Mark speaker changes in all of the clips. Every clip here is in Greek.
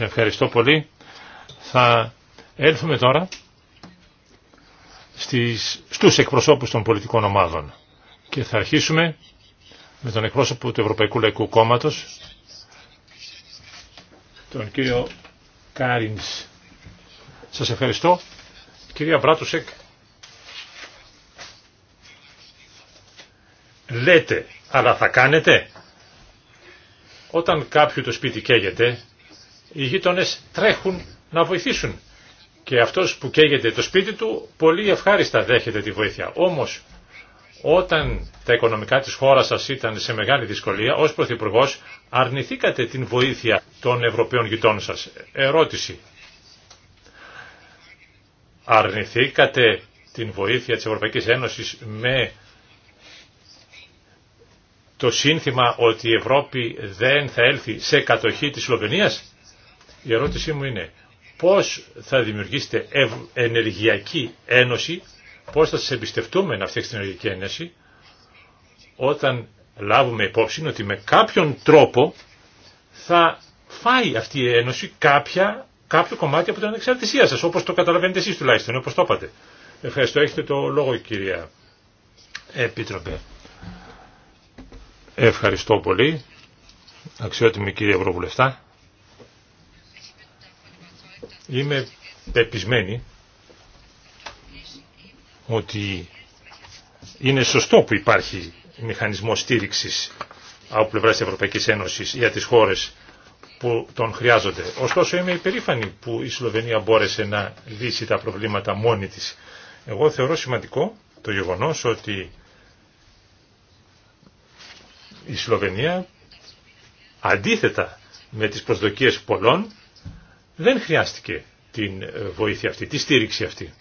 Speaker 1: Ευχαριστώ πολύ. Θα έλθουμε τώρα στις, στους εκπροσώπους των πολιτικών ομάδων και θα αρχίσουμε με τον εκπρόσωπο του Ευρωπαϊκού Λαϊκού Κόμματος, τον κύριο Κάρινς. Σας ευχαριστώ. Κυρία Μπράτουσεκ, λέτε, αλλά θα κάνετε. Όταν κάποιου το σπίτι καίγεται, οι γείτονε τρέχουν να βοηθήσουν. Και αυτός που καίγεται το σπίτι του πολύ ευχάριστα δέχεται τη βοήθεια. Όμως όταν τα οικονομικά της χώρας σας ήταν σε μεγάλη δυσκολία, ως Πρωθυπουργό αρνηθήκατε την βοήθεια των Ευρωπαίων γειτόνων σας. Ερώτηση. Αρνηθήκατε την βοήθεια της Ευρωπαϊκής Ένωσης με το σύνθημα ότι η Ευρώπη δεν θα έλθει σε κατοχή της Σλοβενίας. Η ερώτησή μου είναι πώς θα δημιουργήσετε ενεργειακή ένωση, πώς θα σας εμπιστευτούμε να φτιάξετε ενεργειακή ένωση, όταν λάβουμε υπόψη ότι με κάποιον τρόπο θα φάει αυτή η ένωση κάποια, κάποιο κομμάτι από την ανεξαρτησία σας, όπως το καταλαβαίνετε εσείς τουλάχιστον, όπως το είπατε. Ευχαριστώ. Έχετε το λόγο κυρία Επίτροπε. Ευχαριστώ πολύ, αξιότιμη κύριε Ευρωβουλευτά. Είμαι πεπισμένη ότι είναι σωστό που υπάρχει μηχανισμό στήριξης από πλευρά της Ευρωπαϊκής Ένωσης για τις χώρες που τον χρειάζονται. Ωστόσο είμαι υπερήφανη που η Σλοβενία μπόρεσε να λύσει τα προβλήματα μόνη της. Εγώ θεωρώ σημαντικό το γεγονός ότι η Σλοβενία, αντίθετα με τις προσδοκίες πολλών, δεν χρειάστηκε την βοήθεια αυτή, τη στήριξη αυτή.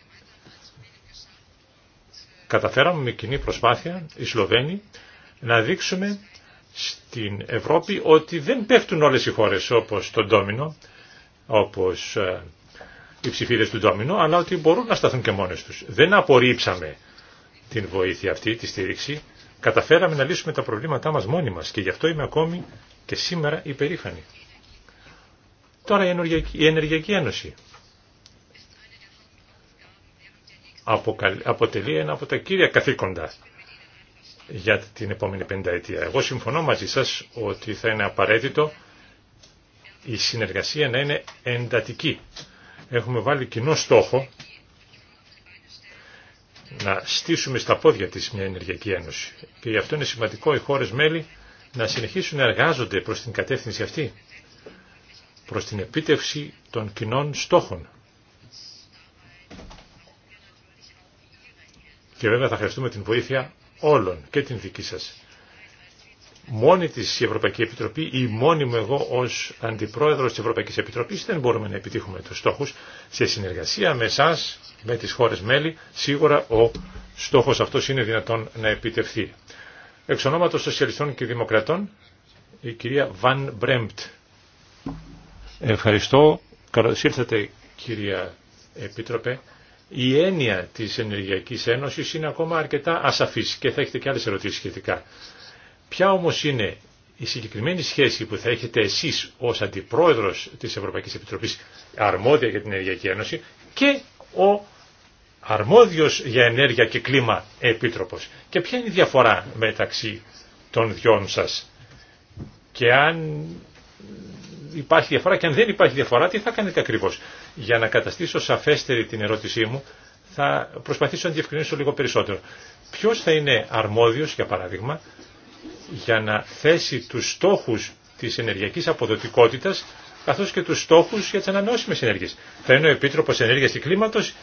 Speaker 1: Καταφέραμε με κοινή προσπάθεια, οι Σλοβαίνοι, να δείξουμε στην Ευρώπη ότι δεν πέφτουν όλες οι χώρες όπως το ντόμινο, όπως ε, οι ψηφίδες του ντόμινο, αλλά ότι μπορούν να σταθούν και μόνες τους. Δεν απορρίψαμε την βοήθεια αυτή, τη στήριξη, καταφέραμε να λύσουμε τα προβλήματά μας μόνοι μας και γι' αυτό είμαι ακόμη και σήμερα υπερήφανη. Τώρα η Ενεργειακή, η Ενεργειακή Ένωση αποτελεί ένα από τα κύρια καθήκοντα για την επόμενη πενταετία. Εγώ συμφωνώ μαζί σας ότι θα είναι απαραίτητο η συνεργασία να είναι εντατική. Έχουμε βάλει κοινό στόχο να στήσουμε στα πόδια της μια ενεργειακή ένωση. Και γι' αυτό είναι σημαντικό οι χώρες μέλη να συνεχίσουν να εργάζονται προς την κατεύθυνση αυτή, προς την επίτευξη των κοινών στόχων. Και βέβαια θα χρειαστούμε την βοήθεια όλων και την δική σας μόνη της η Ευρωπαϊκή Επιτροπή ή μόνη μου εγώ ως αντιπρόεδρος της Ευρωπαϊκής Επιτροπής δεν μπορούμε να επιτύχουμε τους στόχους. Σε συνεργασία με εσά, με τις χώρες μέλη, σίγουρα ο στόχος αυτός είναι δυνατόν να επιτευχθεί. Εξ ονόματος Σοσιαλιστών και Δημοκρατών, η κυρία Βαν Μπρέμπτ. Ευχαριστώ. Καλώς ήρθατε κυρία Επίτροπε. Η έννοια της Ενεργειακής Ένωσης είναι ακόμα αρκετά ασαφής και θα έχετε και άλλες ερωτήσεις σχετικά. Ποια όμως είναι η συγκεκριμένη σχέση που θα έχετε εσείς ως Αντιπρόεδρος της Ευρωπαϊκής Επιτροπής αρμόδια για την Ενεργειακή Ένωση και ο αρμόδιος για ενέργεια και κλίμα επίτροπος. Και ποια είναι η διαφορά μεταξύ των δυο σας και αν υπάρχει διαφορά και αν δεν υπάρχει διαφορά τι θα κάνετε ακριβώς. Για να καταστήσω σαφέστερη την ερώτησή μου θα προσπαθήσω να διευκρινίσω λίγο περισσότερο. Ποιος θα είναι αρμόδιος για παράδειγμα για να θέσει τους στόχους της ενεργειακής αποδοτικότητας καθώς και τους στόχους για τις ανανεώσιμες ενέργειες. Θα είναι ο Επίτροπος Ενέργειας και Κλίματος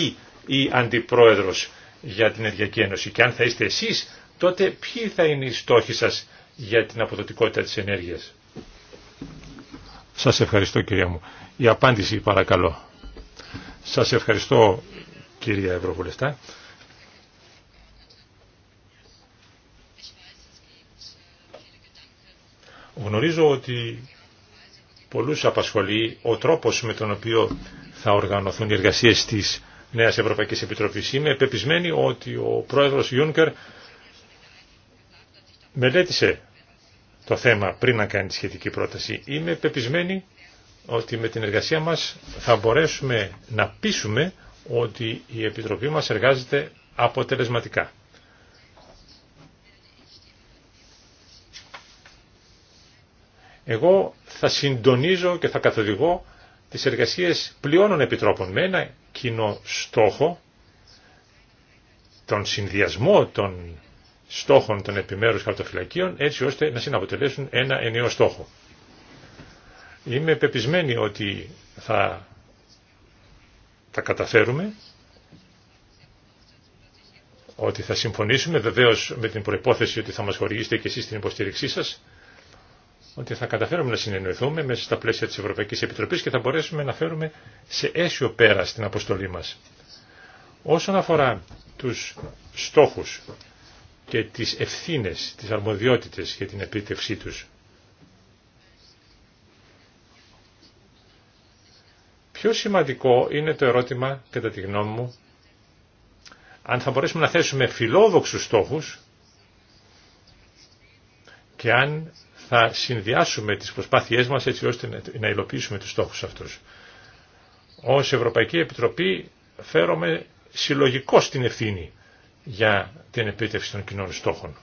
Speaker 1: ή η Αντιπρόεδρος για την Ενεργειακή Ένωση. Και αν θα είστε εσείς, τότε ποιοι θα είναι οι στόχοι σας για την αποδοτικότητα της ενέργειας. Σας ευχαριστώ κυρία μου. Η απάντηση παρακαλώ. Σας ευχαριστώ κυρία Ευρωβουλευτά. Γνωρίζω ότι πολλούς απασχολεί ο τρόπος με τον οποίο θα οργανωθούν οι εργασίες της Νέας Ευρωπαϊκής Επιτροπής. Είμαι πεπισμένη ότι ο πρόεδρος Ιούνκερ μελέτησε το θέμα πριν να κάνει τη σχετική πρόταση. Είμαι πεπισμένη ότι με την εργασία μας θα μπορέσουμε να πείσουμε ότι η Επιτροπή μας εργάζεται αποτελεσματικά. εγώ θα συντονίζω και θα καθοδηγώ τις εργασίες πλειώνων επιτρόπων με ένα κοινό στόχο, τον συνδυασμό των στόχων των επιμέρους χαρτοφυλακίων, έτσι ώστε να συναποτελέσουν ένα ενιαίο στόχο. Είμαι πεπισμένη ότι θα τα καταφέρουμε, ότι θα συμφωνήσουμε βεβαίως με την προϋπόθεση ότι θα μας χορηγήσετε και εσείς την υποστήριξή σας, ότι θα καταφέρουμε να συνεννοηθούμε μέσα στα πλαίσια της Ευρωπαϊκής Επιτροπής και θα μπορέσουμε να φέρουμε σε αίσιο πέρα στην αποστολή μας. Όσον αφορά τους στόχους και τις ευθύνες, τις αρμοδιότητες για την επίτευξή τους, πιο σημαντικό είναι το ερώτημα, κατά τη γνώμη μου, αν θα μπορέσουμε να θέσουμε φιλόδοξους στόχους και αν θα συνδυάσουμε τις προσπάθειές μας έτσι ώστε να υλοποιήσουμε τους στόχους αυτούς. Ως Ευρωπαϊκή Επιτροπή φέρομαι συλλογικό στην ευθύνη για την επίτευξη των κοινών στόχων.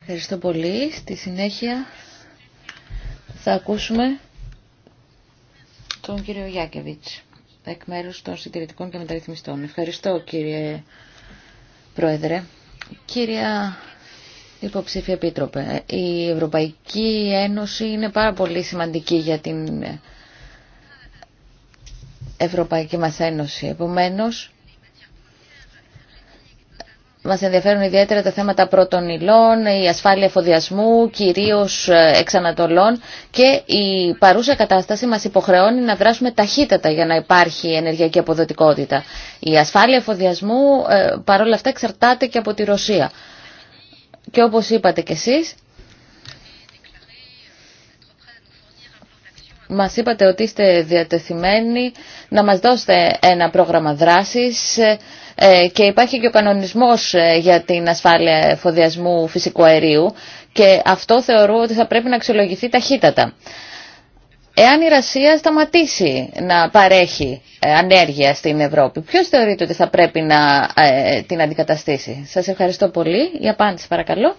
Speaker 2: Ευχαριστώ πολύ. Στη συνέχεια θα ακούσουμε τον κύριο Γιάκεβιτς, εκ μέρους των συντηρητικών και μεταρρυθμιστών. Ευχαριστώ κύριε Πρόεδρε. Κυρία Υποψήφια Επίτροπε, η Ευρωπαϊκή Ένωση είναι πάρα πολύ σημαντική για την Ευρωπαϊκή μας Ένωση. Επομένως, μας ενδιαφέρουν ιδιαίτερα τα θέματα πρώτων υλών, η ασφάλεια εφοδιασμού, κυρίως ε, εξανατολών και η παρούσα κατάσταση μας υποχρεώνει να δράσουμε ταχύτατα για να υπάρχει ενεργειακή αποδοτικότητα. Η ασφάλεια εφοδιασμού ε, παρόλα αυτά εξαρτάται και από τη Ρωσία. Και όπως είπατε κι εσείς, μας είπατε ότι είστε διατεθειμένοι να μας δώσετε ένα πρόγραμμα δράσης ε, ε, και υπάρχει και ο κανονισμός ε, για την ασφάλεια φοδιασμού φυσικού αερίου και αυτό θεωρώ ότι θα πρέπει να αξιολογηθεί ταχύτατα. Εάν η Ρασία σταματήσει να παρέχει ανέργεια στην Ευρώπη, ποιος θεωρείτε ότι θα πρέπει να την αντικαταστήσει. Σας ευχαριστώ πολύ. Η απάντηση παρακαλώ.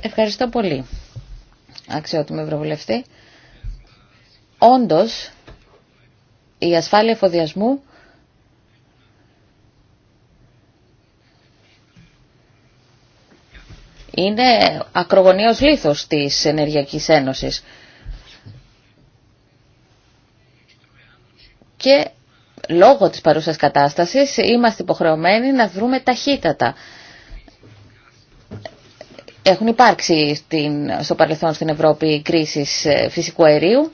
Speaker 2: Ευχαριστώ πολύ αξιότιμο Ευρωβουλευτή, όντως η ασφάλεια εφοδιασμού είναι ακρογωνίως λίθος της Ενεργειακής Ένωσης. Και λόγω της παρούσας κατάστασης είμαστε υποχρεωμένοι να δρούμε ταχύτατα. Έχουν υπάρξει στην, στο παρελθόν στην Ευρώπη κρίσεις ε, φυσικού αερίου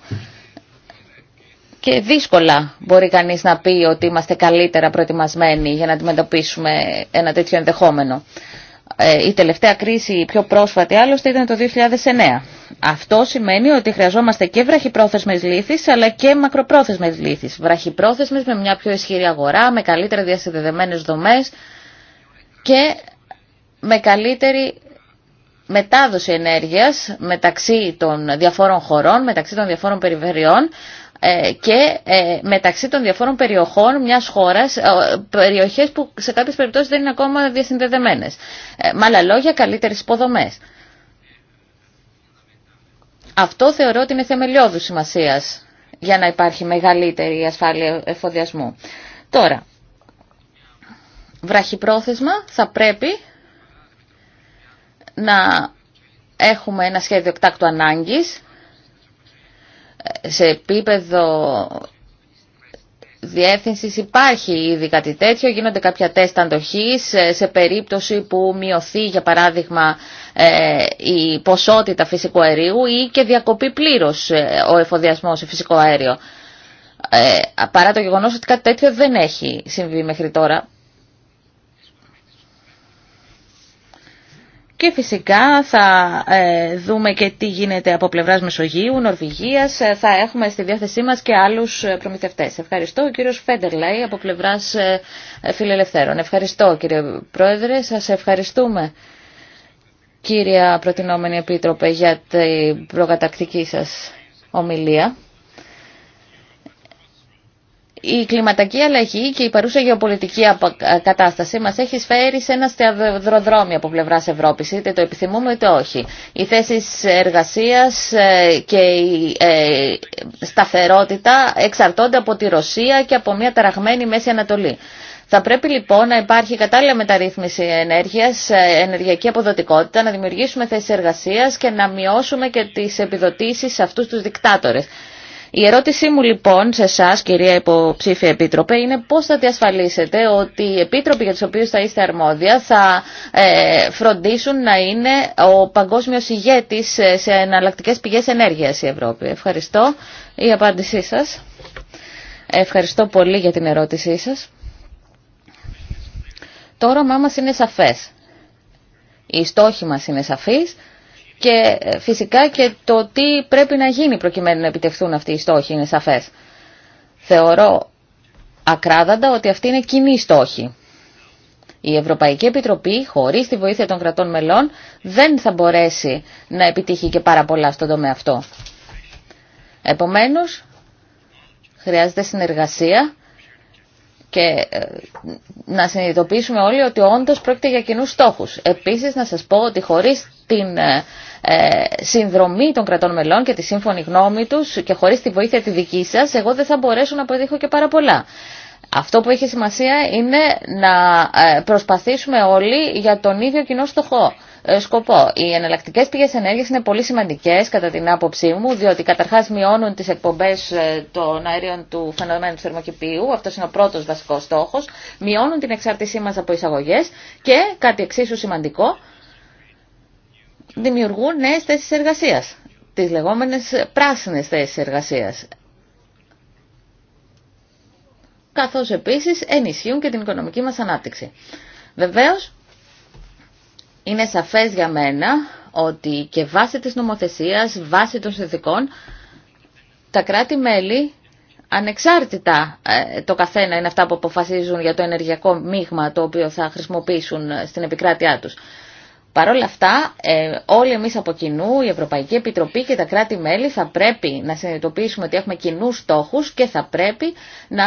Speaker 2: και δύσκολα μπορεί κανείς να πει ότι είμαστε καλύτερα προετοιμασμένοι για να αντιμετωπίσουμε ένα τέτοιο ενδεχόμενο. Ε, η τελευταία κρίση, η πιο πρόσφατη άλλωστε, ήταν το 2009. Αυτό σημαίνει ότι χρειαζόμαστε και βραχυπρόθεσμες λύθεις αλλά και μακροπρόθεσμες λύθεις. Βραχυπρόθεσμες με μια πιο ισχυρή αγορά, με καλύτερα διασυνδεδεμένες δομές και με καλύτερη μετάδοση ενέργειας μεταξύ των διαφόρων χωρών, μεταξύ των διαφόρων περιβεριών ε, και ε, μεταξύ των διαφόρων περιοχών μιας χώρας, ε, περιοχές που σε κάποιες περιπτώσεις δεν είναι ακόμα διασυνδεδεμένες. Με άλλα λόγια, καλύτερες υποδομές. Αυτό θεωρώ ότι είναι θεμελιώδου σημασίας για να υπάρχει μεγαλύτερη ασφάλεια εφοδιασμού. Τώρα, βραχυπρόθεσμα θα πρέπει να έχουμε ένα σχέδιο εκτάκτου ανάγκης σε επίπεδο διεύθυνση υπάρχει ήδη κάτι τέτοιο, γίνονται κάποια τεστ αντοχής σε περίπτωση που μειωθεί για παράδειγμα ε, η ποσότητα φυσικού αερίου ή και διακοπεί πλήρως ε, ο εφοδιασμός σε φυσικό αέριο. Ε, παρά το γεγονός ότι κάτι τέτοιο δεν έχει συμβεί μέχρι τώρα. Και φυσικά θα ε, δούμε και τι γίνεται από πλευράς Μεσογείου, Νορβηγίας. Ε, θα έχουμε στη διάθεσή μας και άλλους ε, προμηθευτές. Ευχαριστώ. Ο κύριος Φέντερλαϊ από πλευράς Φιλελευθέρων. Ευχαριστώ κύριε Πρόεδρε. Σας ευχαριστούμε κύρια Προτινόμενη Επίτροπε για την προκατακτική σας ομιλία η κλιματική αλλαγή και η παρούσα γεωπολιτική ε, κατάσταση μας έχει σφαίρει σε ένα στεαδροδρόμι από πλευράς Ευρώπης, είτε το επιθυμούμε είτε όχι. Οι θέσει εργασίας ε, και η ε, σταθερότητα εξαρτώνται από τη Ρωσία και από μια ταραγμένη Μέση Ανατολή. Θα πρέπει λοιπόν να υπάρχει κατάλληλα μεταρρύθμιση ενέργεια, ενεργειακή αποδοτικότητα, να δημιουργήσουμε θέσει εργασία και να μειώσουμε και τι επιδοτήσει σε αυτού του δικτάτορε. Η ερώτησή μου λοιπόν σε εσά, κυρία Υποψήφια Επίτροπε, είναι πώ θα διασφαλίσετε ότι οι επίτροποι για του οποίου θα είστε αρμόδια θα ε, φροντίσουν να είναι ο παγκόσμιο ηγέτη ε, σε εναλλακτικέ πηγέ ενέργεια η Ευρώπη. Ευχαριστώ η απάντησή σα. Ευχαριστώ πολύ για την ερώτησή σας. Το όραμά μας είναι σαφές. Οι στόχοι μας είναι σαφείς και ε, φυσικά και το τι πρέπει να γίνει προκειμένου να επιτευχθούν αυτοί οι στόχοι είναι σαφές. Θεωρώ ακράδαντα ότι αυτοί είναι κοινή στόχοι. Η Ευρωπαϊκή Επιτροπή, χωρίς τη βοήθεια των κρατών μελών, δεν θα μπορέσει να επιτύχει και πάρα πολλά στον τομέα αυτό. Επομένως, χρειάζεται συνεργασία και ε, να συνειδητοποιήσουμε όλοι ότι όντως πρόκειται για κοινούς στόχους. Επίσης, να σας πω ότι χωρίς την ε, ε, συνδρομή των κρατών μελών και τη σύμφωνη γνώμη τους και χωρίς τη βοήθεια τη δική σας, εγώ δεν θα μπορέσω να αποδείχω και πάρα πολλά. Αυτό που έχει σημασία είναι να ε, προσπαθήσουμε όλοι για τον ίδιο κοινό στοχό. Σκοπό. Οι εναλλακτικέ πηγέ ενέργεια είναι πολύ σημαντικέ κατά την άποψή μου, διότι καταρχά μειώνουν τι εκπομπέ των αερίων του φαινομένου του θερμοκηπίου, αυτό είναι ο πρώτο βασικό στόχο, μειώνουν την εξάρτησή μα από εισαγωγέ και, κάτι εξίσου σημαντικό, δημιουργούν νέες θέσεις εργασίας, τις λεγόμενες πράσινες θέσεις εργασίας. Καθώς επίσης ενισχύουν και την οικονομική μας ανάπτυξη. Βεβαίως, είναι σαφές για μένα ότι και βάσει της νομοθεσίας, βάσει των συνθηκών, τα κράτη-μέλη ανεξάρτητα ε, το καθένα είναι αυτά που αποφασίζουν για το ενεργειακό μείγμα το οποίο θα χρησιμοποιήσουν στην επικράτειά τους. Παρ' όλα αυτά, ε, όλοι εμείς από κοινού, η Ευρωπαϊκή Επιτροπή και τα κράτη-μέλη θα πρέπει να συνειδητοποιήσουμε ότι έχουμε κοινού στόχους και θα πρέπει να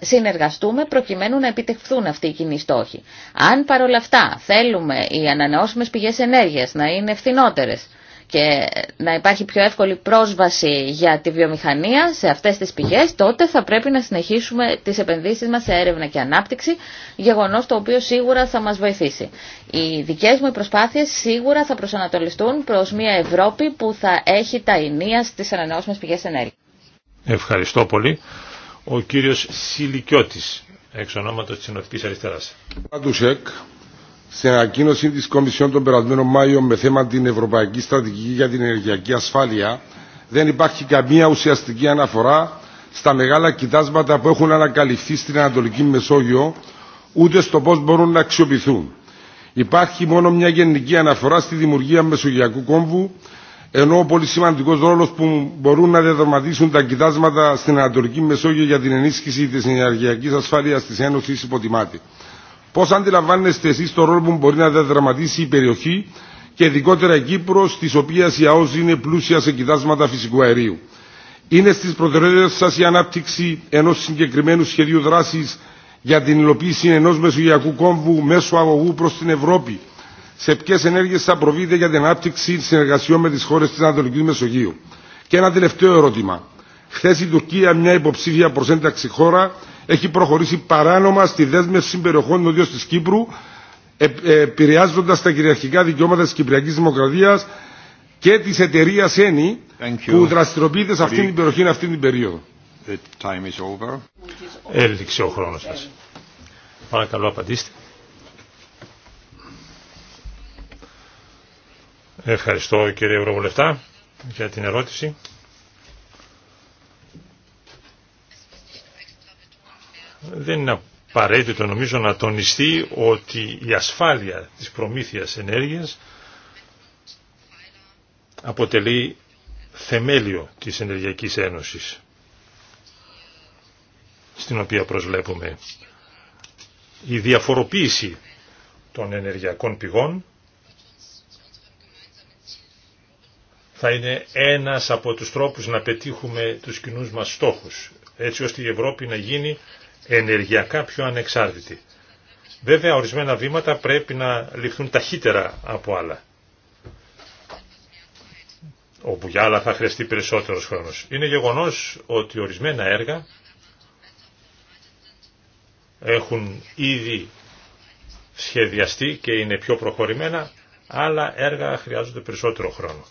Speaker 2: συνεργαστούμε προκειμένου να επιτευχθούν αυτοί οι κοινοί στόχοι. Αν παρ' όλα αυτά θέλουμε οι ανανεώσιμες πηγές ενέργειας να είναι φθηνότερες, και να υπάρχει πιο εύκολη πρόσβαση για τη βιομηχανία σε αυτές τις πηγές, τότε θα πρέπει να συνεχίσουμε τις επενδύσεις μας σε έρευνα και ανάπτυξη, γεγονός το οποίο σίγουρα θα μας βοηθήσει. Οι δικές μου προσπάθειες σίγουρα θα προσανατολιστούν προς μια Ευρώπη που θα έχει τα ενία στις ανανεώσιμες πηγές ενέργειας.
Speaker 1: Ευχαριστώ πολύ. Ο κύριος Σιλικιώτης, εξ ονόματος Αριστεράς.
Speaker 3: Στην ανακοίνωση τη Κομισιόν τον περασμένο Μάιο με θέμα την Ευρωπαϊκή Στρατηγική για την Ενεργειακή Ασφάλεια δεν υπάρχει καμία ουσιαστική αναφορά στα μεγάλα κοιτάσματα που έχουν ανακαλυφθεί στην Ανατολική Μεσόγειο ούτε στο πώ μπορούν να αξιοποιηθούν. Υπάρχει μόνο μια γενική αναφορά στη δημιουργία Μεσογειακού κόμβου, ενώ ο πολύ σημαντικό ρόλο που μπορούν να διαδραματίσουν τα κοιτάσματα στην Ανατολική Μεσόγειο για την ενίσχυση τη ενεργειακή ασφάλεια τη Ένωση υποτιμάται. Πώ αντιλαμβάνεστε εσεί το ρόλο που μπορεί να διαδραματίσει η περιοχή και ειδικότερα η Κύπρο, τη οποία η ΑΟΣ είναι πλούσια σε κοιτάσματα φυσικού αερίου. Είναι στι προτεραιότητε σα η ανάπτυξη ενό συγκεκριμένου σχεδίου δράση για την υλοποίηση ενό μεσογειακού κόμβου μέσω αγωγού προ την Ευρώπη. Σε ποιε ενέργειε θα προβείτε για την ανάπτυξη συνεργασιών με τι χώρε τη Ανατολική Μεσογείου. Και ένα τελευταίο ερώτημα. Χθε η Τουρκία, μια υποψήφια προσένταξη χώρα, έχει προχωρήσει παράνομα στη δέσμευση περιοχών νοδιό τη Κύπρου, ε, ε, επηρεάζοντα τα κυριαρχικά δικαιώματα τη Κυπριακή Δημοκρατία και τη εταιρεία ΕΝΗ που δραστηριοποιείται σε αυτήν την περιοχή, σε αυτήν την περίοδο.
Speaker 1: Έληξε ο χρόνος σα. Παρακαλώ απαντήστε. Ευχαριστώ κύριε Ευρωβουλευτά για την ερώτηση. Δεν είναι απαραίτητο νομίζω να τονιστεί ότι η ασφάλεια της προμήθειας ενέργειας αποτελεί θεμέλιο της Ενεργειακής Ένωσης στην οποία προσβλέπουμε η διαφοροποίηση των ενεργειακών πηγών θα είναι ένας από τους τρόπους να πετύχουμε τους κοινούς μας στόχους, έτσι ώστε η Ευρώπη να γίνει ενεργειακά πιο ανεξάρτητοι. Βέβαια ορισμένα βήματα πρέπει να ληφθούν ταχύτερα από άλλα. Όπου για άλλα θα χρειαστεί περισσότερος χρόνος. Είναι γεγονός ότι ορισμένα έργα έχουν ήδη σχεδιαστεί και είναι πιο προχωρημένα, άλλα έργα χρειάζονται περισσότερο χρόνο.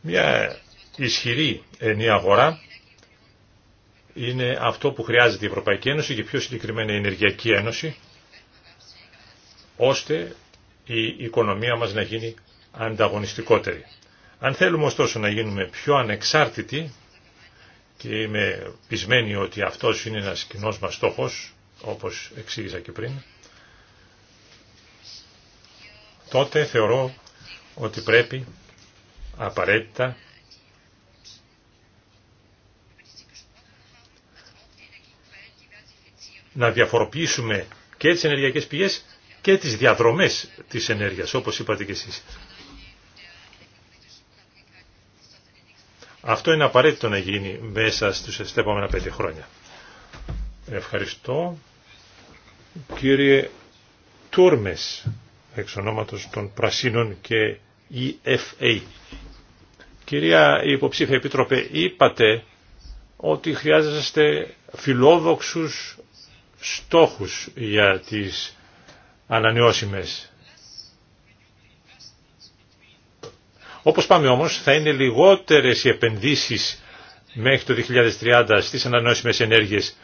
Speaker 1: Μια ισχυρή ενή αγορά είναι αυτό που χρειάζεται η Ευρωπαϊκή Ένωση και πιο συγκεκριμένα η Ενεργειακή Ένωση, ώστε η οικονομία μας να γίνει ανταγωνιστικότερη. Αν θέλουμε ωστόσο να γίνουμε πιο ανεξάρτητοι, και είμαι πεισμένοι ότι αυτός είναι ένας κοινός μας στόχος, όπως εξήγησα και πριν, τότε θεωρώ ότι πρέπει απαραίτητα να διαφοροποιήσουμε και τις ενεργειακές πηγές και τις διαδρομές της ενέργειας, όπως είπατε και εσείς. Αυτό είναι απαραίτητο να γίνει μέσα στους επόμενα πέντε χρόνια. Ευχαριστώ. Κύριε Τούρμες, εξ ονόματος των Πρασίνων και EFA. Κυρία υποψήφια Επίτροπε, είπατε ότι χρειάζεστε φιλόδοξους στόχους για τις ανανεώσιμες. Όπως πάμε όμως, θα είναι λιγότερες οι επενδύσεις μέχρι το 2030 στις ανανεώσιμες ενέργειες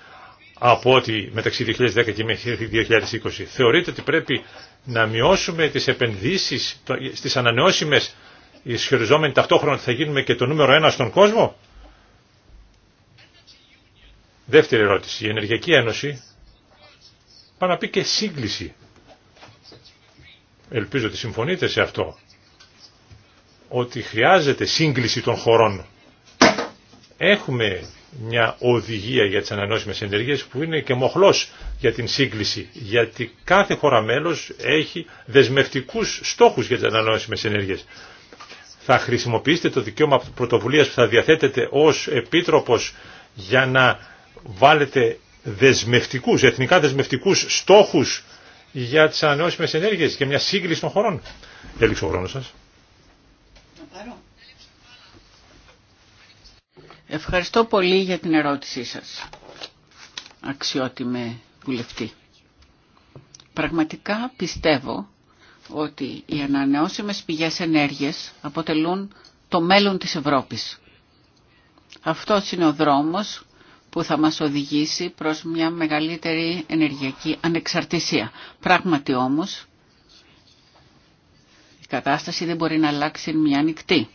Speaker 1: από ότι μεταξύ 2010 και μέχρι 2020. Θεωρείτε ότι πρέπει να μειώσουμε τις επενδύσεις στις ανανεώσιμες ισχυριζόμενοι ταυτόχρονα ότι θα γίνουμε και το νούμερο ένα στον κόσμο. Δεύτερη ερώτηση. Η Ενεργειακή Ένωση Πάμε να πει και σύγκληση. Ελπίζω ότι συμφωνείτε σε αυτό. Ότι χρειάζεται σύγκληση των χωρών. Έχουμε μια οδηγία για τις ανανεώσιμες ενέργειες που είναι και μοχλός για την σύγκληση. Γιατί κάθε χώρα μέλος έχει δεσμευτικούς στόχους για τις ανανεώσιμες ενέργειες. Θα χρησιμοποιήσετε το δικαίωμα πρωτοβουλίας που θα διαθέτετε ως επίτροπος για να βάλετε δεσμευτικούς, εθνικά δεσμευτικούς στόχους για τις ανανεώσιμες ενέργειες και μια σύγκριση των χωρών. Έλειξε ο σας.
Speaker 4: Ευχαριστώ πολύ για την ερώτησή σας, αξιότιμε βουλευτή. Πραγματικά πιστεύω ότι οι ανανεώσιμες πηγές ενέργειας αποτελούν το μέλλον της Ευρώπης. Αυτό είναι ο δρόμος που θα μας οδηγήσει προς μια μεγαλύτερη ενεργειακή ανεξαρτησία. Πράγματι όμως, η κατάσταση δεν μπορεί να αλλάξει μια νυχτή.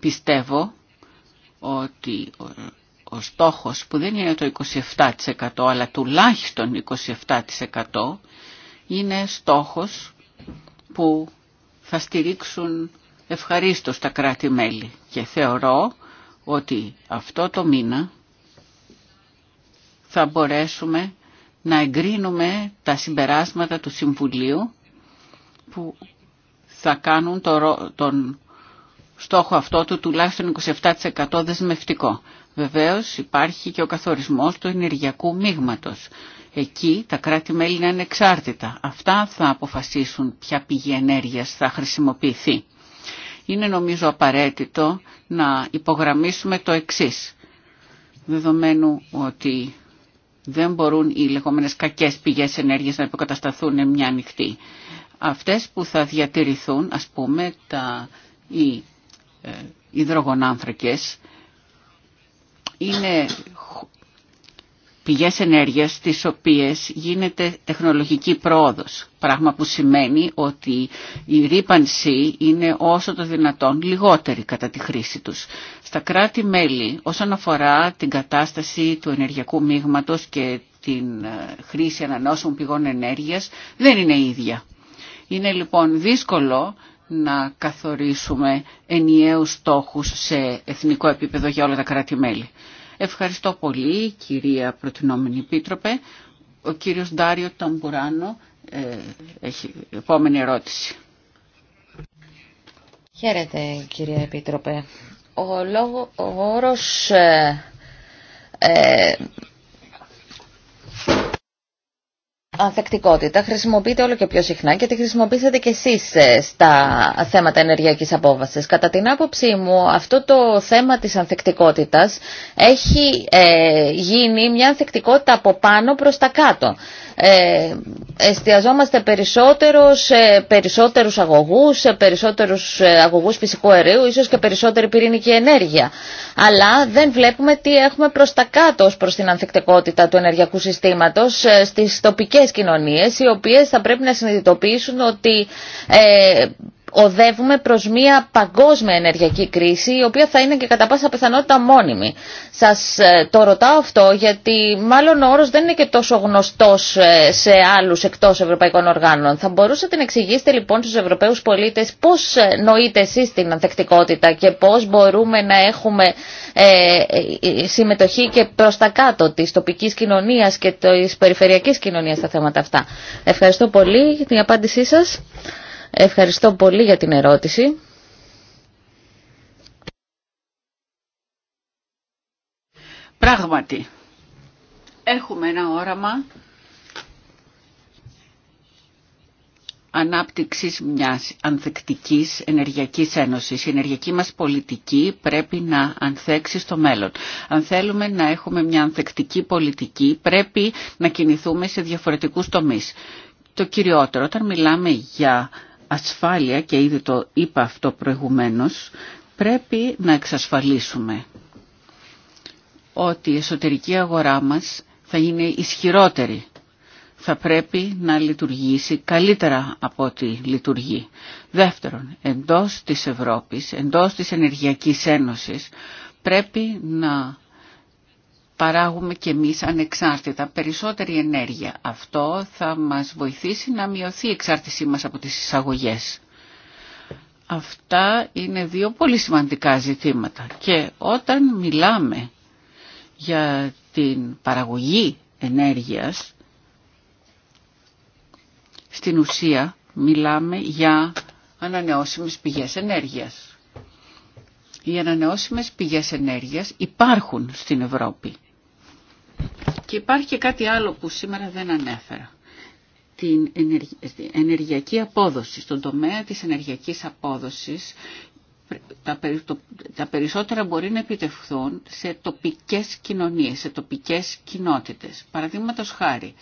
Speaker 4: Πιστεύω ότι ο στόχος που δεν είναι το 27% αλλά τουλάχιστον 27% είναι στόχος που θα στηρίξουν ευχαρίστως τα κράτη-μέλη και θεωρώ ότι αυτό το μήνα θα μπορέσουμε να εγκρίνουμε τα συμπεράσματα του Συμβουλίου που θα κάνουν τον στόχο αυτό του τουλάχιστον 27% δεσμευτικό. Βεβαίως υπάρχει και ο καθορισμός του ενεργειακού μείγματος. Εκεί τα κράτη-μέλη είναι εξάρτητα. Αυτά θα αποφασίσουν ποια πηγή ενέργειας θα χρησιμοποιηθεί. Είναι νομίζω απαραίτητο να υπογραμμίσουμε το εξής. Δεδομένου ότι δεν μπορούν οι λεγόμενες κακές πηγές ενέργειας να υποκατασταθούν μια ανοιχτή. Αυτές που θα διατηρηθούν, ας πούμε, τα, οι ε, υδρογονάνθρακες, είναι πηγές ενέργειας στις οποίες γίνεται τεχνολογική πρόοδος. Πράγμα που σημαίνει ότι η ρήπανση είναι όσο το δυνατόν λιγότερη κατά τη χρήση τους. Στα κράτη-μέλη όσον αφορά την κατάσταση του ενεργειακού μείγματος και την ε, χρήση ανανεώσιμων πηγών ενέργειας δεν είναι ίδια. Είναι λοιπόν δύσκολο να καθορίσουμε ενιαίους στόχους σε εθνικό επίπεδο για όλα τα κράτη-μέλη. Ευχαριστώ πολύ κυρία Προτινόμενη Επίτροπε. Ο κύριος Ντάριο Ταμπουράνο ε, έχει επόμενη ερώτηση. Χαίρετε κυρία Επίτροπε. Ο, λόγο, όρος
Speaker 2: ε, ε, ανθεκτικότητα χρησιμοποιείται όλο και πιο συχνά και τη χρησιμοποιήσατε και εσείς ε, στα θέματα ενεργειακής απόβασης. Κατά την άποψή μου αυτό το θέμα της ανθεκτικότητας έχει ε, γίνει μια ανθεκτικότητα από πάνω προς τα κάτω ε, εστιαζόμαστε περισσότερο σε περισσότερους αγωγούς, σε περισσότερους ε, αγωγούς φυσικού αερίου, ίσως και περισσότερη πυρηνική ενέργεια. Αλλά δεν βλέπουμε τι έχουμε προς τα κάτω προς την ανθεκτικότητα του ενεργειακού συστήματος ε, στις τοπικές κοινωνίες, οι οποίες θα πρέπει να συνειδητοποιήσουν ότι ε, οδεύουμε προς μια παγκόσμια ενεργειακή κρίση η οποία θα είναι και κατά πάσα πιθανότητα μόνιμη. Σας ε, το ρωτάω αυτό γιατί μάλλον ο όρος δεν είναι και τόσο γνωστός ε, σε άλλους εκτός ευρωπαϊκών οργάνων. Θα μπορούσατε να εξηγήσετε λοιπόν στους Ευρωπαίους πολίτες πώς ε, νοείτε εσείς την ανθεκτικότητα και πώς μπορούμε να έχουμε συμμετοχή και προς τα κάτω της τοπικής κοινωνίας και της περιφερειακής κοινωνίας στα θέματα αυτά. Ευχαριστώ πολύ για την απάντησή σας. Ευχαριστώ πολύ για την ερώτηση.
Speaker 4: Πράγματι, έχουμε ένα όραμα ανάπτυξης μιας ανθεκτικής ενεργειακής ένωσης. Η ενεργειακή μας πολιτική πρέπει να ανθέξει στο μέλλον. Αν θέλουμε να έχουμε μια ανθεκτική πολιτική πρέπει να κινηθούμε σε διαφορετικούς τομείς. Το κυριότερο, όταν μιλάμε για ασφάλεια και ήδη το είπα αυτό προηγουμένως, πρέπει να εξασφαλίσουμε ότι η εσωτερική αγορά μας θα είναι ισχυρότερη. Θα πρέπει να λειτουργήσει καλύτερα από ό,τι λειτουργεί. Δεύτερον, εντός της Ευρώπης, εντός της Ενεργειακής Ένωσης, πρέπει να παράγουμε και εμείς ανεξάρτητα περισσότερη ενέργεια. Αυτό θα μας βοηθήσει να μειωθεί η εξάρτησή μας από τις εισαγωγές. Αυτά είναι δύο πολύ σημαντικά ζητήματα. Και όταν μιλάμε για την παραγωγή ενέργειας, στην ουσία μιλάμε για ανανεώσιμες πηγές ενέργειας. Οι ανανεώσιμες πηγές ενέργειας υπάρχουν στην Ευρώπη. Και υπάρχει και κάτι άλλο που σήμερα δεν ανέφερα. Την ενεργειακή απόδοση, στον τομέα της ενεργειακής απόδοσης τα περισσότερα μπορεί να επιτευχθούν σε τοπικές κοινωνίες, σε τοπικές κοινότητες. Παραδείγματος χάρη,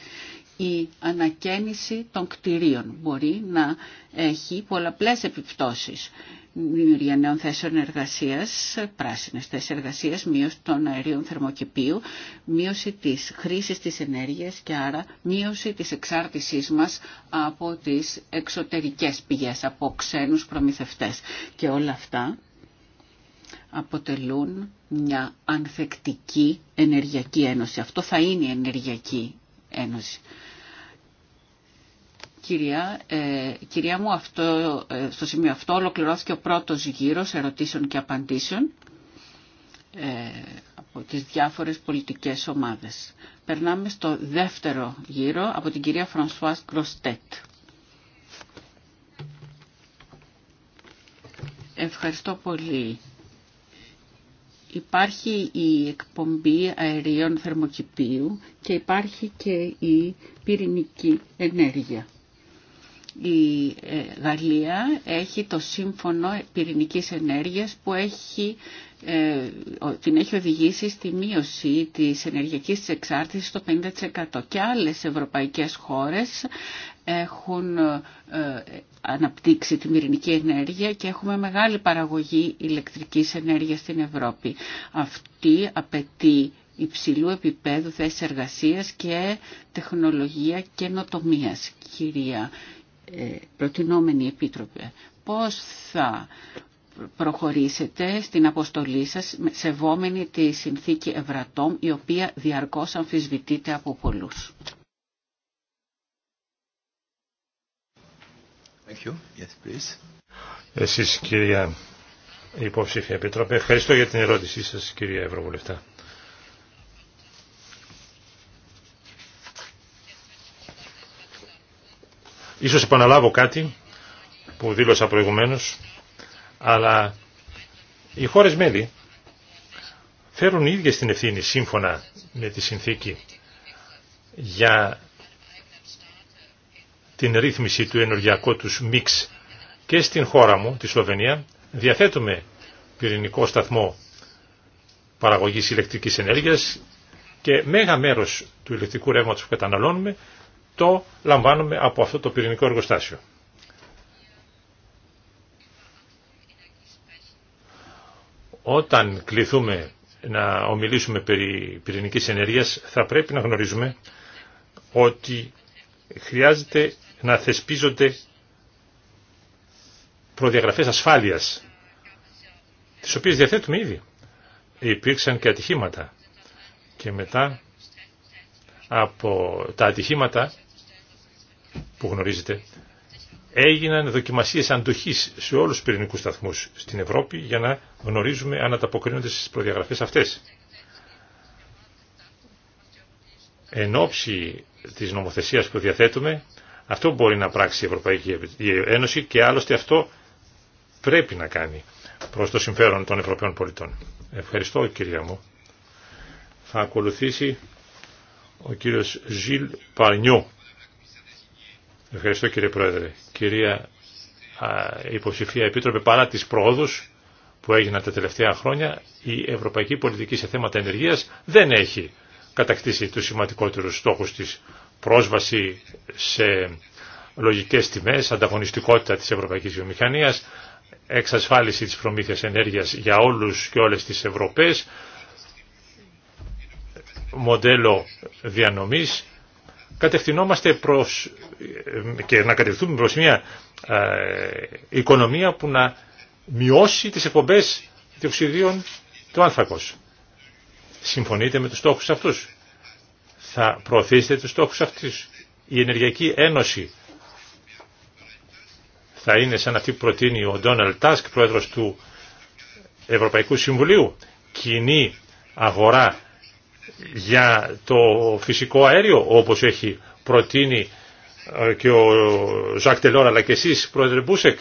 Speaker 4: η ανακαίνιση των κτηρίων μπορεί να έχει πολλαπλές επιπτώσεις δημιουργία νέων θέσεων εργασίας, πράσινες θέσεις εργασίας, μείωση των αερίων θερμοκηπίου, μείωση της χρήση της ενέργεια και άρα μείωση της εξάρτησή μας από τι εξωτερικέ πηγές, από ξένους προμηθευτέ. Και όλα αυτά αποτελούν μια ανθεκτική ενεργειακή ένωση. Αυτό θα είναι η ενεργειακή ένωση. Κυρία, ε, κυρία μου, αυτό, ε, στο σημείο αυτό ολοκληρώθηκε ο πρώτος γύρος ερωτήσεων και απαντήσεων ε, από τις διάφορες πολιτικές ομάδες. Περνάμε στο δεύτερο γύρο από την κυρία Φρανσουάς Γκροστέτ. Ευχαριστώ πολύ. Υπάρχει η εκπομπή αερίων θερμοκηπίου και υπάρχει και η πυρηνική ενέργεια η ε, Γαλλία έχει το σύμφωνο πυρηνικής ενέργειας που έχει, ε, την έχει οδηγήσει στη μείωση της ενεργειακής εξάρτησης στο 50% και άλλες ευρωπαϊκές χώρες έχουν ε, αναπτύξει την πυρηνική ενέργεια και έχουμε μεγάλη παραγωγή ηλεκτρικής ενέργειας στην Ευρώπη. Αυτή απαιτεί υψηλού επίπεδου θέση εργασίας και τεχνολογία καινοτομίας, κυρία ε, προτινόμενη επίτροπε, πώς θα προχωρήσετε στην αποστολή σας σεβόμενη τη συνθήκη Ευρατόμ η οποία διαρκώς αμφισβητείται από πολλούς.
Speaker 1: Εσείς κυρία υποψήφια Επίτροπε, ευχαριστώ για την ερώτησή σας κυρία Ευρωβουλευτά. Ίσως επαναλάβω κάτι που δήλωσα προηγουμένως, αλλά οι χώρες μέλη φέρουν οι ίδιες την ευθύνη σύμφωνα με τη συνθήκη για την ρύθμιση του ενεργειακού τους μίξ και στην χώρα μου, τη Σλοβενία, διαθέτουμε πυρηνικό σταθμό παραγωγής ηλεκτρικής ενέργειας και μέγα μέρος του ηλεκτρικού ρεύματος που καταναλώνουμε το λαμβάνουμε από αυτό το πυρηνικό εργοστάσιο. Όταν κληθούμε να ομιλήσουμε περί πυρηνικής ενέργειας θα πρέπει να γνωρίζουμε ότι χρειάζεται να θεσπίζονται προδιαγραφές ασφάλειας τις οποίες διαθέτουμε ήδη. Υπήρξαν και ατυχήματα και μετά από τα ατυχήματα που γνωρίζετε έγιναν δοκιμασίες αντοχής σε όλους τους πυρηνικούς σταθμούς στην Ευρώπη για να γνωρίζουμε αν ανταποκρίνονται στις προδιαγραφές αυτές. Εν ώψη της νομοθεσίας που διαθέτουμε, αυτό μπορεί να πράξει η Ευρωπαϊκή Ένωση και άλλωστε αυτό πρέπει να κάνει προς το συμφέρον των Ευρωπαίων πολιτών. Ευχαριστώ κυρία μου. Θα ακολουθήσει ο κύριος Ζιλ Παρνιό. Ευχαριστώ κύριε Πρόεδρε. Κυρία υποψηφία επίτροπε, παρά τις πρόοδους που έγιναν τα τελευταία χρόνια, η ευρωπαϊκή πολιτική σε θέματα ενεργείας δεν έχει κατακτήσει τους σημαντικότερους στόχους της πρόσβαση σε λογικές τιμές, ανταγωνιστικότητα της ευρωπαϊκής βιομηχανίας, εξασφάλιση της προμήθειας ενέργειας για όλους και όλες τις Ευρωπαίες, μοντέλο διανομής κατευθυνόμαστε προς και να κατευθύνουμε προς μια ε, οικονομία που να μειώσει τις εκπομπές διοξιδίων του άνθρακος. Συμφωνείτε με τους στόχους αυτούς. Θα προωθήσετε τους στόχους αυτούς. Η Ενεργειακή Ένωση θα είναι σαν αυτή που προτείνει ο Ντόναλτ Τάσκ, πρόεδρος του Ευρωπαϊκού Συμβουλίου. Κοινή αγορά για το φυσικό αέριο όπως έχει προτείνει ε, και ο Ζακ Τελόρα αλλά και εσείς πρόεδρε Μπούσεκ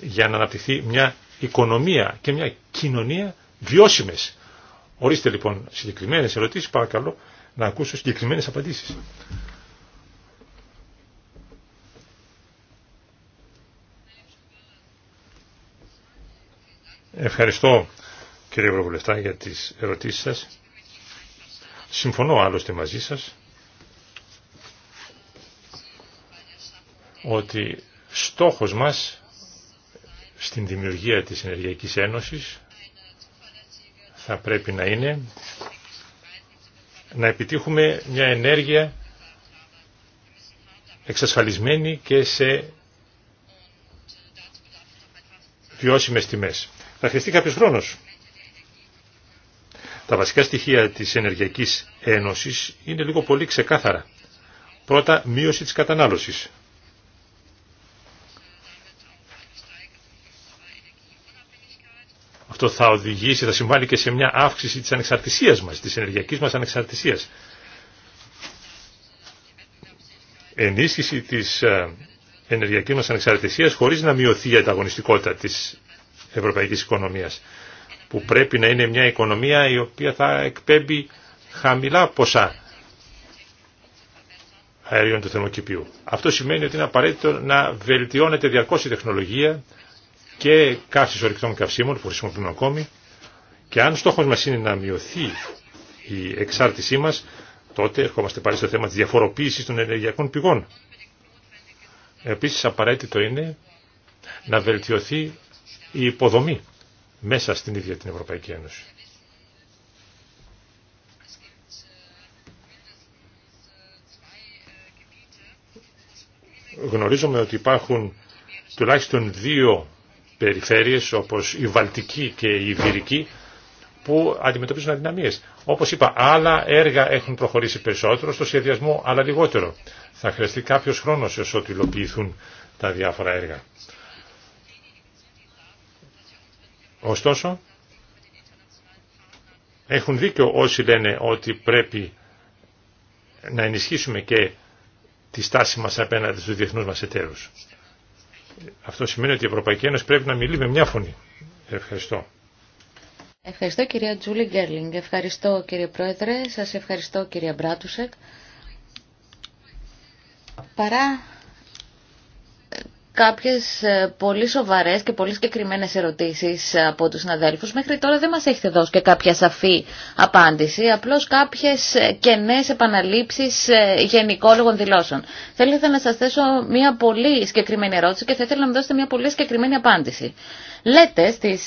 Speaker 1: για να αναπτυχθεί μια οικονομία και μια κοινωνία βιώσιμες. Ορίστε λοιπόν συγκεκριμένες ερωτήσεις, παρακαλώ να ακούσω συγκεκριμένες απαντήσεις. Ευχαριστώ κύριε Ευρωβουλευτά για τις ερωτήσεις σας. Συμφωνώ άλλωστε μαζί σας ότι στόχος μας στην δημιουργία της Ενεργειακής Ένωσης θα πρέπει να είναι να επιτύχουμε μια ενέργεια εξασφαλισμένη και σε βιώσιμες τιμές. Θα χρειαστεί κάποιος χρόνος τα βασικά στοιχεία της Ενεργειακής Ένωσης είναι λίγο πολύ ξεκάθαρα. Πρώτα, μείωση της κατανάλωσης. Αυτό θα οδηγήσει, θα συμβάλλει και σε μια αύξηση της ανεξαρτησίας μας, της ενεργειακής μας ανεξαρτησίας. Ενίσχυση της ε, ενεργειακής μας ανεξαρτησίας χωρίς να μειωθεί η ανταγωνιστικότητα της ευρωπαϊκής οικονομίας που πρέπει να είναι μια οικονομία η οποία θα εκπέμπει χαμηλά ποσά αερίων του θερμοκηπίου. Αυτό σημαίνει ότι είναι απαραίτητο να βελτιώνεται διαρκώς η τεχνολογία και καύσης ορυκτών καυσίμων που χρησιμοποιούμε ακόμη και αν στόχος μας είναι να μειωθεί η εξάρτησή μας τότε ερχόμαστε πάλι στο θέμα της διαφοροποίησης των ενεργειακών πηγών. Επίσης απαραίτητο είναι να βελτιωθεί η υποδομή μέσα στην ίδια την Ευρωπαϊκή Ένωση. Γνωρίζουμε ότι υπάρχουν τουλάχιστον δύο περιφέρειες όπως η Βαλτική και η Ιβυρική που αντιμετωπίζουν αδυναμίες. Όπως είπα, άλλα έργα έχουν προχωρήσει περισσότερο στο σχεδιασμό, αλλά λιγότερο. Θα χρειαστεί κάποιος χρόνος ότι υλοποιηθούν τα διάφορα έργα. Ωστόσο, έχουν δίκιο όσοι λένε ότι πρέπει να ενισχύσουμε και τη στάση μας απέναντι στους διεθνούς μας εταίρους. Αυτό σημαίνει ότι η Ευρωπαϊκή Ένωση πρέπει να μιλεί με μια φωνή. Ευχαριστώ.
Speaker 2: Ευχαριστώ κυρία Τζούλη Γκέρλινγκ. Ευχαριστώ κύριε Πρόεδρε. Σας ευχαριστώ κυρία Μπράτουσεκ. Παρά κάποιες ε, πολύ σοβαρές και πολύ συγκεκριμένε ερωτήσεις από τους συναδέλφους. Μέχρι τώρα δεν μας έχετε δώσει και κάποια σαφή απάντηση, απλώς κάποιες ε, κενές επαναλήψεις ε, γενικόλογων δηλώσεων. Θέλετε να σας θέσω μια πολύ συγκεκριμένη ερώτηση και θα ήθελα να μου δώσετε μια πολύ συγκεκριμένη απάντηση. Λέτε στις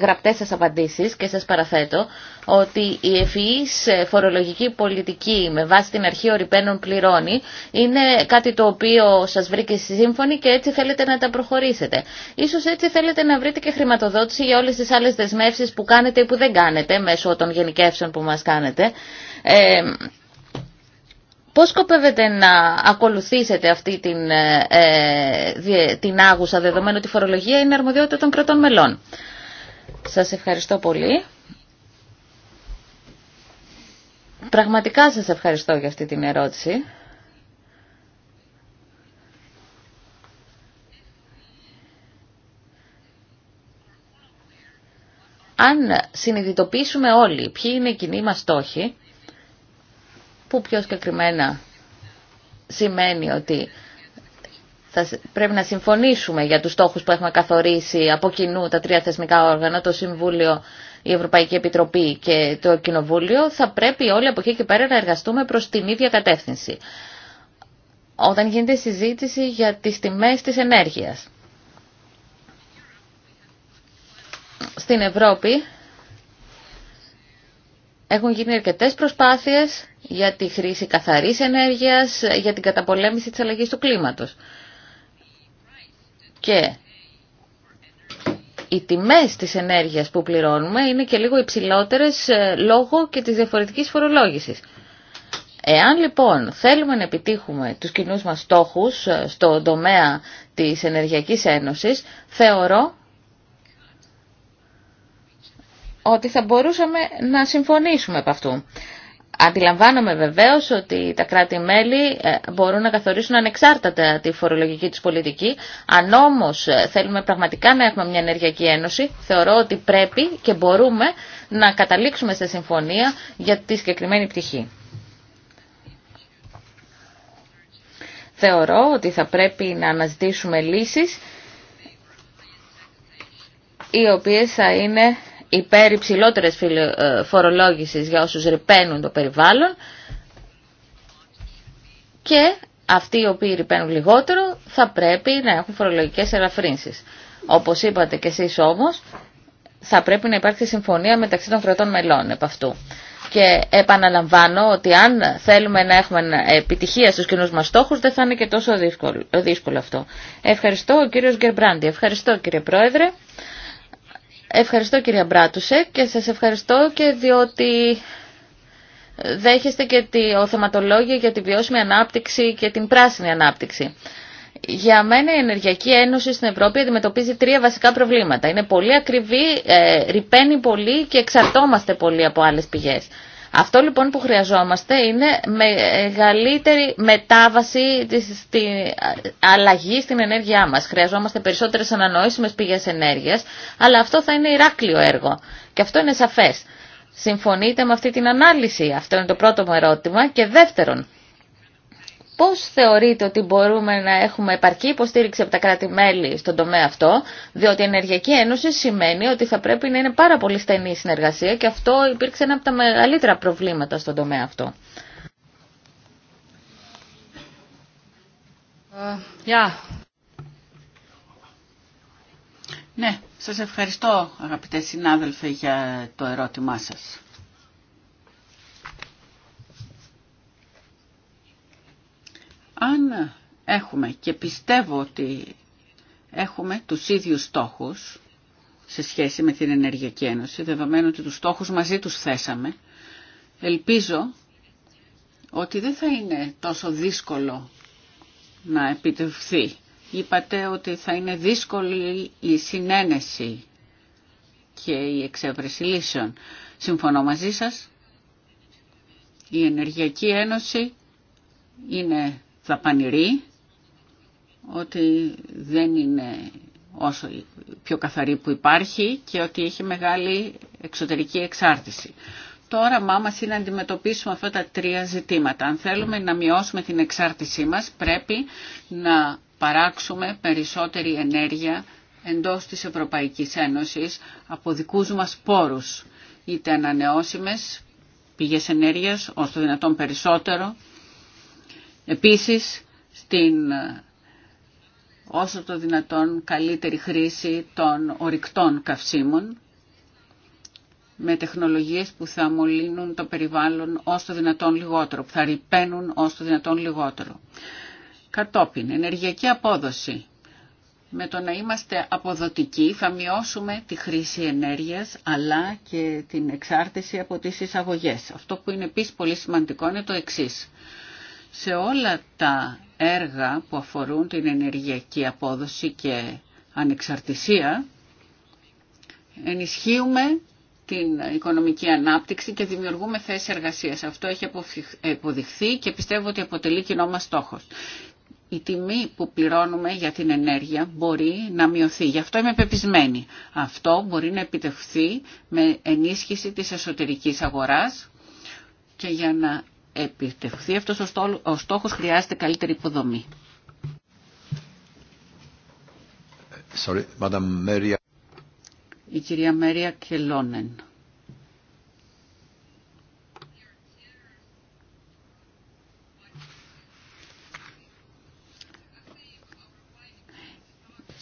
Speaker 2: γραπτές σας απαντήσεις και σας παραθέτω ότι η ευφυής ε, φορολογική πολιτική με βάση την αρχή ορυπαίνων πληρώνει είναι κάτι το οποίο σας βρήκε στη σύμφωνη και έτσι θέλετε να τα προχωρήσετε. Ίσως έτσι θέλετε να βρείτε και χρηματοδότηση για όλες τις άλλες δεσμεύσεις που κάνετε ή που δεν κάνετε μέσω των γενικεύσεων που μας κάνετε. Ε, Πώς σκοπεύετε να ακολουθήσετε αυτή την, ε, ε, την άγουσα δεδομένου ότι η φορολογία είναι αρμοδιότητα των κρατών μελών. Σας ευχαριστώ πολύ. Πραγματικά σας ευχαριστώ για αυτή την ερώτηση. Αν συνειδητοποιήσουμε όλοι ποιοι είναι οι κοινοί μας στόχοι, που πιο συγκεκριμένα σημαίνει ότι θα πρέπει να συμφωνήσουμε για τους στόχους που έχουμε καθορίσει από κοινού τα τρία θεσμικά όργανα, το Συμβούλιο, η Ευρωπαϊκή Επιτροπή και το Κοινοβούλιο, θα πρέπει όλοι από εκεί και πέρα να εργαστούμε προς την ίδια κατεύθυνση. Όταν γίνεται συζήτηση για τις τιμές της ενέργειας. Στην Ευρώπη έχουν γίνει αρκετές προσπάθειες για τη χρήση καθαρής ενέργειας, για την καταπολέμηση της αλλαγής του κλίματος. Και οι τιμές της ενέργειας που πληρώνουμε είναι και λίγο υψηλότερες ε, λόγω και της διαφορετικής φορολόγησης. Εάν λοιπόν θέλουμε να επιτύχουμε τους κοινούς μας στόχους ε, στον τομέα της Ενεργειακής Ένωσης, θεωρώ ότι θα μπορούσαμε να συμφωνήσουμε από αυτού. Αντιλαμβάνομαι βεβαίω ότι τα κράτη-μέλη ε, μπορούν να καθορίσουν ανεξάρτητα τη φορολογική του πολιτική. Αν όμως ε, θέλουμε πραγματικά να έχουμε μια ενεργειακή ένωση, θεωρώ ότι πρέπει και μπορούμε να καταλήξουμε σε συμφωνία για τη συγκεκριμένη πτυχή. Θεωρώ ότι θα πρέπει να αναζητήσουμε λύσεις οι οποίες θα είναι υπέρ υψηλότερες ε, φορολόγηση για όσους ρηπαίνουν το περιβάλλον και αυτοί οι οποίοι ρηπαίνουν λιγότερο θα πρέπει να έχουν φορολογικές ελαφρύνσει. Όπως είπατε κι εσεί όμω, θα πρέπει να υπάρξει συμφωνία μεταξύ των κρατών μελών επ' αυτού. Και επαναλαμβάνω ότι αν θέλουμε να έχουμε επιτυχία στους κοινούς μας στόχους δεν θα είναι και τόσο δύσκολο, αυτό. Ευχαριστώ ο κύριος Γκερμπράντη. Ευχαριστώ κύριε Πρόεδρε. Ευχαριστώ κυρία Μπράτουσε και σας ευχαριστώ και διότι δέχεστε και τη θεματολόγιο για τη βιώσιμη ανάπτυξη και την πράσινη ανάπτυξη. Για μένα η Ενεργειακή Ένωση στην Ευρώπη αντιμετωπίζει τρία βασικά προβλήματα. Είναι πολύ ακριβή, ε, ρηπαίνει πολύ και εξαρτώμαστε πολύ από άλλες πηγές. Αυτό λοιπόν που χρειαζόμαστε είναι μεγαλύτερη μετάβαση αλλαγή στην ενέργειά μας. Χρειαζόμαστε περισσότερες ανανοήσιμες πηγές ενέργειας, αλλά αυτό θα είναι ηράκλειο έργο. Και αυτό είναι σαφές. Συμφωνείτε με αυτή την ανάλυση. Αυτό είναι το πρώτο μου ερώτημα. Και δεύτερον, Πώς θεωρείτε ότι μπορούμε να έχουμε επαρκή υποστήριξη από τα κράτη-μέλη στον τομέα αυτό, διότι η Ενεργειακή Ένωση σημαίνει ότι θα πρέπει να είναι πάρα πολύ στενή η συνεργασία και αυτό υπήρξε ένα από τα μεγαλύτερα προβλήματα στον τομέα αυτό.
Speaker 4: Yeah. Ε, ναι, σας ευχαριστώ αγαπητέ συνάδελφοι για το ερώτημά σας. Αν έχουμε και πιστεύω ότι έχουμε τους ίδιους στόχους σε σχέση με την Ενεργειακή Ένωση, δεδομένου ότι τους στόχους μαζί τους θέσαμε, ελπίζω ότι δεν θα είναι τόσο δύσκολο να επιτευχθεί. Είπατε ότι θα είναι δύσκολη η συνένεση και η εξέβρεση λύσεων. Συμφωνώ μαζί σας. Η Ενεργειακή Ένωση είναι δαπανηρή, ότι δεν είναι όσο πιο καθαρή που υπάρχει και ότι έχει μεγάλη εξωτερική εξάρτηση. Το όραμά μας είναι να αντιμετωπίσουμε αυτά τα τρία ζητήματα. Αν θέλουμε να μειώσουμε την εξάρτησή μας, πρέπει να παράξουμε περισσότερη ενέργεια εντός της Ευρωπαϊκής Ένωσης από δικούς μας πόρους, είτε ανανεώσιμες πηγές ενέργειας, όσο δυνατόν περισσότερο, Επίσης, στην ε, όσο το δυνατόν καλύτερη χρήση των ορυκτών καυσίμων με τεχνολογίες που θα μολύνουν το περιβάλλον όσο το δυνατόν λιγότερο, που θα ρηπαίνουν όσο το δυνατόν λιγότερο. Κατόπιν, ενεργειακή απόδοση. Με το να είμαστε αποδοτικοί θα μειώσουμε τη χρήση ενέργειας αλλά και την εξάρτηση από τις εισαγωγές. Αυτό που είναι επίσης πολύ σημαντικό είναι το εξής σε όλα τα έργα που αφορούν την ενεργειακή απόδοση και ανεξαρτησία, ενισχύουμε την οικονομική ανάπτυξη και δημιουργούμε θέσεις εργασίας. Αυτό έχει αποδειχθεί και πιστεύω ότι αποτελεί κοινό μας στόχος. Η τιμή που πληρώνουμε για την ενέργεια μπορεί να μειωθεί. Γι' αυτό είμαι πεπισμένη. Αυτό μπορεί να επιτευχθεί με ενίσχυση της εσωτερικής αγοράς και για να επιτευχθεί αυτός ο στόχος χρειάζεται καλύτερη υποδομή.
Speaker 1: Sorry, Maria.
Speaker 4: Η κυρία Μέρια Κελόνεν.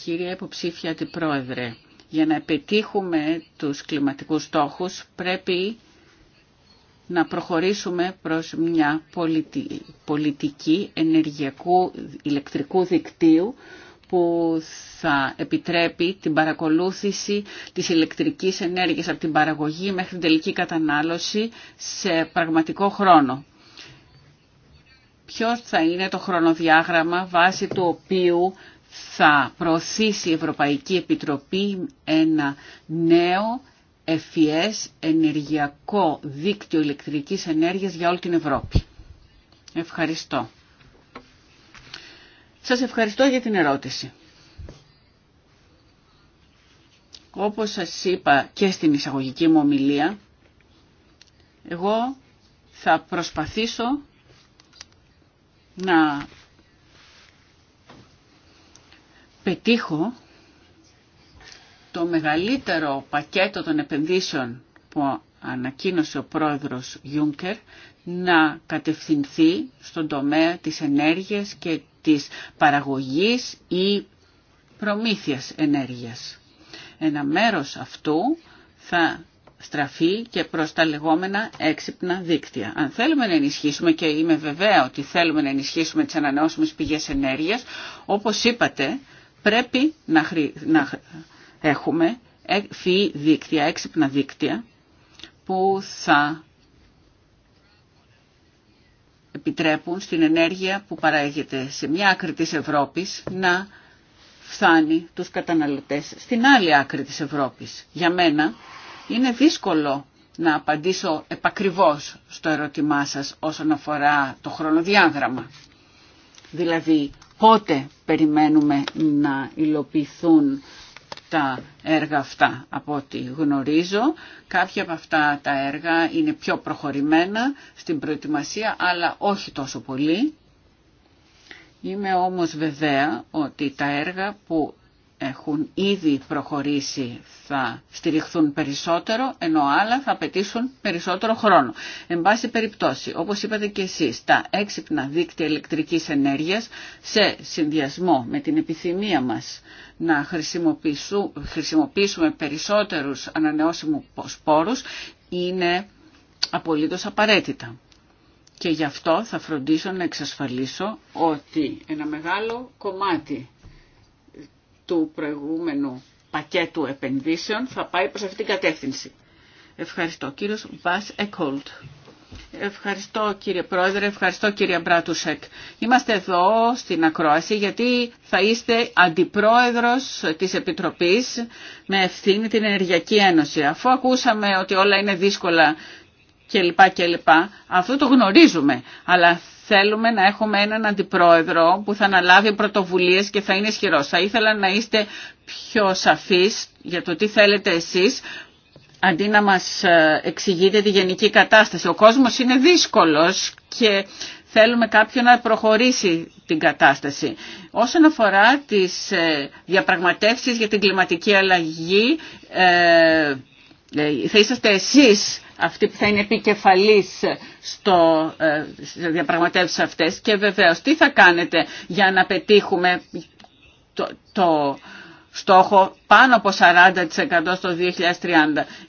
Speaker 4: Κύριε υποψήφια την Πρόεδρε, για να επιτύχουμε τους κλιματικούς στόχους πρέπει να προχωρήσουμε προς μια πολιτική ενεργειακού ηλεκτρικού δικτύου που θα επιτρέπει την παρακολούθηση της ηλεκτρικής ενέργειας από την παραγωγή μέχρι την τελική κατανάλωση σε πραγματικό χρόνο. Ποιο θα είναι το χρονοδιάγραμμα βάσει του οποίου θα προωθήσει η Ευρωπαϊκή Επιτροπή ένα νέο ευφυές e ενεργειακό δίκτυο ηλεκτρικής ενέργειας για όλη την Ευρώπη. Ευχαριστώ. Σας ευχαριστώ για την ερώτηση. Όπως σας είπα και στην εισαγωγική μου ομιλία, εγώ θα προσπαθήσω να πετύχω το μεγαλύτερο πακέτο των επενδύσεων που ανακοίνωσε ο πρόεδρος Γιούνκερ να κατευθυνθεί στον τομέα της ενέργειας και της παραγωγής ή προμήθειας ενέργειας. Ένα μέρος αυτού θα στραφεί και προς τα λεγόμενα έξυπνα δίκτυα. Αν θέλουμε να ενισχύσουμε και είμαι βεβαία ότι θέλουμε να ενισχύσουμε τις ανανεώσιμες πηγές ενέργειας, όπως είπατε πρέπει να, έχουμε ε, φυή δίκτυα, έξυπνα δίκτυα που θα επιτρέπουν στην ενέργεια που παράγεται σε μια άκρη της Ευρώπης να φτάνει τους καταναλωτές στην άλλη άκρη της Ευρώπης. Για μένα είναι δύσκολο να απαντήσω επακριβώς στο ερώτημά σας όσον αφορά το χρονοδιάγραμμα. Δηλαδή πότε περιμένουμε να υλοποιηθούν τα έργα αυτά από ό,τι γνωρίζω. Κάποια από αυτά τα έργα είναι πιο προχωρημένα στην προετοιμασία, αλλά όχι τόσο πολύ. Είμαι όμως βεβαία ότι τα έργα που έχουν ήδη προχωρήσει θα στηριχθούν περισσότερο, ενώ άλλα θα απαιτήσουν περισσότερο χρόνο. Εν πάση περιπτώσει, όπως είπατε και εσείς, τα έξυπνα δίκτυα ηλεκτρικής ενέργειας σε συνδυασμό με την επιθυμία μας να χρησιμοποιήσουμε περισσότερους ανανεώσιμους πόρους είναι απολύτως απαραίτητα. Και γι' αυτό θα φροντίσω να εξασφαλίσω ότι ένα μεγάλο κομμάτι του προηγούμενου πακέτου επενδύσεων θα πάει προς αυτήν την κατεύθυνση. Ευχαριστώ. Κύριος Βάς Εκόλτ. Ευχαριστώ κύριε Πρόεδρε, ευχαριστώ κύριε Μπράτουσεκ. Είμαστε εδώ στην Ακρόαση γιατί θα είστε αντιπρόεδρος της Επιτροπής με ευθύνη την Ενεργειακή Ένωση. Αφού ακούσαμε ότι όλα είναι δύσκολα κλπ. κλπ. Αυτό το γνωρίζουμε. Αλλά θέλουμε να έχουμε έναν αντιπρόεδρο που θα αναλάβει πρωτοβουλίες και θα είναι ισχυρό. Θα ήθελα να είστε πιο σαφείς για το τι θέλετε εσείς αντί να μας ε, εξηγείτε τη γενική κατάσταση. Ο κόσμος είναι δύσκολος και θέλουμε κάποιον να προχωρήσει την κατάσταση. Όσον αφορά τις ε, διαπραγματεύσεις για την κλιματική αλλαγή, ε, θα είσαστε εσείς αυτή που θα είναι επικεφαλής στο ε, διαπραγματεύσεις αυτές και βεβαίως τι θα κάνετε για να πετύχουμε το, στόχο πάνω από 40% στο 2030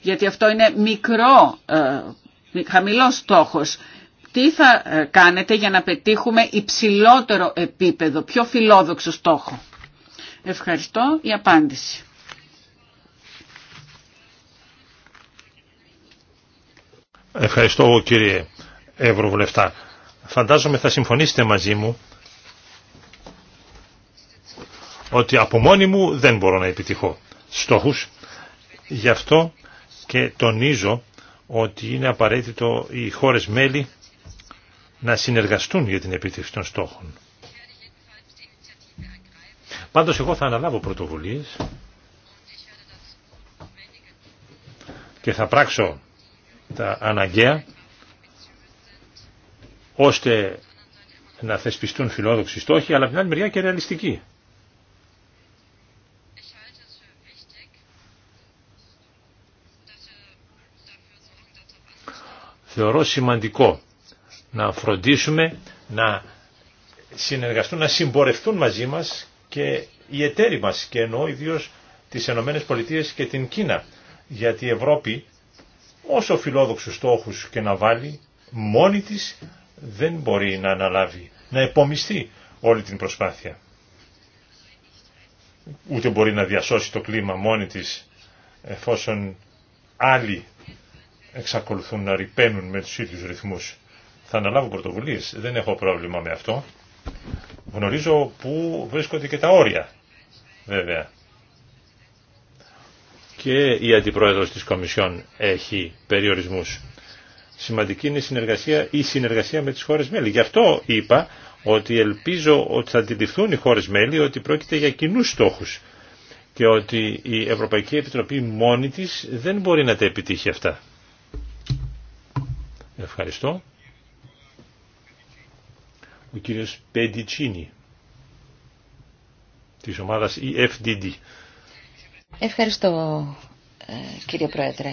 Speaker 4: γιατί αυτό είναι μικρό, ε, χαμηλός στόχος. Τι θα ε, κάνετε για να πετύχουμε υψηλότερο επίπεδο, πιο φιλόδοξο στόχο. Ευχαριστώ. Η απάντηση.
Speaker 1: Ευχαριστώ κύριε Ευρωβουλευτά. Φαντάζομαι θα συμφωνήσετε μαζί μου ότι από μόνη μου δεν μπορώ να επιτυχώ στόχους. Γι' αυτό και τονίζω ότι είναι απαραίτητο οι χώρες μέλη να συνεργαστούν για την επίτευξη των στόχων. Πάντως εγώ θα αναλάβω πρωτοβουλίες και θα πράξω τα αναγκαία ώστε να θεσπιστούν φιλόδοξοι στόχοι, αλλά από την άλλη μεριά και ρεαλιστικοί. Θεωρώ σημαντικό να φροντίσουμε να συνεργαστούν, να συμπορευτούν μαζί μας και οι εταίροι μας και εννοώ ιδίως τις ΗΠΑ και την Κίνα. Γιατί η Ευρώπη όσο φιλόδοξους στόχους και να βάλει, μόνη της δεν μπορεί να αναλάβει, να επομιστεί όλη την προσπάθεια. Ούτε μπορεί να διασώσει το κλίμα μόνη της, εφόσον άλλοι εξακολουθούν να ρηπαίνουν με τους ίδιους ρυθμούς. Θα αναλάβω πρωτοβουλίες, δεν έχω πρόβλημα με αυτό. Γνωρίζω που βρίσκονται και τα όρια, βέβαια και η Αντιπρόεδρος της Κομισιόν έχει περιορισμούς. Σημαντική είναι η συνεργασία, η συνεργασία με τις χώρες μέλη. Γι' αυτό είπα ότι ελπίζω ότι θα αντιληφθούν οι χώρες μέλη ότι πρόκειται για κοινού στόχους και ότι η Ευρωπαϊκή Επιτροπή μόνη της δεν μπορεί να τα επιτύχει αυτά. Ευχαριστώ. Ο κύριος Πεντιτσίνη της ομάδας EFDD.
Speaker 2: Ευχαριστώ, ε, κύριε Πρόεδρε.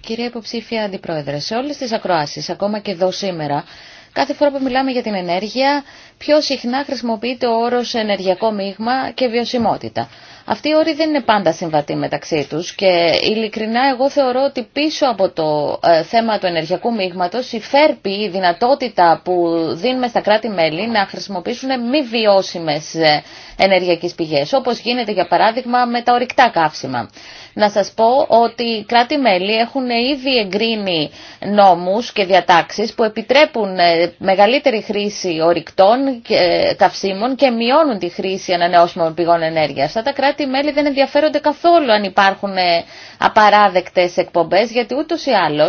Speaker 2: Κύριε Υποψήφια Αντιπρόεδρε, σε όλες τις ακροάσεις, ακόμα και εδώ σήμερα, κάθε φορά που μιλάμε για την ενέργεια, πιο συχνά χρησιμοποιείται ο όρος ενεργειακό μείγμα και βιωσιμότητα. Αυτοί οι όροι δεν είναι πάντα συμβατοί μεταξύ τους και ειλικρινά εγώ θεωρώ ότι πίσω από το ε, θέμα του ενεργειακού μείγματος φέρπη, η δυνατότητα που δίνουμε στα κράτη-μέλη να χρησιμοποιήσουν μη βιώσιμες ε, ενεργειακές πηγές, όπως γίνεται για παράδειγμα με τα ορυκτά καύσιμα. Να σας πω ότι οι κράτη-μέλη έχουν ήδη εγκρίνει νόμους και διατάξεις που επιτρέπουν ε, μεγαλύτερη χρήση ορυκτών ε, καυσίμων και μειώνουν τη χρήση ανανεώσιμων πηγών ενέργεια. Αυτά τα κράτη-μέλη δεν ενδιαφέρονται καθόλου αν υπάρχουν ε, απαράδεκτε εκπομπέ, γιατί ούτω ή άλλω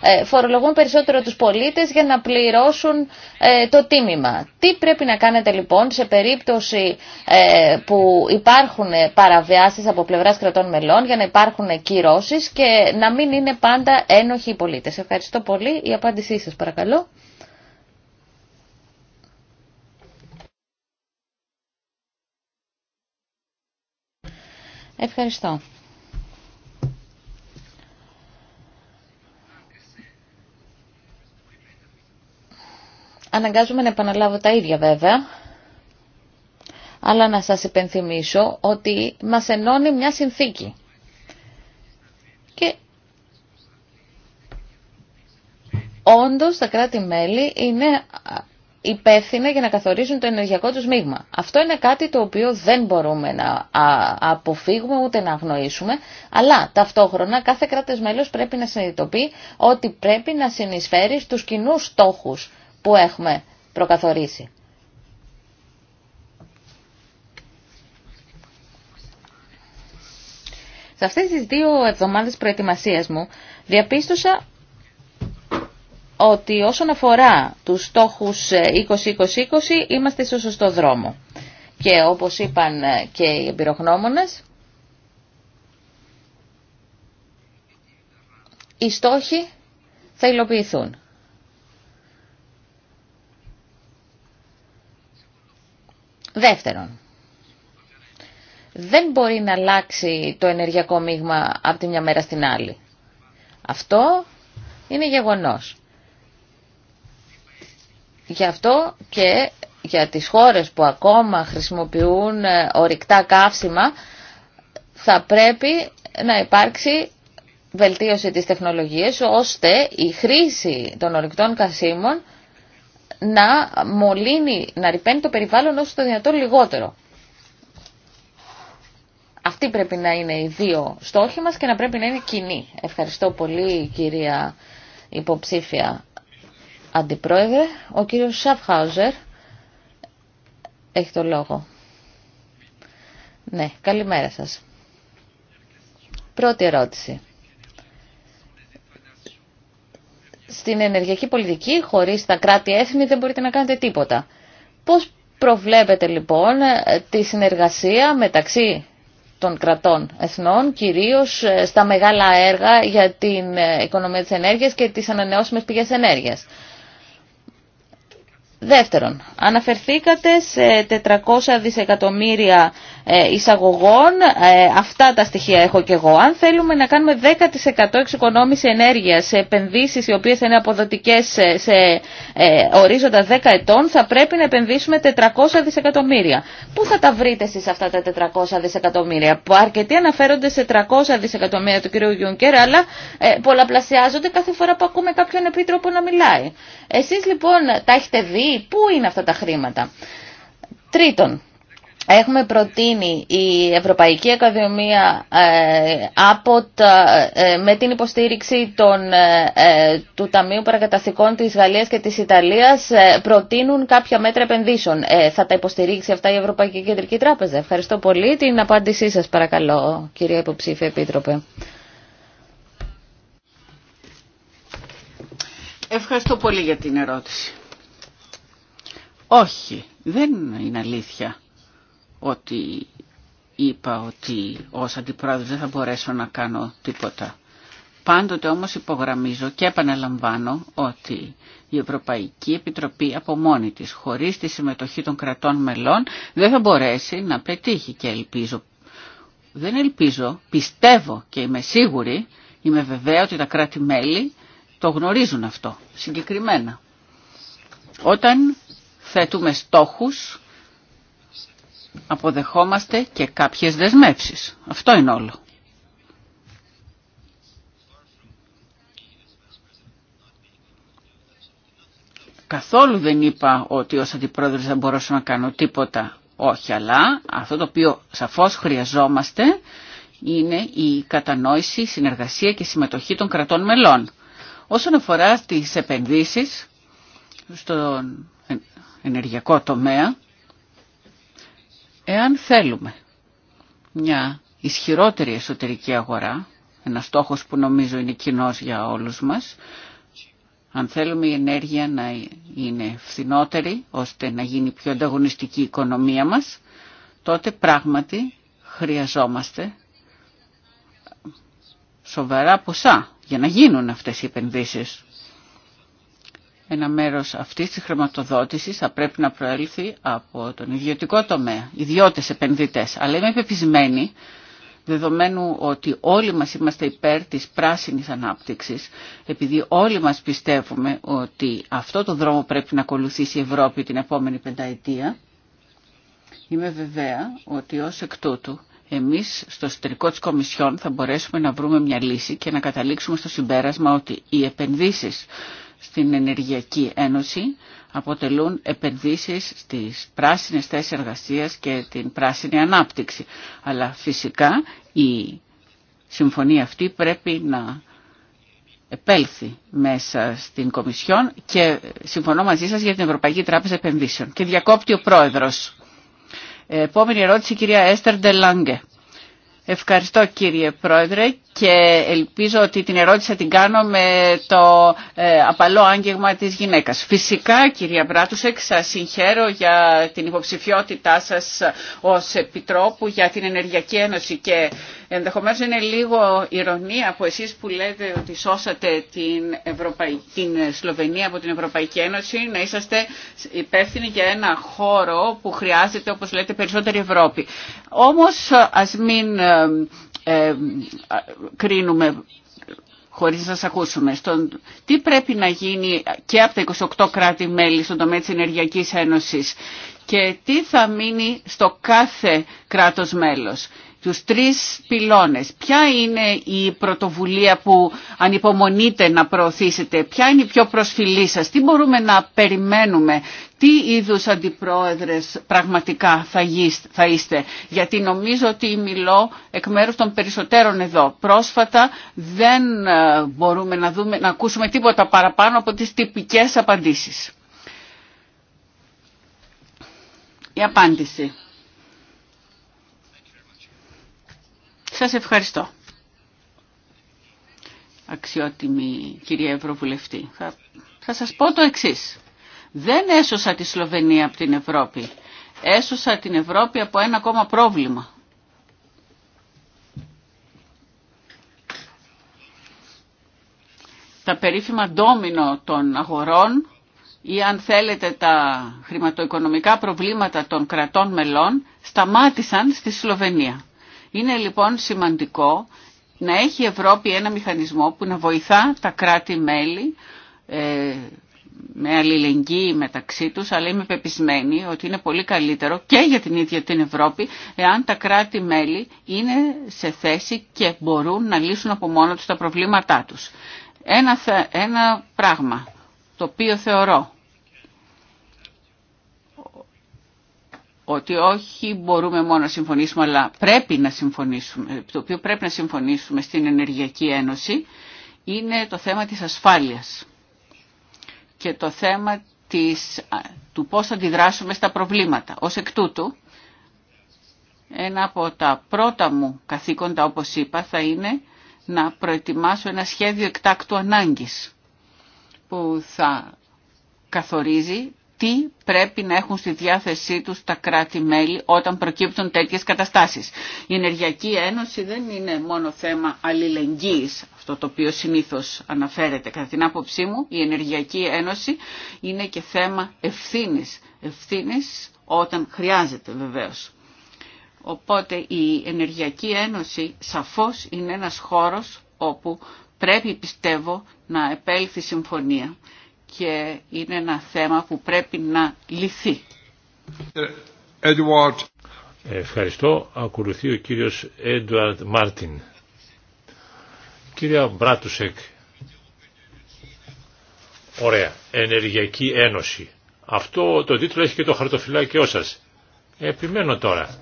Speaker 2: ε, φορολογούν περισσότερο του πολίτε για να πληρώσουν το τίμημα. Τι πρέπει να κάνετε λοιπόν σε περίπτωση που υπάρχουν παραβιάσει από πλευρά κρατών μελών για να υπάρχουν κυρώσει και να μην είναι πάντα ένοχοι οι πολίτε. Ευχαριστώ πολύ. Η απάντησή σα παρακαλώ. Ευχαριστώ. Αναγκάζομαι να επαναλάβω τα ίδια βέβαια, αλλά να σας υπενθυμίσω ότι μας ενώνει μια συνθήκη. Και όντως τα κράτη-μέλη είναι υπεύθυνα για να καθορίσουν το ενεργειακό τους μείγμα. Αυτό είναι κάτι το οποίο δεν μπορούμε να αποφύγουμε ούτε να αγνοήσουμε, αλλά ταυτόχρονα κάθε κράτος μέλος πρέπει να συνειδητοποιεί ότι πρέπει να συνεισφέρει στους κοινού στόχους που έχουμε προκαθορίσει. Σε αυτές τις δύο εβδομάδες προετοιμασίας μου διαπίστωσα ότι όσον αφορά τους στόχους 20-20-20 ε, είμαστε στο σωστό δρόμο. Και όπως είπαν ε, και οι εμπειρογνώμονες, οι στόχοι θα υλοποιηθούν. Δεύτερον, δεν μπορεί να αλλάξει το ενεργειακό μείγμα από τη μια μέρα στην άλλη. Αυτό είναι γεγονός. Γι' αυτό και για τις χώρες που ακόμα χρησιμοποιούν ε, ορυκτά καύσιμα θα πρέπει να υπάρξει βελτίωση της τεχνολογίας ώστε η χρήση των ορυκτών καυσίμων να μολύνει, να ρηπαίνει το περιβάλλον όσο το δυνατόν λιγότερο. Αυτή πρέπει να είναι οι δύο στόχοι μας και να πρέπει να είναι κοινή. Ευχαριστώ πολύ κυρία υποψήφια Αντιπρόεδρε, ο κύριος Σαφχάουζερ έχει το λόγο. Ναι, καλημέρα σας. Πρώτη ερώτηση. Στην ενεργειακή πολιτική, χωρίς τα κράτη-έθνη, δεν μπορείτε να κάνετε τίποτα. Πώς προβλέπετε λοιπόν τη συνεργασία μεταξύ των κρατών εθνών, κυρίως ε, στα μεγάλα έργα για την ε, οικονομία της ενέργειας και τις ανανεώσιμες πηγές ενέργειας. Δεύτερον, αναφερθήκατε σε 400 δισεκατομμύρια ε, εισαγωγών. Ε, αυτά τα στοιχεία έχω και εγώ. Αν θέλουμε να κάνουμε 10% εξοικονόμηση ενέργεια σε επενδύσει, οι οποίε θα είναι αποδοτικέ σε ε, ορίζοντα 10 ετών θα πρέπει να επενδύσουμε 400 δισεκατομμύρια. Πού θα τα βρείτε εσεί αυτά τα 400 δισεκατομμύρια που αρκετοί αναφέρονται σε 300 δισεκατομμύρια του κ. Γιούνκερ αλλά πολλαπλασιάζονται κάθε φορά που ακούμε κάποιον επίτροπο να μιλάει. Εσεί λοιπόν τα έχετε δει, πού είναι αυτά τα χρήματα. Τρίτον, Έχουμε προτείνει η Ευρωπαϊκή Ακαδημία ε, από τα, ε, με την υποστήριξη των, ε, του Ταμείου Παρακαταστικών της Γαλλίας και της Ιταλίας προτείνουν κάποια μέτρα επενδύσεων. θα τα υποστηρίξει αυτά η Ευρωπαϊκή Κεντρική Τράπεζα. Ευχαριστώ πολύ. Την απάντησή σας παρακαλώ κυρία Υποψήφια Επίτροπε.
Speaker 4: Ευχαριστώ πολύ για την ερώτηση. Όχι, δεν είναι αλήθεια ότι είπα ότι ως αντιπρόεδρος δεν θα μπορέσω να κάνω τίποτα. Πάντοτε όμως υπογραμμίζω και επαναλαμβάνω ότι η Ευρωπαϊκή Επιτροπή από μόνη της, χωρίς τη συμμετοχή των κρατών μελών, δεν θα μπορέσει να πετύχει και ελπίζω. Δεν ελπίζω, πιστεύω και είμαι σίγουρη, είμαι βεβαία ότι τα κράτη-μέλη το γνωρίζουν αυτό, συγκεκριμένα. Όταν θέτουμε στόχους αποδεχόμαστε και κάποιες δεσμεύσεις. Αυτό είναι όλο. Καθόλου δεν είπα ότι ως αντιπρόεδρος δεν μπορούσα να κάνω τίποτα. Όχι, αλλά αυτό το οποίο σαφώς χρειαζόμαστε είναι η κατανόηση, η συνεργασία και η συμμετοχή των κρατών μελών. Όσον αφορά τις επενδύσεις στον ενεργειακό τομέα, Εάν θέλουμε μια ισχυρότερη εσωτερική αγορά, ένα στόχος που νομίζω είναι κοινό για όλους μας, αν θέλουμε η ενέργεια να είναι φθηνότερη, ώστε να γίνει πιο ανταγωνιστική η οικονομία μας, τότε πράγματι χρειαζόμαστε σοβαρά ποσά για να γίνουν αυτές οι επενδύσεις. Ένα μέρος αυτής της χρηματοδότησης θα πρέπει να προέλθει από τον ιδιωτικό τομέα, ιδιώτες επενδυτές. Αλλά είμαι πεπισμένη, δεδομένου ότι όλοι μας είμαστε υπέρ της πράσινης ανάπτυξης, επειδή όλοι μας πιστεύουμε ότι αυτό το δρόμο πρέπει να ακολουθήσει η Ευρώπη την επόμενη πενταετία, είμαι βεβαία ότι ως εκ τούτου εμείς στο εσωτερικό της Κομισιόν θα μπορέσουμε να βρούμε μια λύση και να καταλήξουμε στο συμπέρασμα ότι οι επενδύσεις στην Ενεργειακή Ένωση αποτελούν επενδύσεις στις πράσινες θέσεις εργασίας και την πράσινη ανάπτυξη. Αλλά φυσικά η συμφωνία αυτή πρέπει να επέλθει μέσα στην Κομισιόν και συμφωνώ μαζί σας για την Ευρωπαϊκή Τράπεζα Επενδύσεων. Και διακόπτει ο Πρόεδρος. Επόμενη ερώτηση, κυρία Έστερ Ντελάγκε. Ευχαριστώ κύριε Πρόεδρε και ελπίζω ότι την ερώτηση την κάνω με το ε, απαλό άγγεγμα της γυναίκας. Φυσικά, κυρία Μπράτουσεκ, σας συγχαίρω για την υποψηφιότητά σας ως Επιτρόπου για την Ενεργειακή Ένωση και ενδεχομένως είναι λίγο ηρωνία από εσείς που λέτε ότι σώσατε την, την Σλοβενία από την Ευρωπαϊκή Ένωση να είσαστε υπεύθυνοι για ένα χώρο που χρειάζεται, όπως λέτε, περισσότερη Ευρώπη. Όμως, ας μην ε, ε, κρίνουμε χωρίς να σας ακούσουμε. τι πρέπει να γίνει και από τα 28 κράτη-μέλη στον τομέα της Ενεργειακής Ένωσης και τι θα μείνει στο κάθε κράτος μέλος. Τους τρεις πυλώνες. Ποια είναι η πρωτοβουλία που ανυπομονείτε να προωθήσετε. Ποια είναι η πιο προσφυλή σας. Τι μπορούμε να περιμένουμε τι είδους αντιπρόεδρες πραγματικά θα είστε. Γιατί νομίζω ότι μιλώ εκ μέρους των περισσότερων εδώ. Πρόσφατα δεν ε, μπορούμε να, δούμε, να ακούσουμε τίποτα παραπάνω από τις τυπικές απαντήσεις. Η απάντηση. Σας ευχαριστώ. Αξιότιμη κυρία Ευρωβουλευτή. Θα, θα σας πω το εξής. Δεν έσωσα τη Σλοβενία από την Ευρώπη. Έσωσα την Ευρώπη από ένα ακόμα πρόβλημα. Τα περίφημα ντόμινο των αγορών ή αν θέλετε τα χρηματοοικονομικά προβλήματα των κρατών μελών σταμάτησαν στη Σλοβενία. Είναι λοιπόν σημαντικό να έχει η Ευρώπη ένα μηχανισμό που να βοηθά τα κράτη-μέλη ε, με αλληλεγγύη μεταξύ τους, αλλά είμαι πεπισμένη ότι είναι πολύ καλύτερο και για την ίδια την Ευρώπη, εάν τα κράτη-μέλη είναι σε θέση και μπορούν να λύσουν από μόνο τους τα προβλήματά τους. Ένα, ένα πράγμα, το οποίο θεωρώ ότι όχι μπορούμε μόνο να συμφωνήσουμε, αλλά πρέπει να συμφωνήσουμε, το οποίο πρέπει να συμφωνήσουμε στην Ενεργειακή Ένωση, είναι το θέμα της ασφάλειας και το θέμα της, του πώς αντιδράσουμε στα προβλήματα. Ως εκ τούτου, ένα από τα πρώτα μου καθήκοντα, όπως είπα, θα είναι να προετοιμάσω ένα σχέδιο εκτάκτου ανάγκης που θα καθορίζει τι πρέπει να έχουν στη διάθεσή τους τα κράτη-μέλη όταν προκύπτουν τέτοιες καταστάσεις. Η Ενεργειακή Ένωση δεν είναι μόνο θέμα αλληλεγγύης, αυτό το οποίο συνήθως αναφέρεται. Κατά την άποψή μου, η Ενεργειακή Ένωση είναι και θέμα ευθύνης. Ευθύνης όταν χρειάζεται βεβαίως. Οπότε η Ενεργειακή Ένωση σαφώς είναι ένας χώρος όπου πρέπει πιστεύω να επέλθει συμφωνία και είναι ένα θέμα που πρέπει να λυθεί.
Speaker 1: Edward. Ευχαριστώ. Ακολουθεί ο κύριος Έντουαρτ Μάρτιν. Κύριε Μπράτουσεκ, ωραία, Ενεργειακή Ένωση. Αυτό το τίτλο έχει και το χαρτοφυλάκιό σας. Επιμένω τώρα.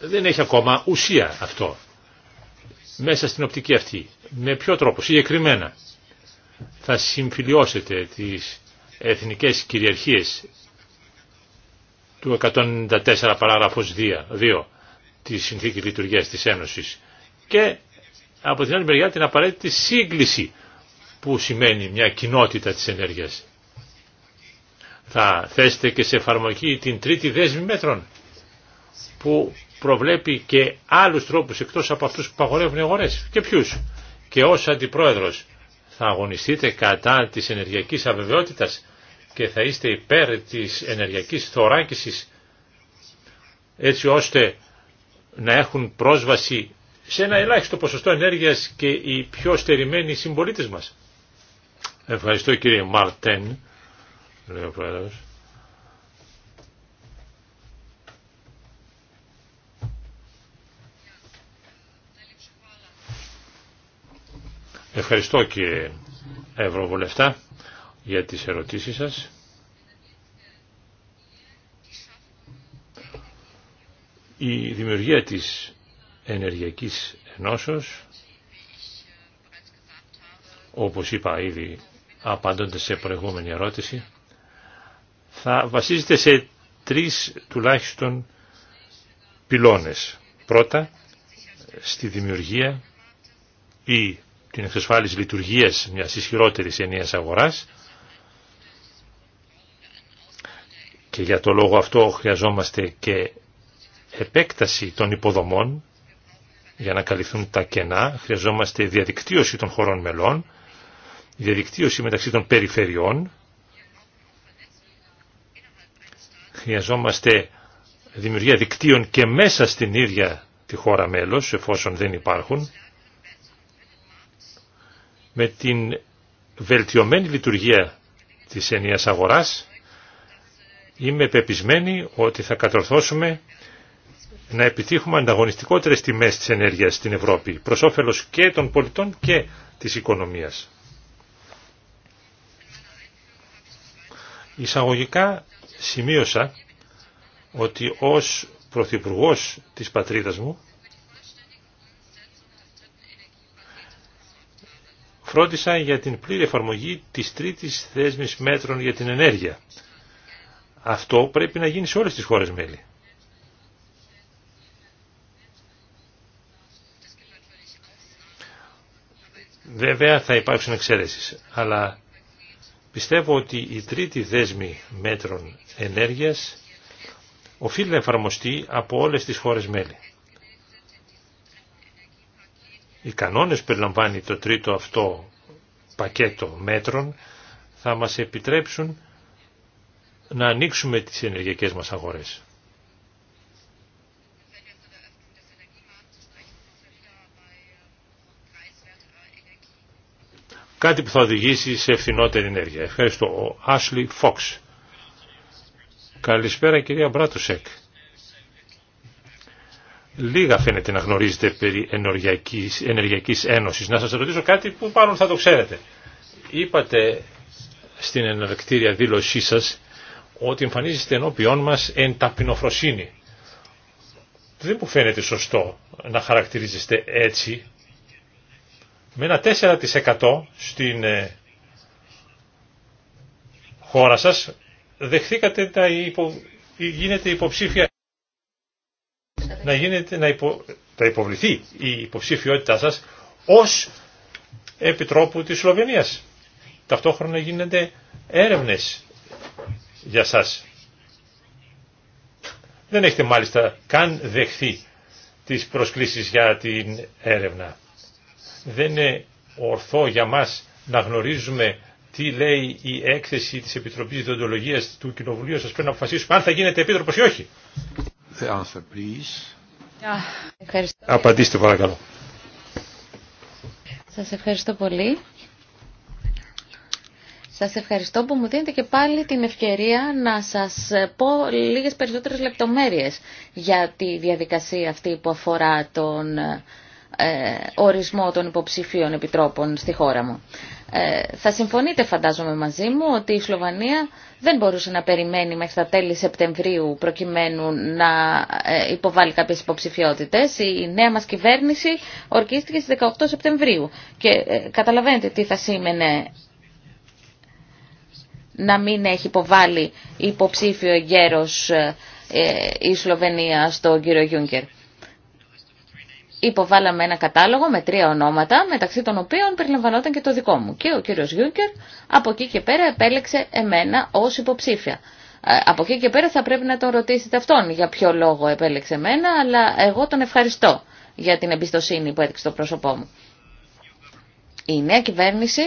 Speaker 1: Δεν έχει ακόμα ουσία αυτό. Μέσα στην οπτική αυτή. Με ποιο τρόπο, συγκεκριμένα θα συμφιλιώσετε τις εθνικές κυριαρχίες του 194 παράγραφος 2 τη συνθήκη λειτουργίας της Ένωσης και από την άλλη μεριά την απαραίτητη σύγκληση που σημαίνει μια κοινότητα της ενέργειας. Θα θέσετε και σε εφαρμογή την τρίτη δέσμη μέτρων που προβλέπει και άλλους τρόπους εκτός από αυτούς που παγορεύουν οι αγορές. Και ποιους. Και ως αντιπρόεδρος θα αγωνιστείτε κατά της ενεργειακής αβεβαιότητας και θα είστε υπέρ της ενεργειακής θωράκισης έτσι ώστε να έχουν πρόσβαση σε ένα ελάχιστο ποσοστό ενέργειας και οι πιο στερημένοι συμπολίτες μας. Ευχαριστώ κύριε Μαρτέν, Ευχαριστώ και Ευρωβουλευτά για τις ερωτήσεις σας. Η δημιουργία της ενεργειακής ενώσεως, όπως είπα ήδη απαντώντας σε προηγούμενη ερώτηση, θα βασίζεται σε τρεις τουλάχιστον πυλώνες. Πρώτα, στη δημιουργία ή την εξασφάλιση λειτουργίας μιας ισχυρότερης ενίας αγοράς και για το λόγο αυτό χρειαζόμαστε και επέκταση των υποδομών για να καλυφθούν τα κενά, χρειαζόμαστε διαδικτύωση των χωρών μελών, διαδικτύωση μεταξύ των περιφερειών, χρειαζόμαστε δημιουργία δικτύων και μέσα στην ίδια τη χώρα μέλος, εφόσον δεν υπάρχουν, με την βελτιωμένη λειτουργία της ενίας αγοράς είμαι πεπισμένη ότι θα κατορθώσουμε να επιτύχουμε ανταγωνιστικότερες τιμές της ενέργειας στην Ευρώπη προς όφελος και των πολιτών και της οικονομίας. Εισαγωγικά σημείωσα ότι ως Πρωθυπουργός της πατρίδας μου φρόντισαν για την πλήρη εφαρμογή της τρίτης θέσμης μέτρων για την ενέργεια. Αυτό πρέπει να γίνει σε όλες τις χώρες μέλη. Βέβαια θα υπάρξουν εξαίρεσεις, αλλά πιστεύω ότι η τρίτη δέσμη μέτρων ενέργειας οφείλει να εφαρμοστεί από όλες τις χώρες μέλη οι κανόνες που περιλαμβάνει το τρίτο αυτό πακέτο μέτρων θα μας επιτρέψουν να ανοίξουμε τις ενεργειακές μας αγορές. Κάτι που θα οδηγήσει σε ευθυνότερη ενέργεια. Ευχαριστώ. Ο Άσλι Φόξ. Καλησπέρα κυρία Μπράτουσεκ. Λίγα φαίνεται να γνωρίζετε περί ενεργειακής, ενεργειακής ένωσης. Να σας ρωτήσω κάτι που πάνω θα το ξέρετε. Είπατε στην εναλλακτήρια δήλωσή σας ότι εμφανίζεστε ενώπιόν μας εν ταπεινοφροσύνη. Δεν μου φαίνεται σωστό να χαρακτηρίζεστε έτσι με ένα 4% στην ε, χώρα σας δεχθήκατε τα υπο... γίνεται υποψήφια να, γίνεται να, υπο, υποβληθεί η υποψηφιότητά σας ως επιτρόπου της Σλοβενίας. Ταυτόχρονα γίνονται έρευνες για σας. Δεν έχετε μάλιστα καν δεχθεί τις προσκλήσεις για την έρευνα. Δεν είναι ορθό για μας να γνωρίζουμε τι λέει η έκθεση της Επιτροπής Διοντολογίας του Κοινοβουλίου σας πρέπει να αποφασίσουμε αν θα γίνετε επίτροπος ή όχι. The Απαντήστε παρακαλώ.
Speaker 2: Σας ευχαριστώ πολύ. Σας ευχαριστώ που μου δίνετε και πάλι την ευκαιρία να σας πω λίγες περισσότερες λεπτομέρειες για τη διαδικασία αυτή που αφορά τον ε, ορισμό των υποψηφίων επιτρόπων στη χώρα μου. Ε, θα συμφωνείτε φαντάζομαι μαζί μου ότι η Σλοβανία δεν μπορούσε να περιμένει μέχρι τα τέλη Σεπτεμβρίου προκειμένου να ε, υποβάλει κάποιες υποψηφιότητες. Η νέα μας κυβέρνηση ορκίστηκε στις 18 Σεπτεμβρίου και καταλαβαίνετε τι θα σήμαινε να μην έχει υποβάλει υποψήφιο γέρος η Σλοβενία στον κύριο Γιούγκερ υποβάλαμε ένα κατάλογο με τρία ονόματα, μεταξύ των οποίων περιλαμβανόταν και το δικό μου. Και ο κύριος Γιούγκερ από εκεί και πέρα επέλεξε εμένα ως υποψήφια. Ε, από εκεί και πέρα θα πρέπει να τον ρωτήσετε αυτόν για ποιο λόγο επέλεξε εμένα, αλλά εγώ τον ευχαριστώ για την εμπιστοσύνη που έδειξε το πρόσωπό μου. Η νέα κυβέρνηση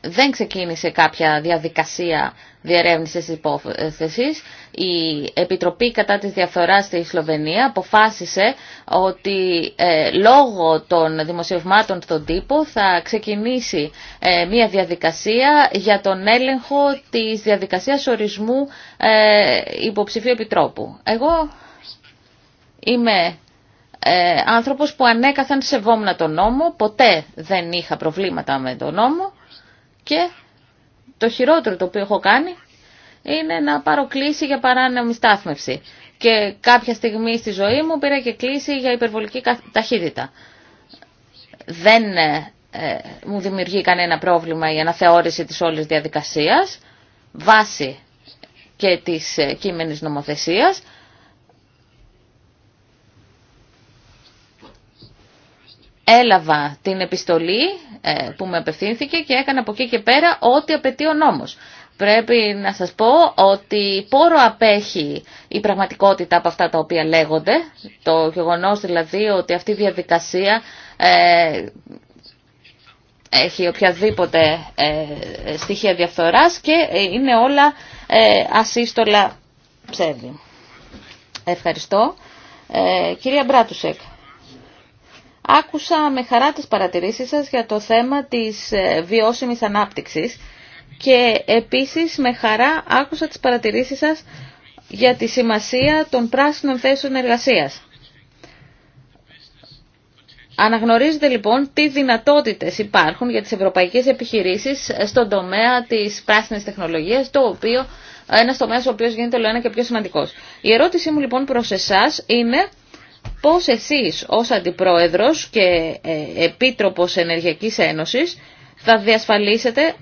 Speaker 2: δεν ξεκίνησε κάποια διαδικασία διερεύνησης της υπόθεσης. Η Επιτροπή κατά της διαφθοράς στη Σλοβενία αποφάσισε ότι ε, λόγω των δημοσιευμάτων του τύπο θα ξεκινήσει ε, μια διαδικασία για τον έλεγχο της διαδικασίας ορισμού ε, υποψηφίου επιτρόπου. Εγώ είμαι ε, άνθρωπος που ανέκαθεν σεβόμουν τον νόμο, ποτέ δεν είχα προβλήματα με τον νόμο και το χειρότερο το οποίο έχω κάνει είναι να πάρω κλίση για παράνομη στάθμευση. Και κάποια στιγμή στη ζωή μου πήρα και κλίση για υπερβολική ταχύτητα. Δεν ε, ε, μου δημιουργεί κανένα πρόβλημα η αναθεώρηση της όλης διαδικασίας, βάση και της ε, κείμενης νομοθεσίας έλαβα την επιστολή ε, που με απευθύνθηκε και έκανα από εκεί και πέρα ό,τι απαιτεί ο νόμος. Πρέπει να σας πω ότι πόρο απέχει η πραγματικότητα από αυτά τα οποία λέγονται. Το γεγονός δηλαδή ότι αυτή η διαδικασία ε, έχει οποιαδήποτε ε, στοιχεία διαφθοράς και είναι όλα ε, ασύστολα ψεύδι. Ευχαριστώ. Κυρία Μπράτουσεκ. Άκουσα με χαρά τις παρατηρήσεις σας για το θέμα της ε, βιώσιμης ανάπτυξης και επίσης με χαρά άκουσα τις παρατηρήσεις σας για τη σημασία των πράσινων θέσεων εργασίας. Αναγνωρίζετε λοιπόν τι δυνατότητες υπάρχουν για τις ευρωπαϊκές επιχειρήσεις στον τομέα της πράσινης τεχνολογίας, το οποίο, ένας τομέας ο οποίος γίνεται όλο ένα και πιο σημαντικός. Η ερώτησή μου λοιπόν προς εσάς είναι πώς εσείς ως Αντιπρόεδρος και ε, Επίτροπος Ενεργειακής Ένωσης θα διασφαλίσετε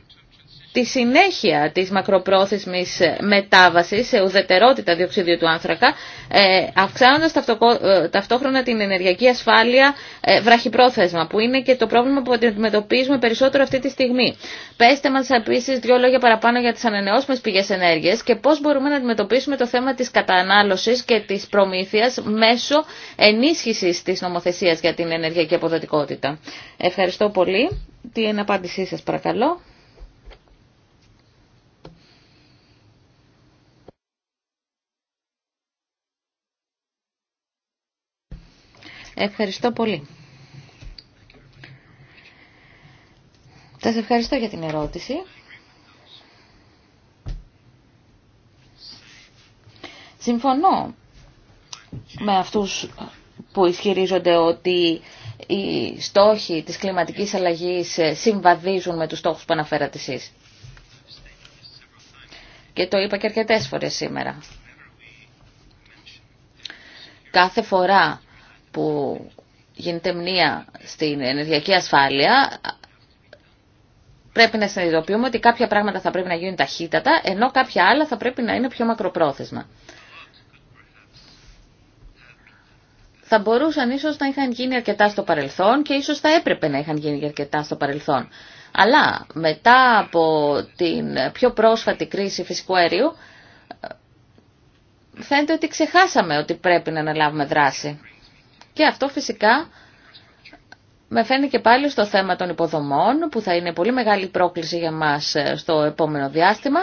Speaker 2: τη συνέχεια της μακροπρόθεσμης μετάβασης σε ουδετερότητα διοξιδίου του άνθρακα, ε, αυξάνοντας ε, ταυτόχρονα την ενεργειακή ασφάλεια ε, βραχυπρόθεσμα, που είναι και το πρόβλημα που αντιμετωπίζουμε περισσότερο αυτή τη στιγμή. Πέστε μας επίση δύο λόγια παραπάνω για τις ανανεώσιμες πηγές ενέργειας και πώς μπορούμε να αντιμετωπίσουμε το θέμα της κατανάλωσης και της προμήθειας μέσω ενίσχυσης της νομοθεσίας για την ενεργειακή αποδοτικότητα. Ευχαριστώ πολύ. Τι απάντησή σας παρακαλώ. Ευχαριστώ πολύ. Σα ευχαριστώ για την ερώτηση. Συμφωνώ με αυτούς που ισχυρίζονται ότι οι στόχοι της κλιματικής αλλαγής συμβαδίζουν με τους στόχους που αναφέρατε εσείς. Και το είπα και αρκετές φορές σήμερα. Κάθε φορά που γίνεται μνήα στην ενεργειακή ασφάλεια, πρέπει να συνειδητοποιούμε ότι κάποια πράγματα θα πρέπει να γίνουν ταχύτατα, ενώ κάποια άλλα θα πρέπει να είναι πιο μακροπρόθεσμα. Θα μπορούσαν ίσως να είχαν γίνει αρκετά στο παρελθόν και ίσως θα έπρεπε να είχαν γίνει αρκετά στο παρελθόν. Αλλά μετά από την πιο πρόσφατη κρίση φυσικού αερίου, φαίνεται ότι ξεχάσαμε ότι πρέπει να αναλάβουμε δράση. Και αυτό φυσικά με φαίνει και πάλι στο θέμα των υποδομών που θα είναι πολύ μεγάλη πρόκληση για μας ε, στο επόμενο διάστημα.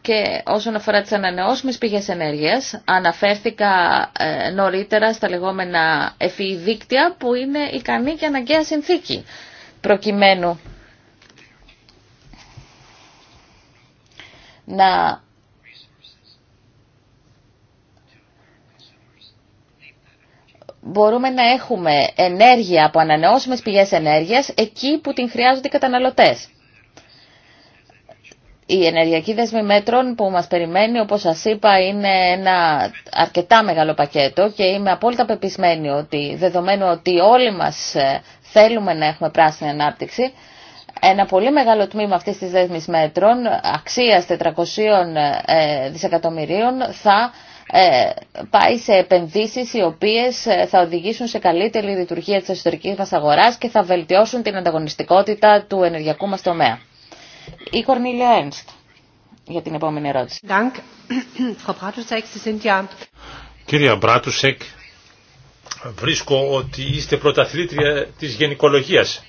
Speaker 2: Και όσον αφορά τις ανανεώσιμες πηγές ενέργειας, αναφέρθηκα ε, νωρίτερα στα λεγόμενα εφή δίκτυα που είναι ικανή και αναγκαία συνθήκη προκειμένου να μπορούμε να έχουμε ενέργεια από ανανεώσιμες πηγές ενέργειας εκεί που την χρειάζονται οι καταναλωτές. Η ενεργειακή δέσμη μέτρων που μας περιμένει, όπως σας είπα, είναι ένα αρκετά μεγάλο πακέτο και είμαι απόλυτα πεπισμένη ότι, δεδομένου ότι όλοι μας ε, θέλουμε να έχουμε πράσινη ανάπτυξη, ένα πολύ μεγάλο τμήμα αυτής της δέσμης μέτρων, αξίας 400 ε, δισεκατομμυρίων, θα ε, πάει σε επενδύσεις οι οποίες ε, θα οδηγήσουν σε καλύτερη λειτουργία της εσωτερικής μας αγοράς και θα βελτιώσουν την ανταγωνιστικότητα του ενεργειακού μας τομέα. Η Κορνίλια Ένστ για την επόμενη ερώτηση.
Speaker 1: Κύριε Μπράτουσεκ, βρίσκω ότι είστε πρωταθλήτρια της γενικολογίας.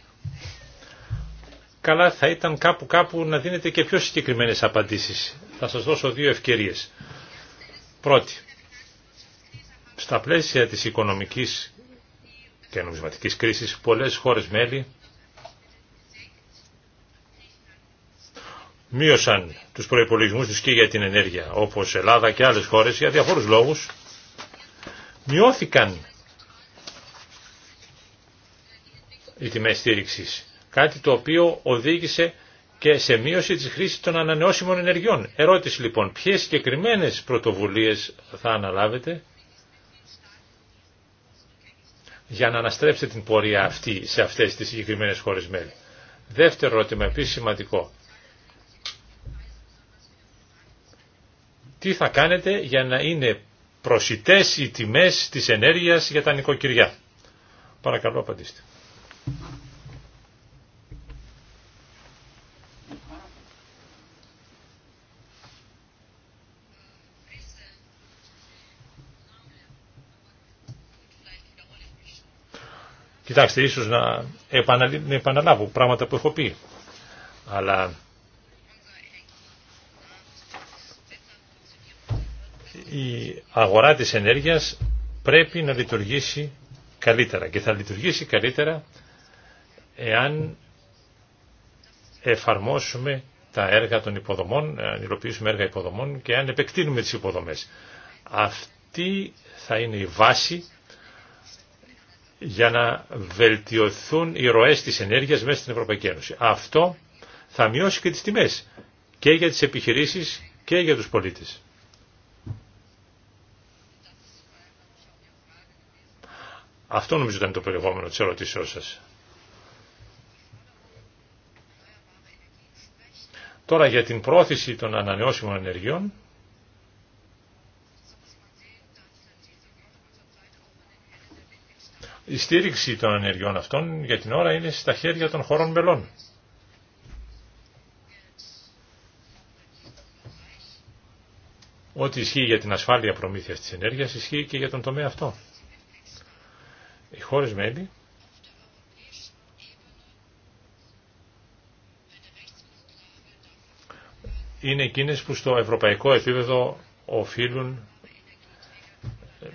Speaker 1: Καλά θα ήταν κάπου κάπου να δίνετε και πιο συγκεκριμένες απαντήσεις. Θα σας δώσω δύο ευκαιρίες. Πρώτη, στα πλαίσια της οικονομικής και νομισματικής κρίσης, πολλές χώρες μέλη μείωσαν τους προϋπολογισμούς τους και για την ενέργεια, όπως Ελλάδα και άλλες χώρες, για διαφόρους λόγους, μειώθηκαν οι τιμές στήριξης, κάτι το οποίο οδήγησε και σε μείωση της χρήσης των ανανεώσιμων ενεργειών. Ερώτηση λοιπόν, ποιες συγκεκριμένε πρωτοβουλίες θα αναλάβετε για να αναστρέψετε την πορεία αυτή σε αυτές τις συγκεκριμένε χώρες μέλη. Δεύτερο ερώτημα, επίσης σημαντικό. Τι θα κάνετε για να είναι προσιτές οι τιμές της ενέργειας για τα νοικοκυριά. Παρακαλώ απαντήστε. Κοιτάξτε, ίσως να επαναλάβω πράγματα που έχω πει. Αλλά η αγορά της ενέργειας πρέπει να λειτουργήσει καλύτερα και θα λειτουργήσει καλύτερα εάν εφαρμόσουμε τα έργα των υποδομών, αν υλοποιήσουμε έργα υποδομών και αν επεκτείνουμε τις υποδομές. Αυτή θα είναι η βάση για να βελτιωθούν οι ροές της ενέργειας μέσα στην Ευρωπαϊκή Ένωση. Αυτό θα μειώσει και τις τιμές και για τις επιχειρήσεις και για τους πολίτες. Αυτό νομίζω ήταν το περιεχόμενο της ερωτήσεώς σας. Τώρα για την πρόθεση των ανανεώσιμων ενεργειών Η στήριξη των ενεργειών αυτών για την ώρα είναι στα χέρια των χωρών μελών. Ό,τι ισχύει για την ασφάλεια προμήθειας της ενέργειας ισχύει και για τον τομέα αυτό. Οι χώρες μέλη είναι εκείνες που στο ευρωπαϊκό επίπεδο οφείλουν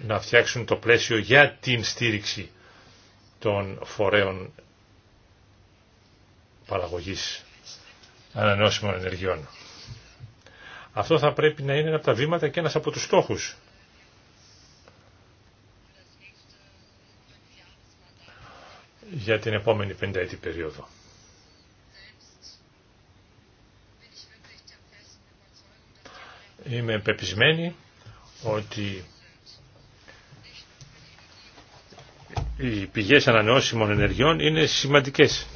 Speaker 1: να φτιάξουν το πλαίσιο για την στήριξη των φορέων παραγωγής ανανεώσιμων ενεργειών. Αυτό θα πρέπει να είναι ένα από τα βήματα και ένας από τους στόχους. για την επόμενη πενταετή περίοδο. Είμαι πεπισμένη ότι οι πηγές ανανεώσιμων ενεργειών είναι σημαντικές.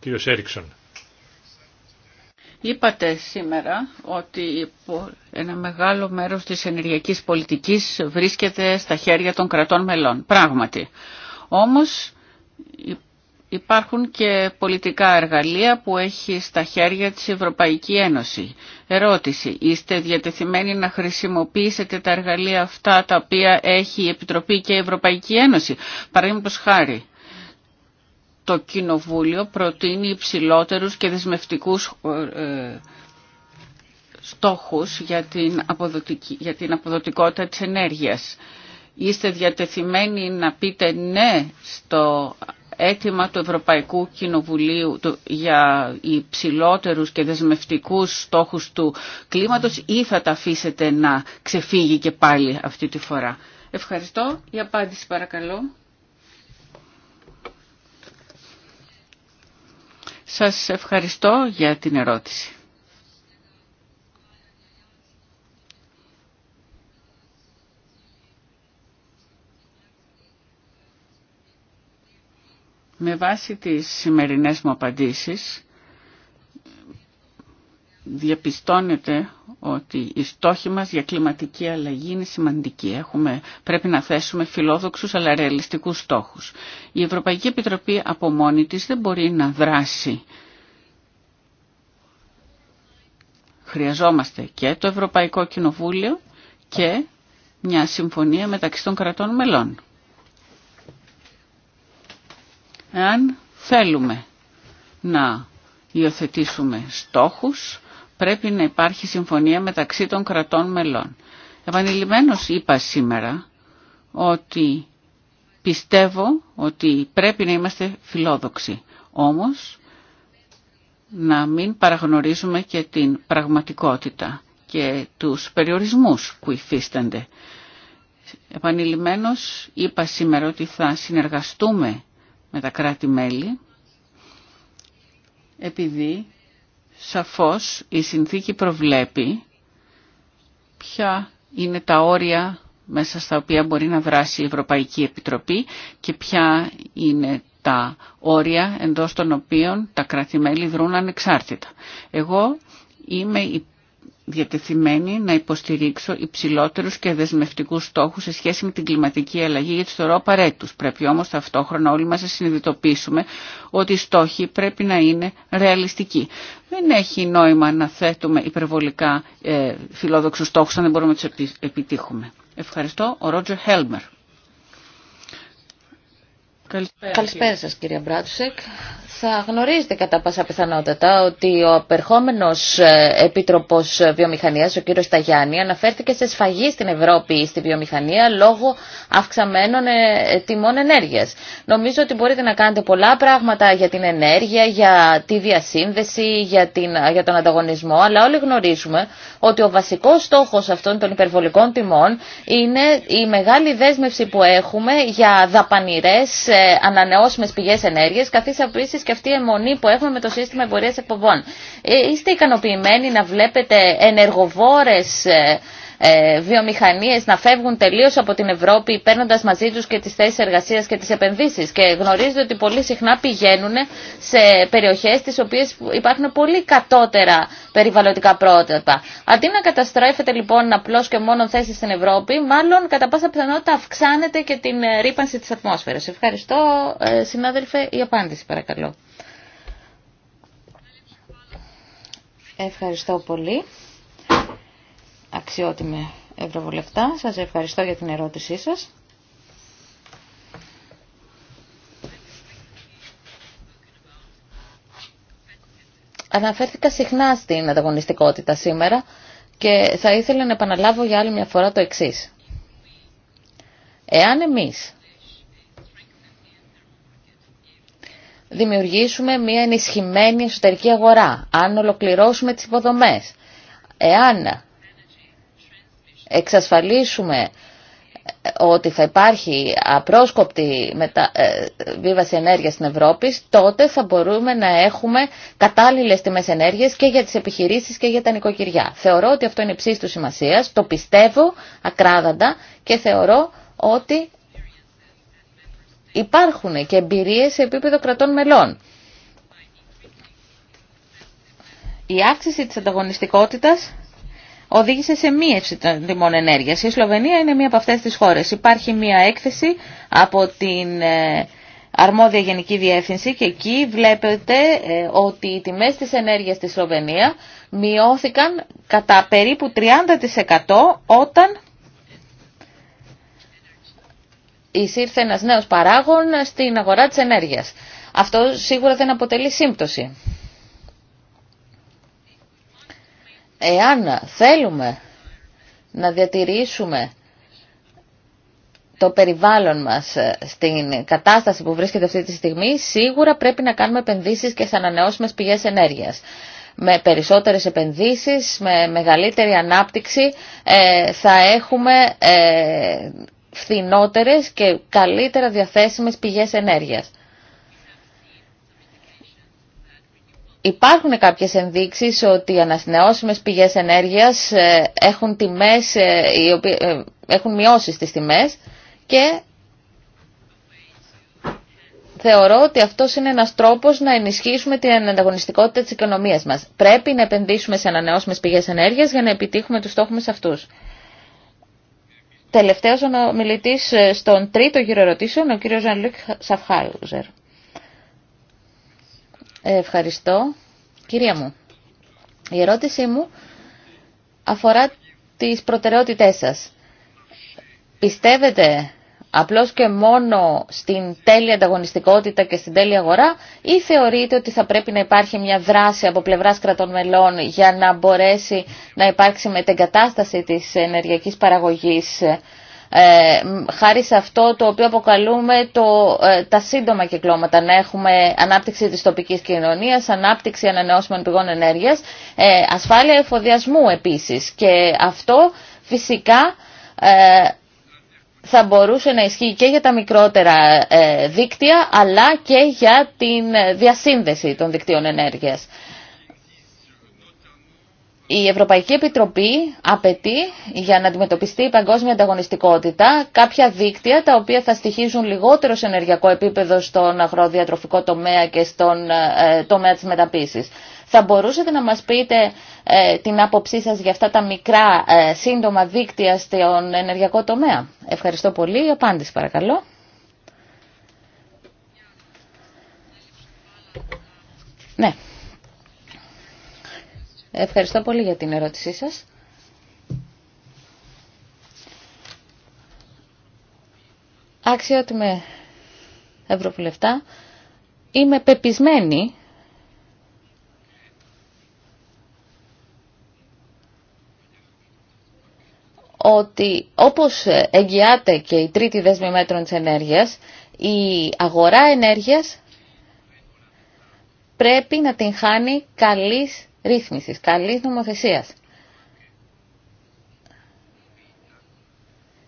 Speaker 1: Κύριος Έριξον. Είπατε
Speaker 4: σήμερα ότι ένα μεγάλο μέρος της ενεργειακής πολιτικής βρίσκεται στα χέρια των κρατών μελών. Πράγματι. Όμως Υπάρχουν και πολιτικά εργαλεία που έχει στα χέρια της Ευρωπαϊκή Ένωση. Ερώτηση, είστε διατεθειμένοι να χρησιμοποιήσετε τα εργαλεία αυτά τα οποία έχει η Επιτροπή και η Ευρωπαϊκή Ένωση. Παραδείγματο χάρη, το Κοινοβούλιο προτείνει υψηλότερους και δεσμευτικούς ε, ε, στόχους για την, για την αποδοτικότητα της ενέργειας. Είστε διατεθειμένοι να πείτε ναι στο αίτημα του Ευρωπαϊκού Κοινοβουλίου για υψηλότερου και δεσμευτικούς στόχους του κλίματος ή θα τα αφήσετε να ξεφύγει και πάλι αυτή τη φορά. Ευχαριστώ. Η απάντηση παρακαλώ. Σας ευχαριστώ για την ερώτηση. Με βάση τις σημερινές μου απαντήσεις, διαπιστώνεται ότι οι στόχοι μας για κλιματική αλλαγή είναι σημαντικοί. Έχουμε, πρέπει να θέσουμε φιλόδοξους αλλά ρεαλιστικούς στόχους. Η Ευρωπαϊκή Επιτροπή από μόνη της δεν μπορεί να δράσει. Χρειαζόμαστε και το Ευρωπαϊκό Κοινοβούλιο και μια συμφωνία μεταξύ των κρατών μελών. Εάν θέλουμε να υιοθετήσουμε στόχους, πρέπει να υπάρχει συμφωνία μεταξύ των κρατών μελών. Επανειλημμένως είπα σήμερα ότι πιστεύω ότι πρέπει να είμαστε φιλόδοξοι. Όμως, να μην παραγνωρίζουμε και την πραγματικότητα και τους περιορισμούς που υφίστανται. Επανειλημμένως είπα σήμερα ότι θα συνεργαστούμε με τα κράτη-μέλη, επειδή σαφώς η συνθήκη προβλέπει ποια είναι τα όρια μέσα στα οποία μπορεί να δράσει η Ευρωπαϊκή Επιτροπή και ποια είναι τα όρια εντός των οποίων τα κράτη-μέλη δρούν ανεξάρτητα. Εγώ είμαι διατεθειμένη να υποστηρίξω υψηλότερου και δεσμευτικού στόχου σε σχέση με την κλιματική αλλαγή γιατί θεωρώ απαραίτητου. Πρέπει όμως ταυτόχρονα όλοι μας να συνειδητοποιήσουμε ότι οι στόχοι πρέπει να είναι ρεαλιστικοί. Δεν έχει νόημα να θέτουμε υπερβολικά ε, φιλόδοξους στόχους αν δεν μπορούμε να του επιτύχουμε. Ευχαριστώ. Ο Ρότζερ Χέλμερ. Καλησπέρα,
Speaker 5: Καλησπέρα σας κύριε Μπράτσεκ.
Speaker 2: Θα γνωρίζετε κατά πάσα πιθανότητα ότι ο απερχόμενος ε, Επίτροπος Βιομηχανίας, ο κύριος Ταγιάννη, αναφέρθηκε σε σφαγή στην Ευρώπη στη βιομηχανία λόγω αυξαμένων ε, τιμών ενέργειας. Νομίζω ότι μπορείτε να κάνετε πολλά πράγματα για την ενέργεια, για τη διασύνδεση, για, την, για τον ανταγωνισμό, αλλά όλοι γνωρίζουμε ότι ο βασικός στόχος αυτών των υπερβολικών τιμών είναι η μεγάλη δέσμευση που έχουμε για δαπανηρές ε, ανανεώσιμες πηγές ενέργειας, καθώς επίση και αυτή η αιμονή που έχουμε με το σύστημα εμπορία εκπομπών. Ε, είστε ικανοποιημένοι να βλέπετε ενεργοβόρες ε, ε, βιομηχανίες να φεύγουν τελείως από την Ευρώπη παίρνοντας μαζί τους και τις θέσεις εργασίας και τις επενδύσεις και γνωρίζετε ότι πολύ συχνά πηγαίνουν σε περιοχές τις οποίες υπάρχουν πολύ κατώτερα περιβαλλοντικά πρότυπα. Αντί να καταστρέφεται λοιπόν απλώς και μόνο θέσεις στην Ευρώπη, μάλλον κατά πάσα πιθανότητα αυξάνεται και την ε, ρήπανση της ατμόσφαιρας. Ευχαριστώ ε, συνάδελφε η απάντηση παρακαλώ. Ευχαριστώ πολύ αξιότιμε Ευρωβουλευτά. Σας ευχαριστώ για την ερώτησή σας. Αναφέρθηκα συχνά στην ανταγωνιστικότητα σήμερα και θα ήθελα να επαναλάβω για άλλη μια φορά το εξής. Εάν εμείς δημιουργήσουμε μια ενισχυμένη εσωτερική αγορά, αν ολοκληρώσουμε τις υποδομές, εάν εξασφαλίσουμε ότι θα υπάρχει απρόσκοπτη ε, βίβαση ενέργειας στην Ευρώπη, τότε θα μπορούμε να έχουμε κατάλληλες τιμές ενέργειας και για τις επιχειρήσεις και για τα νοικοκυριά. Θεωρώ ότι αυτό είναι υψίστου του σημασίας, το πιστεύω ακράδαντα και θεωρώ ότι υπάρχουν και εμπειρίες σε επίπεδο κρατών μελών. Η αύξηση της ανταγωνιστικότητας οδήγησε σε μείευση των τιμών ενέργειας. Η Σλοβενία είναι μία από αυτές τις χώρες. Υπάρχει μία έκθεση από την ε, αρμόδια γενική διεύθυνση και εκεί βλέπετε ε, ότι οι τιμές της ενέργειας στη Σλοβενία μειώθηκαν κατά περίπου 30% όταν εισήρθε ένας νέος παράγων στην αγορά της ενέργειας. Αυτό σίγουρα δεν αποτελεί σύμπτωση. Εάν θέλουμε να διατηρήσουμε το περιβάλλον μας ε, στην κατάσταση που βρίσκεται αυτή τη στιγμή, σίγουρα πρέπει να κάνουμε επενδύσεις και σε ανανεώσιμες πηγές ενέργειας. Με περισσότερες επενδύσεις, με μεγαλύτερη ανάπτυξη ε, θα έχουμε ε, φθηνότερες και καλύτερα διαθέσιμες πηγές ενέργειας. Υπάρχουν κάποιες ενδείξεις ότι οι ανανεώσιμες πηγές ενέργειας ε, έχουν, τιμές, ε, ε, έχουν μειώσει στις τιμές και θεωρώ ότι αυτό είναι ένας τρόπος να ενισχύσουμε την ανταγωνιστικότητα της οικονομίας μας. Πρέπει να επενδύσουμε σε ανανεώσιμες πηγές ενέργειας για να επιτύχουμε τους στόχους μας αυτούς. Τελευταίος ο στον τρίτο γύρο ερωτήσεων, ο κύριος Ζανλούκ Σαφχάουζερ. Ευχαριστώ. Κυρία μου, η ερώτησή μου αφορά τις προτεραιότητές σας. Πιστεύετε απλώς και μόνο στην τέλεια ανταγωνιστικότητα και στην τέλεια αγορά ή θεωρείτε ότι θα πρέπει να υπάρχει μια δράση από πλευράς κρατών μελών για να μπορέσει να υπάρξει μετεγκατάσταση της ενεργειακής παραγωγής ε, χάρη σε αυτό το οποίο αποκαλούμε το, ε, τα σύντομα κυκλώματα. Να έχουμε ανάπτυξη της τοπικής κοινωνίας, ανάπτυξη ανανεώσιμων πηγών ενέργειας, ε, ασφάλεια εφοδιασμού επίσης. Και αυτό φυσικά θα μπορούσε να ισχύει και για τα μικρότερα δίκτυα αλλά και για την διασύνδεση των δικτύων ενέργειας. Η Ευρωπαϊκή Επιτροπή απαιτεί για να αντιμετωπιστεί η παγκόσμια ανταγωνιστικότητα κάποια δίκτυα τα οποία θα στοιχίζουν λιγότερο σε ενεργειακό επίπεδο στον αγροδιατροφικό τομέα και στον ε, τομέα της μεταπίσης. Θα μπορούσατε να μας πείτε ε, την άποψή σας για αυτά τα μικρά ε, σύντομα δίκτυα στον ενεργειακό τομέα. Ευχαριστώ πολύ. Η απάντηση παρακαλώ. Ναι. Ευχαριστώ πολύ για την ερώτησή σας. Αξιότιμε Ευρωβουλευτά, είμαι πεπισμένη ότι όπως εγγυάται και η τρίτη δέσμη μέτρων της ενέργειας, η αγορά ενέργειας πρέπει να την χάνει καλής ρύθμισης, καλής νομοθεσίας.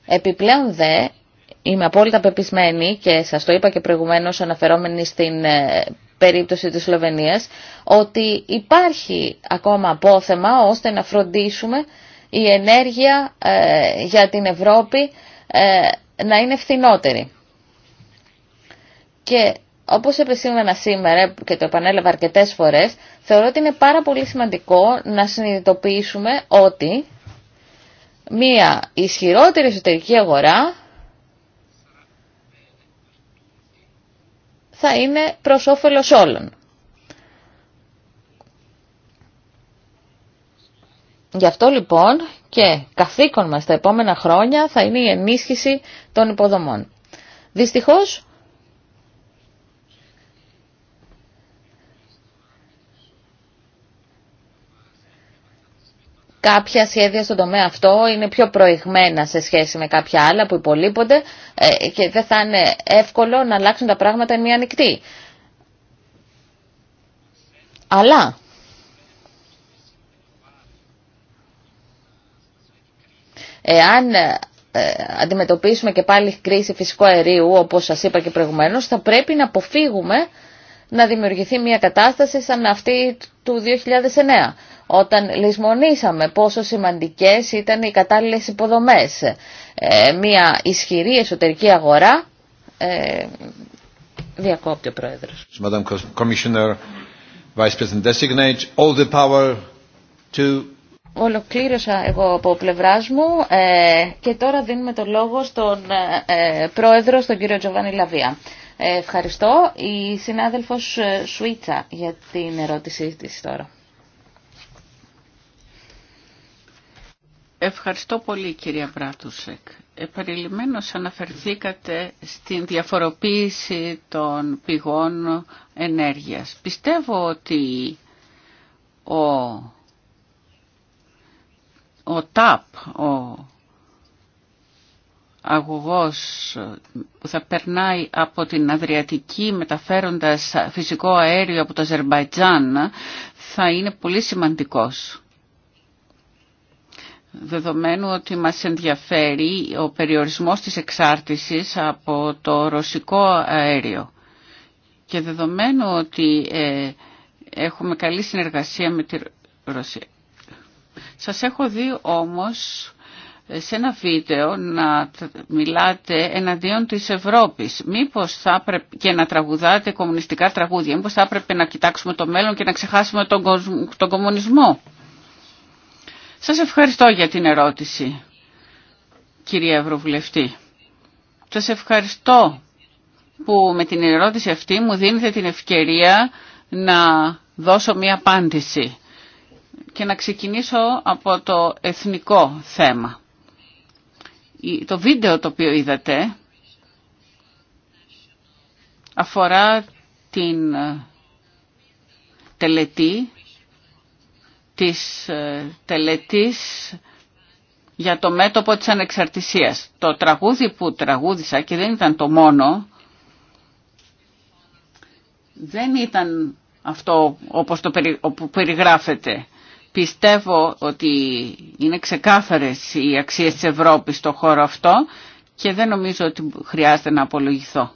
Speaker 2: Επιπλέον δε, είμαι απόλυτα πεπισμένη και σας το είπα και προηγουμένως αναφερόμενη στην ε, περίπτωση της Σλοβενίας, ότι υπάρχει ακόμα απόθεμα ώστε να φροντίσουμε η ενέργεια ε, για την Ευρώπη ε, να είναι φθηνότερη. Και όπως επεσήμανα σήμερα και το επανέλαβα αρκετέ φορέ, θεωρώ ότι είναι πάρα πολύ σημαντικό να συνειδητοποιήσουμε ότι μία ισχυρότερη εσωτερική αγορά θα είναι προς όφελος όλων. Γι' αυτό λοιπόν και καθήκον μας τα επόμενα χρόνια θα είναι η ενίσχυση των υποδομών. Δυστυχώς κάποια σχέδια στον τομέα αυτό είναι πιο προηγμένα σε σχέση με κάποια άλλα που υπολείπονται ε, και δεν θα είναι εύκολο να αλλάξουν τα πράγματα εν μία ανοιχτή. Αλλά εάν ε, αντιμετωπίσουμε και πάλι κρίση φυσικού αερίου, όπως σας είπα και προηγουμένως, θα πρέπει να αποφύγουμε να δημιουργηθεί μια κατάσταση σαν αυτή του 2009 όταν λησμονήσαμε πόσο σημαντικές ήταν οι κατάλληλες υποδομές. Ε, μια ισχυρή εσωτερική αγορά ε, διακόπτει ο Πρόεδρος. Ολοκλήρωσα εγώ από πλευρά μου ε, και τώρα δίνουμε το λόγο στον ε, ε, Πρόεδρο, στον κύριο Τζοβάνι Λαβία. Ευχαριστώ. Η συνάδελφος ε, Σουίτσα για την ερώτησή της τώρα.
Speaker 4: Ευχαριστώ πολύ κυρία Μπράτουσεκ. Επαριλημμένως αναφερθήκατε στην διαφοροποίηση των πηγών ενέργειας. Πιστεύω ότι ο, ο ΤΑΠ, ο αγωγός ε, που θα περνάει από την Αδριατική μεταφέροντας φυσικό αέριο από το Αζερμπαϊτζάν θα είναι πολύ σημαντικός. Δεδομένου ότι μας ενδιαφέρει ο περιορισμός της εξάρτησης από το ρωσικό αέριο και δεδομένου ότι ε, έχουμε καλή συνεργασία με τη Ρωσία. Σας έχω δει όμως σε ένα βίντεο να μιλάτε εναντίον της Ευρώπης μήπως θα και να τραγουδάτε κομμουνιστικά τραγούδια. Μήπως θα έπρεπε να κοιτάξουμε το μέλλον και να ξεχάσουμε τον, τον κομμουνισμό. Σας ευχαριστώ για την ερώτηση, κυρία Ευρωβουλευτή. Σας ευχαριστώ που με την ερώτηση αυτή μου δίνετε την ευκαιρία να δώσω μία απάντηση και να ξεκινήσω από το εθνικό θέμα το βίντεο το οποίο είδατε αφορά την ε, τελετή της ε, τελετής για το μέτωπο της ανεξαρτησίας. Το τραγούδι που τραγούδισα και δεν ήταν το μόνο, δεν ήταν αυτό όπως το περι, περιγράφεται. Πιστεύω ότι είναι ξεκάθαρες οι αξίες της Ευρώπης στο χώρο αυτό και δεν νομίζω ότι χρειάζεται να απολογηθώ.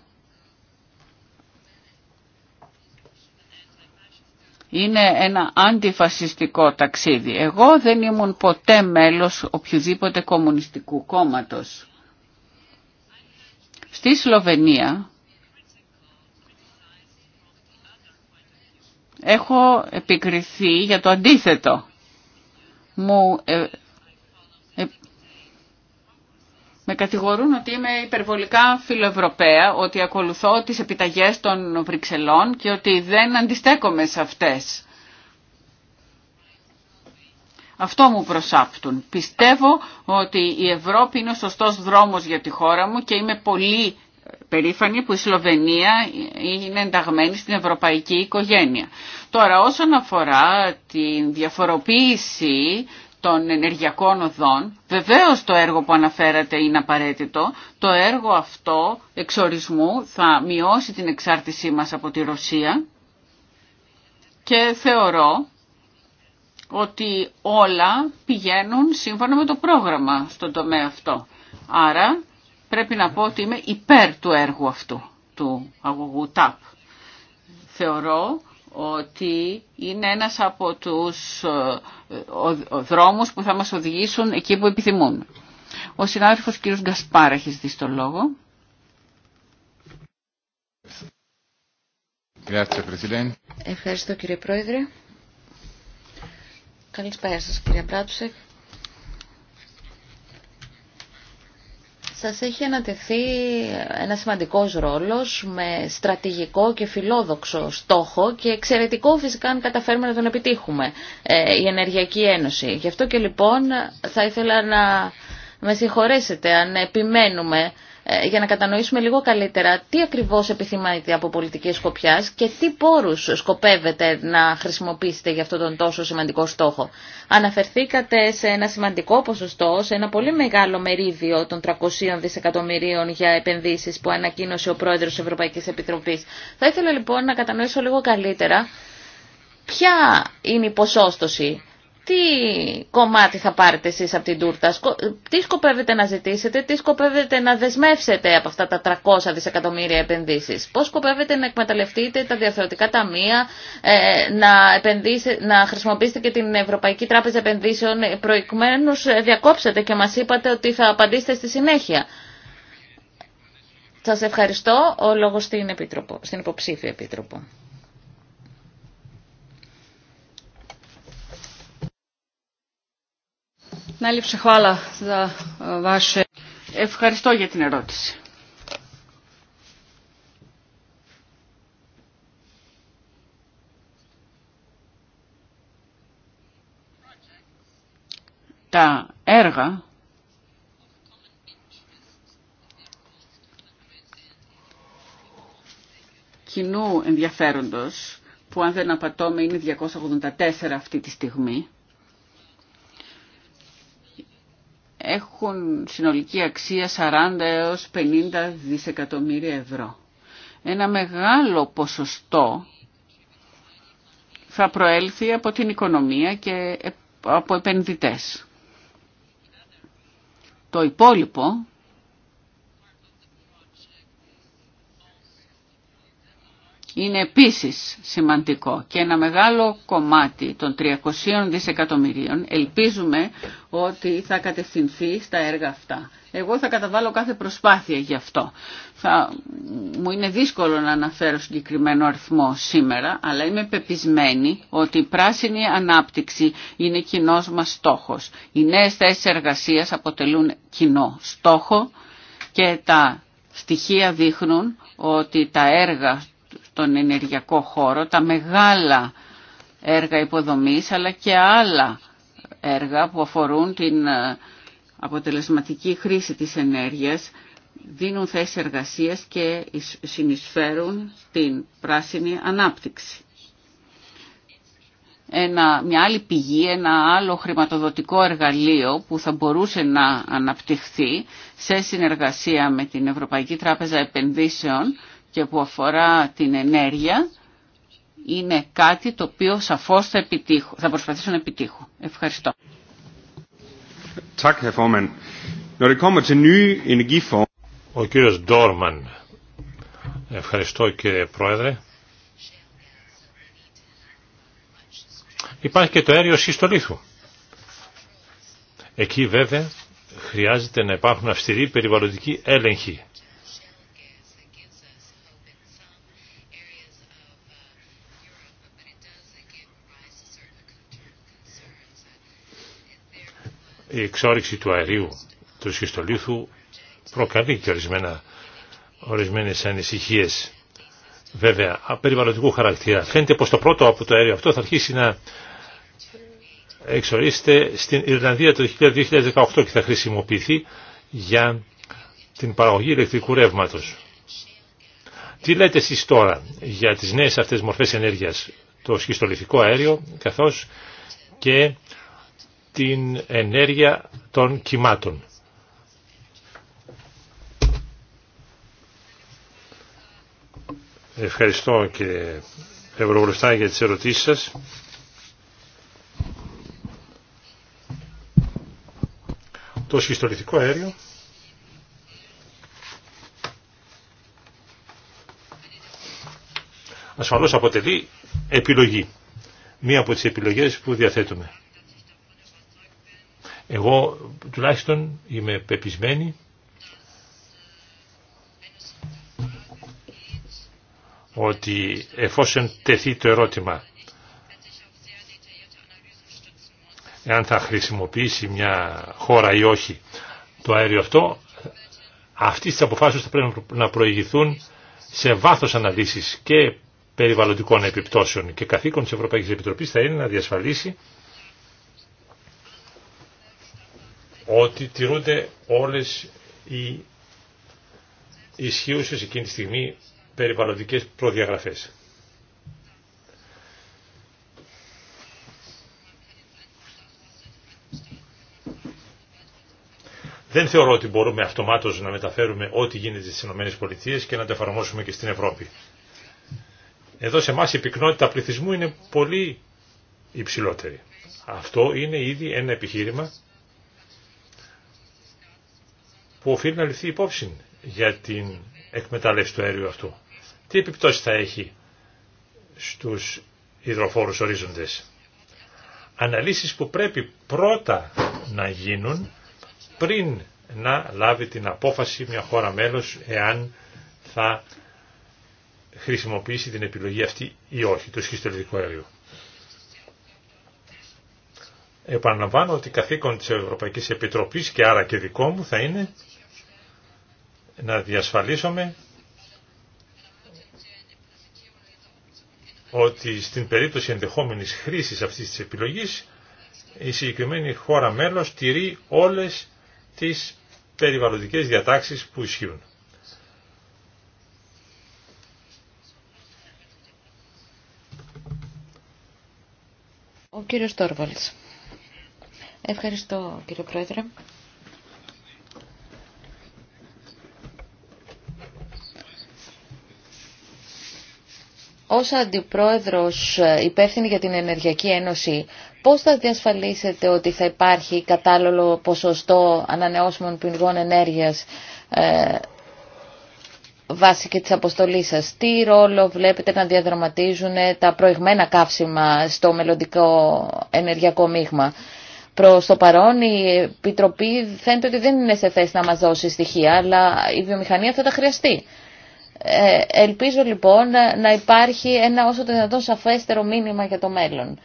Speaker 4: Είναι ένα αντιφασιστικό ταξίδι. Εγώ δεν ήμουν ποτέ μέλος οποιοδήποτε κομμουνιστικού κόμματος. Στη Σλοβενία έχω επικριθεί για το αντίθετο μου ε, ε, με κατηγορούν ότι είμαι υπερβολικά φιλοευρωπαία, ότι ακολουθώ τις επιταγές των Βρυξελών και ότι δεν αντιστέκομαι σε αυτές. Αυτό μου προσάπτουν. Πιστεύω ότι η Ευρώπη είναι ο σωστός δρόμος για τη χώρα μου και είμαι πολύ περήφανοι που η Σλοβενία είναι ενταγμένη στην ευρωπαϊκή οικογένεια. Τώρα όσον αφορά την διαφοροποίηση των ενεργειακών οδών, βεβαίως το έργο που αναφέρατε είναι απαραίτητο, το έργο αυτό εξορισμού θα μειώσει την εξάρτησή μας από τη Ρωσία και θεωρώ ότι όλα πηγαίνουν σύμφωνα με το πρόγραμμα στον τομέα αυτό. Άρα πρέπει να πω ότι είμαι υπέρ του έργου αυτού, του αγωγού ΤΑΠ. Θεωρώ ότι είναι ένας από τους ε, δρόμους που θα μας οδηγήσουν εκεί που επιθυμούν. Ο συνάδελφος κ. Γκασπάρα έχει δει το λόγο.
Speaker 2: Ευχαριστώ κύριε Πρόεδρε. Καλησπέρα σας κύριε Μπράτουσεκ. σας έχει ανατεθεί ένα σημαντικός ρόλος με στρατηγικό και φιλόδοξο στόχο και εξαιρετικό φυσικά αν καταφέρουμε να τον επιτύχουμε ε, η Ενεργειακή Ένωση. Γι' αυτό και λοιπόν θα ήθελα να με συγχωρέσετε αν επιμένουμε ε, για να κατανοήσουμε λίγο καλύτερα τι ακριβώς επιθυμάτε από πολιτική σκοπιά και τι πόρους σκοπεύετε να χρησιμοποιήσετε για αυτόν τον τόσο σημαντικό στόχο. Αναφερθήκατε σε ένα σημαντικό ποσοστό, σε ένα πολύ μεγάλο μερίδιο των 300 δισεκατομμυρίων για επενδύσεις που ανακοίνωσε ο Πρόεδρος της Ευρωπαϊκής Επιτροπής. Θα ήθελα λοιπόν να κατανοήσω λίγο καλύτερα ποια είναι η ποσόστοση τι κομμάτι θα πάρετε εσείς από την τούρτα, τι σκοπεύετε να ζητήσετε, τι σκοπεύετε να δεσμεύσετε από αυτά τα 300 δισεκατομμύρια επενδύσεις, πώς σκοπεύετε να εκμεταλλευτείτε τα διαθεωτικά ταμεία, ε, να, να χρησιμοποιήσετε και την Ευρωπαϊκή Τράπεζα Επενδύσεων, ε, προηγουμένως ε, διακόψατε και μας είπατε ότι θα απαντήσετε στη συνέχεια. Σας ευχαριστώ, ο λόγος στην, στην υποψήφια Επίτροπο.
Speaker 5: Eh, Ευχαριστώ για την ερώτηση.
Speaker 4: Τα έργα κοινού ενδιαφέροντος, που αν δεν απατώμε είναι 284 αυτή τη στιγμή, έχουν συνολική αξία 40 έως 50 δισεκατομμύρια ευρώ. Ένα μεγάλο ποσοστό θα προέλθει από την οικονομία και από επενδυτές. Το υπόλοιπο είναι επίσης σημαντικό και ένα μεγάλο κομμάτι των 300 δισεκατομμυρίων ελπίζουμε ότι θα κατευθυνθεί στα έργα αυτά. Εγώ θα καταβάλω κάθε προσπάθεια γι' αυτό. Μου είναι δύσκολο να αναφέρω συγκεκριμένο αριθμό σήμερα, αλλά είμαι πεπισμένη ότι η πράσινη ανάπτυξη είναι κοινό μας στόχος. Οι νέες θέσεις εργασίας αποτελούν κοινό στόχο και τα στοιχεία δείχνουν ότι τα έργα τον ενεργειακό χώρο, τα μεγάλα έργα υποδομής, αλλά και άλλα έργα που αφορούν την ε, αποτελεσματική χρήση της ενέργειας, δίνουν θέσεις εργασίας και συνεισφέρουν την πράσινη ανάπτυξη. Ένα, μια άλλη πηγή, ένα άλλο χρηματοδοτικό εργαλείο που θα μπορούσε να αναπτυχθεί σε συνεργασία με την Ευρωπαϊκή Τράπεζα Επενδύσεων και που αφορά την ενέργεια είναι κάτι το οποίο σαφώς θα, θα προσπαθήσω να επιτύχω. Ευχαριστώ.
Speaker 3: Ο κύριος
Speaker 1: Ντόρμαν. Ευχαριστώ κύριε Πρόεδρε. Υπάρχει και το αέριο συστολήθου. Εκεί βέβαια χρειάζεται να υπάρχουν αυστηροί περιβαλλοντικοί έλεγχοι. η εξόριξη του αερίου του σχιστολίθου προκαλεί και ορισμένα, ορισμένες ανησυχίες βέβαια περιβαλλοντικού χαρακτήρα. Φαίνεται πως το πρώτο από το αέριο αυτό θα αρχίσει να εξορίστε στην Ιρλανδία το 2018 και θα χρησιμοποιηθεί για την παραγωγή ηλεκτρικού ρεύματος. Τι λέτε εσείς τώρα για τις νέες αυτές μορφές ενέργειας, το σχιστολιθικό αέριο καθώς και την ενέργεια των κυμάτων. Ευχαριστώ και Ευρωβουλευτά για τις ερωτήσεις σας. Το σχιστολιθικό αέριο ασφαλώς αποτελεί επιλογή. Μία από τις επιλογές που διαθέτουμε. Εγώ τουλάχιστον είμαι πεπισμένη ότι εφόσον τεθεί το ερώτημα εάν θα χρησιμοποιήσει μια χώρα ή όχι το αέριο αυτό, αυτή τις αποφάσεις θα πρέπει να προηγηθούν σε βάθος αναλύσεις και περιβαλλοντικών επιπτώσεων και καθήκον της Ευρωπαϊκής Επιτροπής θα είναι να διασφαλίσει ότι τηρούνται όλες οι ισχύουσες εκείνη τη στιγμή περιβαλλοντικές προδιαγραφές. Δεν θεωρώ ότι μπορούμε αυτομάτως να μεταφέρουμε ό,τι γίνεται στις ΗΠΑ και να το εφαρμόσουμε και στην Ευρώπη. Εδώ σε εμά η πυκνότητα πληθυσμού είναι πολύ υψηλότερη. Αυτό είναι ήδη ένα επιχείρημα που οφείλει να ληφθεί υπόψη για την εκμετάλλευση του αέριου αυτού. Τι επιπτώσεις θα έχει στους υδροφόρους ορίζοντες. Αναλύσεις που πρέπει πρώτα να γίνουν πριν να λάβει την απόφαση μια χώρα μέλος εάν θα χρησιμοποιήσει την επιλογή αυτή ή όχι, το σχιστολιτικό αέριο. Επαναλαμβάνω ότι καθήκον της Ευρωπαϊκής Επιτροπής και άρα και δικό μου θα είναι να διασφαλίσουμε ότι στην περίπτωση ενδεχόμενης χρήσης αυτής της επιλογής η συγκεκριμένη χώρα μέλος τηρεί όλες τις περιβαλλοντικές διατάξεις που ισχύουν.
Speaker 2: Ο κύριος Τόρβαλτς. Ευχαριστώ κύριε Πρόεδρε. ως Αντιπρόεδρος ε, υπεύθυνη για την Ενεργειακή Ένωση, πώς θα διασφαλίσετε ότι θα υπάρχει κατάλληλο ποσοστό ανανεώσιμων πηγών ενέργειας ε, βάσει και της αποστολής σας. Τι ρόλο βλέπετε να διαδραματίζουν τα προηγμένα καύσιμα στο μελλοντικό ενεργειακό μείγμα. Προς το παρόν η Επιτροπή φαίνεται ότι δεν είναι σε θέση να μας δώσει στοιχεία, αλλά η βιομηχανία θα τα χρειαστεί. Ε, ελπίζω λοιπόν να υπάρχει ένα όσο το δυνατόν σαφέστερο
Speaker 5: μήνυμα για το μέλλον.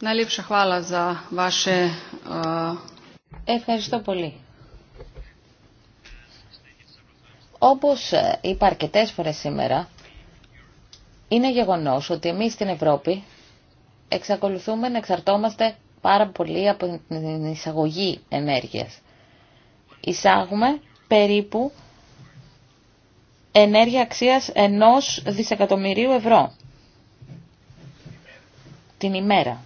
Speaker 5: Ε, ε, Ευχαριστώ πολύ.
Speaker 2: Όπως είπα αρκετέ φορές σήμερα, είναι γεγονός ότι εμείς στην Ευρώπη εξακολουθούμε να εξαρτώμαστε πάρα πολύ από την εισαγωγή ενέργειας. Εισάγουμε περίπου ενέργεια αξίας ενός δισεκατομμυρίου ευρώ την ημέρα.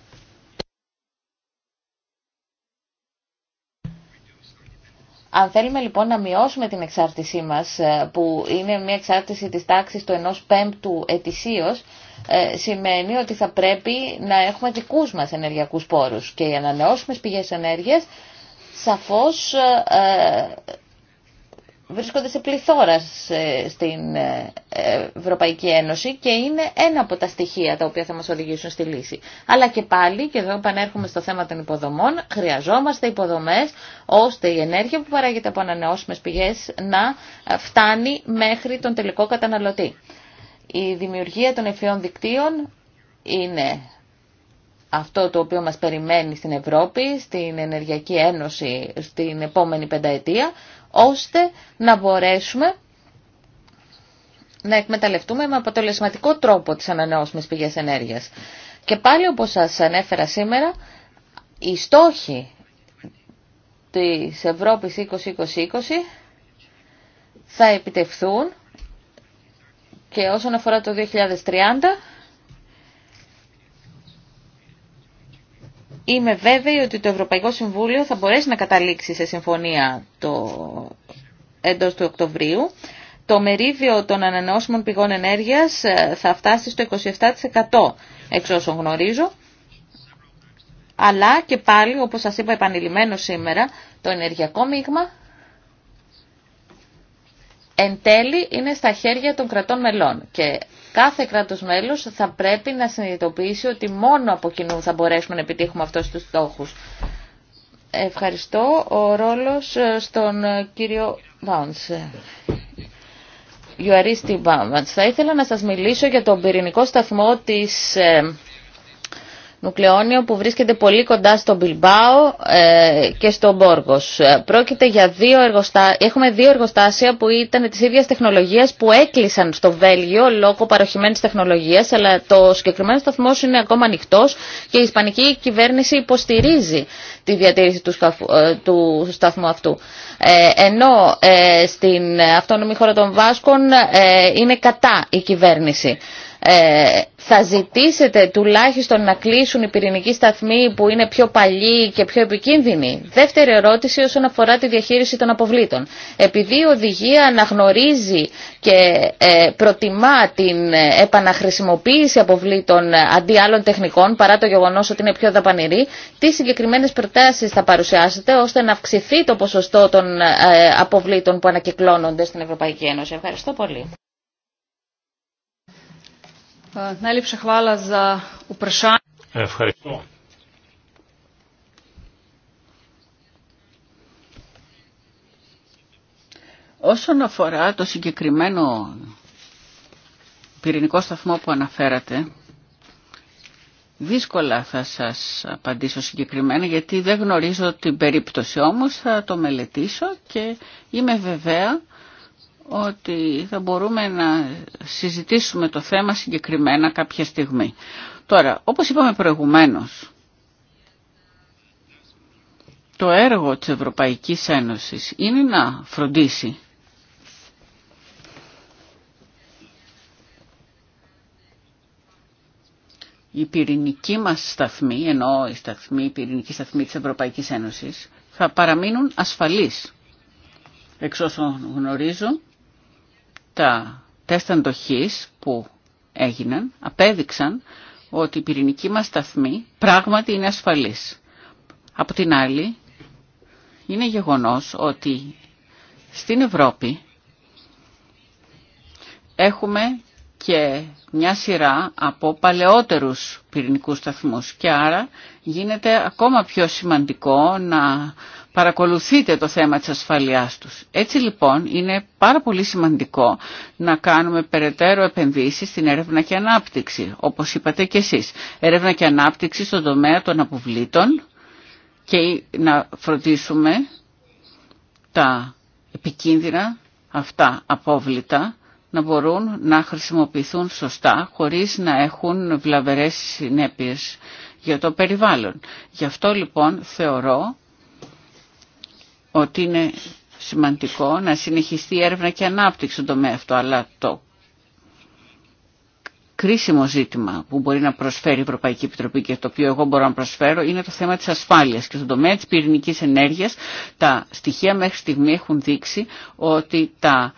Speaker 2: Αν θέλουμε λοιπόν να μειώσουμε την εξάρτησή μας, ε, που είναι μια εξάρτηση της τάξης του ενός πέμπτου ετησίως, ε, σημαίνει ότι θα πρέπει να έχουμε δικούς μας ενεργειακούς πόρους και οι ανανεώσιμες πηγές ενέργειας σαφώς ε, βρίσκονται σε πληθώρα ε, στην ε, Ευρωπαϊκή Ένωση και είναι ένα από τα στοιχεία τα οποία θα μας οδηγήσουν στη λύση. Αλλά και πάλι, και εδώ επανέρχομαι στο θέμα των υποδομών, χρειαζόμαστε υποδομές ώστε η ενέργεια που παράγεται από ανανεώσιμες πηγές να φτάνει μέχρι τον τελικό καταναλωτή. Η δημιουργία των ευφυών δικτύων είναι αυτό το οποίο μας περιμένει στην Ευρώπη, στην Ενεργειακή Ένωση στην επόμενη πενταετία, ώστε να μπορέσουμε να εκμεταλλευτούμε με αποτελεσματικό τρόπο τις ανανεώσιμες πηγές ενέργειας. Και πάλι όπως σας ανέφερα σήμερα, οι στόχοι της Ευρώπης 2020 θα επιτευχθούν και όσον αφορά το 2030 Είμαι βέβαιη ότι το Ευρωπαϊκό Συμβούλιο θα μπορέσει να καταλήξει σε συμφωνία το... εντός του Οκτωβρίου. Το μερίδιο των ανανεώσιμων πηγών ενέργειας ε, θα φτάσει στο 27% εξ όσων γνωρίζω. Αλλά και πάλι, όπως σας είπα επανειλημμένο σήμερα, το ενεργειακό μείγμα εν τέλει είναι στα χέρια των κρατών μελών. Και Κάθε κράτος μέλος θα πρέπει να συνειδητοποιήσει ότι μόνο από κοινού θα μπορέσουμε να επιτύχουμε αυτούς τους στόχους. Ευχαριστώ. Ο ρόλος ε, στον ε, κύριο Βάουνς. Γιουαρίστη Βάουνς. Θα ήθελα να σας μιλήσω για τον πυρηνικό σταθμό της ε, νουκλεόνιο που βρίσκεται πολύ κοντά στο Μπιλμπάο ε, και στο Μπόργος. Ε, πρόκειται για δύο εργοστάσια, έχουμε δύο εργοστάσια που ήταν της ίδιας τεχνολογίας που έκλεισαν στο Βέλγιο λόγω παροχημένης τεχνολογίας, αλλά το συγκεκριμένο σταθμό είναι ακόμα ανοιχτό και η Ισπανική κυβέρνηση υποστηρίζει τη διατήρηση του, ε, σταθμού αυτού. ενώ στην αυτόνομη χώρα των Βάσκων είναι κατά η κυβέρνηση. Ε, θα ζητήσετε τουλάχιστον να κλείσουν οι πυρηνικοί σταθμοί που είναι πιο παλιοί και πιο επικίνδυνοι. Δεύτερη ερώτηση όσον αφορά τη διαχείριση των αποβλήτων. Επειδή η οδηγία αναγνωρίζει και ε, προτιμά την ε, επαναχρησιμοποίηση αποβλήτων αντί άλλων τεχνικών παρά το γεγονός ότι είναι πιο δαπανηρή, τι συγκεκριμένες προτάσεις θα παρουσιάσετε ώστε να αυξηθεί το ποσοστό των αποβλήτων που ανακυκλώνονται στην Ευρωπαϊκή
Speaker 5: Ένωση. Ευχαριστώ πολύ.
Speaker 1: Ευχαριστώ.
Speaker 4: Όσον αφορά το συγκεκριμένο πυρηνικό σταθμό που αναφέρατε, δύσκολα θα σας απαντήσω συγκεκριμένα γιατί δεν γνωρίζω την περίπτωση όμως, θα το μελετήσω και είμαι βεβαία ότι θα μπορούμε να συζητήσουμε το θέμα συγκεκριμένα κάποια στιγμή. Τώρα, όπως είπαμε προηγουμένως, το έργο της Ευρωπαϊκής Ένωσης είναι να φροντίσει η πυρηνική μας σταθμή, ενώ η, σταθμή, η πυρηνική σταθμή της Ευρωπαϊκής Ένωσης, θα παραμείνουν ασφαλείς. Εξ όσων γνωρίζω, τα τεστ αντοχής που έγιναν απέδειξαν ότι η πυρηνική μας σταθμή πράγματι είναι ασφαλής. Από την άλλη, είναι γεγονός ότι στην Ευρώπη έχουμε και μια σειρά από παλαιότερους πυρηνικούς σταθμούς και άρα γίνεται ακόμα πιο σημαντικό να παρακολουθείτε το θέμα της ασφαλείας τους. Έτσι λοιπόν είναι πάρα πολύ σημαντικό να κάνουμε περαιτέρω επενδύσεις στην έρευνα και ανάπτυξη, όπως είπατε και εσείς. Έρευνα και ανάπτυξη στον τομέα των αποβλήτων και να φροντίσουμε τα επικίνδυνα αυτά απόβλητα να μπορούν να χρησιμοποιηθούν σωστά χωρίς να έχουν βλαβερές συνέπειες για το περιβάλλον. Γι' αυτό λοιπόν θεωρώ ότι είναι σημαντικό να συνεχιστεί η έρευνα και ανάπτυξη στον τομέα αυτό, αλλά το κρίσιμο ζήτημα που μπορεί να προσφέρει η Ευρωπαϊκή Επιτροπή και το οποίο εγώ μπορώ να προσφέρω είναι το θέμα της ασφάλειας και στον τομέα της πυρηνικής ενέργειας τα στοιχεία μέχρι στιγμή έχουν δείξει ότι τα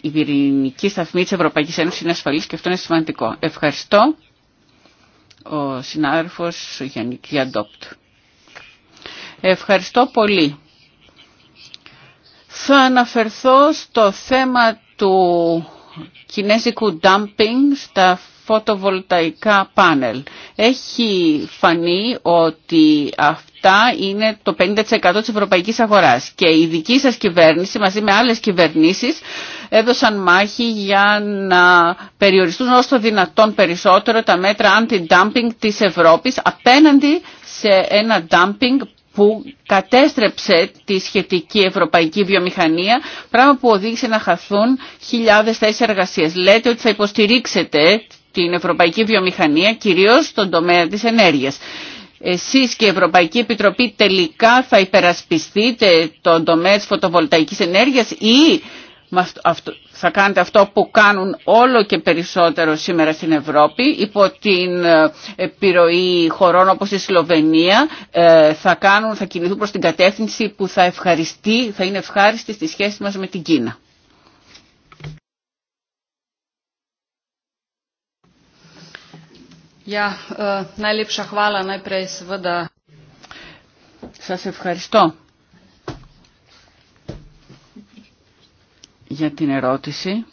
Speaker 4: η πυρηνική σταθμή της Ευρωπαϊκής Ένωσης είναι ασφαλής και αυτό είναι σημαντικό. Ευχαριστώ ο συνάδελφος Γιάννη Αντόπτ. Ευχαριστώ πολύ. Θα αναφερθώ στο θέμα του κινέζικου dumping στα φωτοβολταϊκά πάνελ. Έχει φανεί ότι αυτά είναι το 50% της ευρωπαϊκής αγοράς και η δική σας κυβέρνηση μαζί με άλλες κυβερνήσεις έδωσαν μάχη για να περιοριστούν όσο δυνατόν περισσότερο τα μέτρα anti-dumping της Ευρώπης απέναντι σε ένα dumping που κατέστρεψε τη σχετική ευρωπαϊκή βιομηχανία, πράγμα που οδήγησε να χαθούν χιλιάδες θέσεις εργασίας. Λέτε ότι θα υποστηρίξετε την ευρωπαϊκή βιομηχανία, κυρίως στον τομέα της ενέργειας. Εσείς και η Ευρωπαϊκή Επιτροπή τελικά θα υπερασπιστείτε τον τομέα της φωτοβολταϊκής ενέργειας ή θα κάνετε αυτό που κάνουν όλο και περισσότερο σήμερα στην Ευρώπη υπό την ε, επιρροή χωρών όπως η Σλοβενία ε, θα, κάνουν, θα κινηθούν προς την κατεύθυνση που θα, θα είναι ευχάριστη στη σχέση μας με την Κίνα.
Speaker 5: Ja, eh, najlepša hvala najprej seveda.
Speaker 4: Σας ευχαριστώ για την ερώτηση.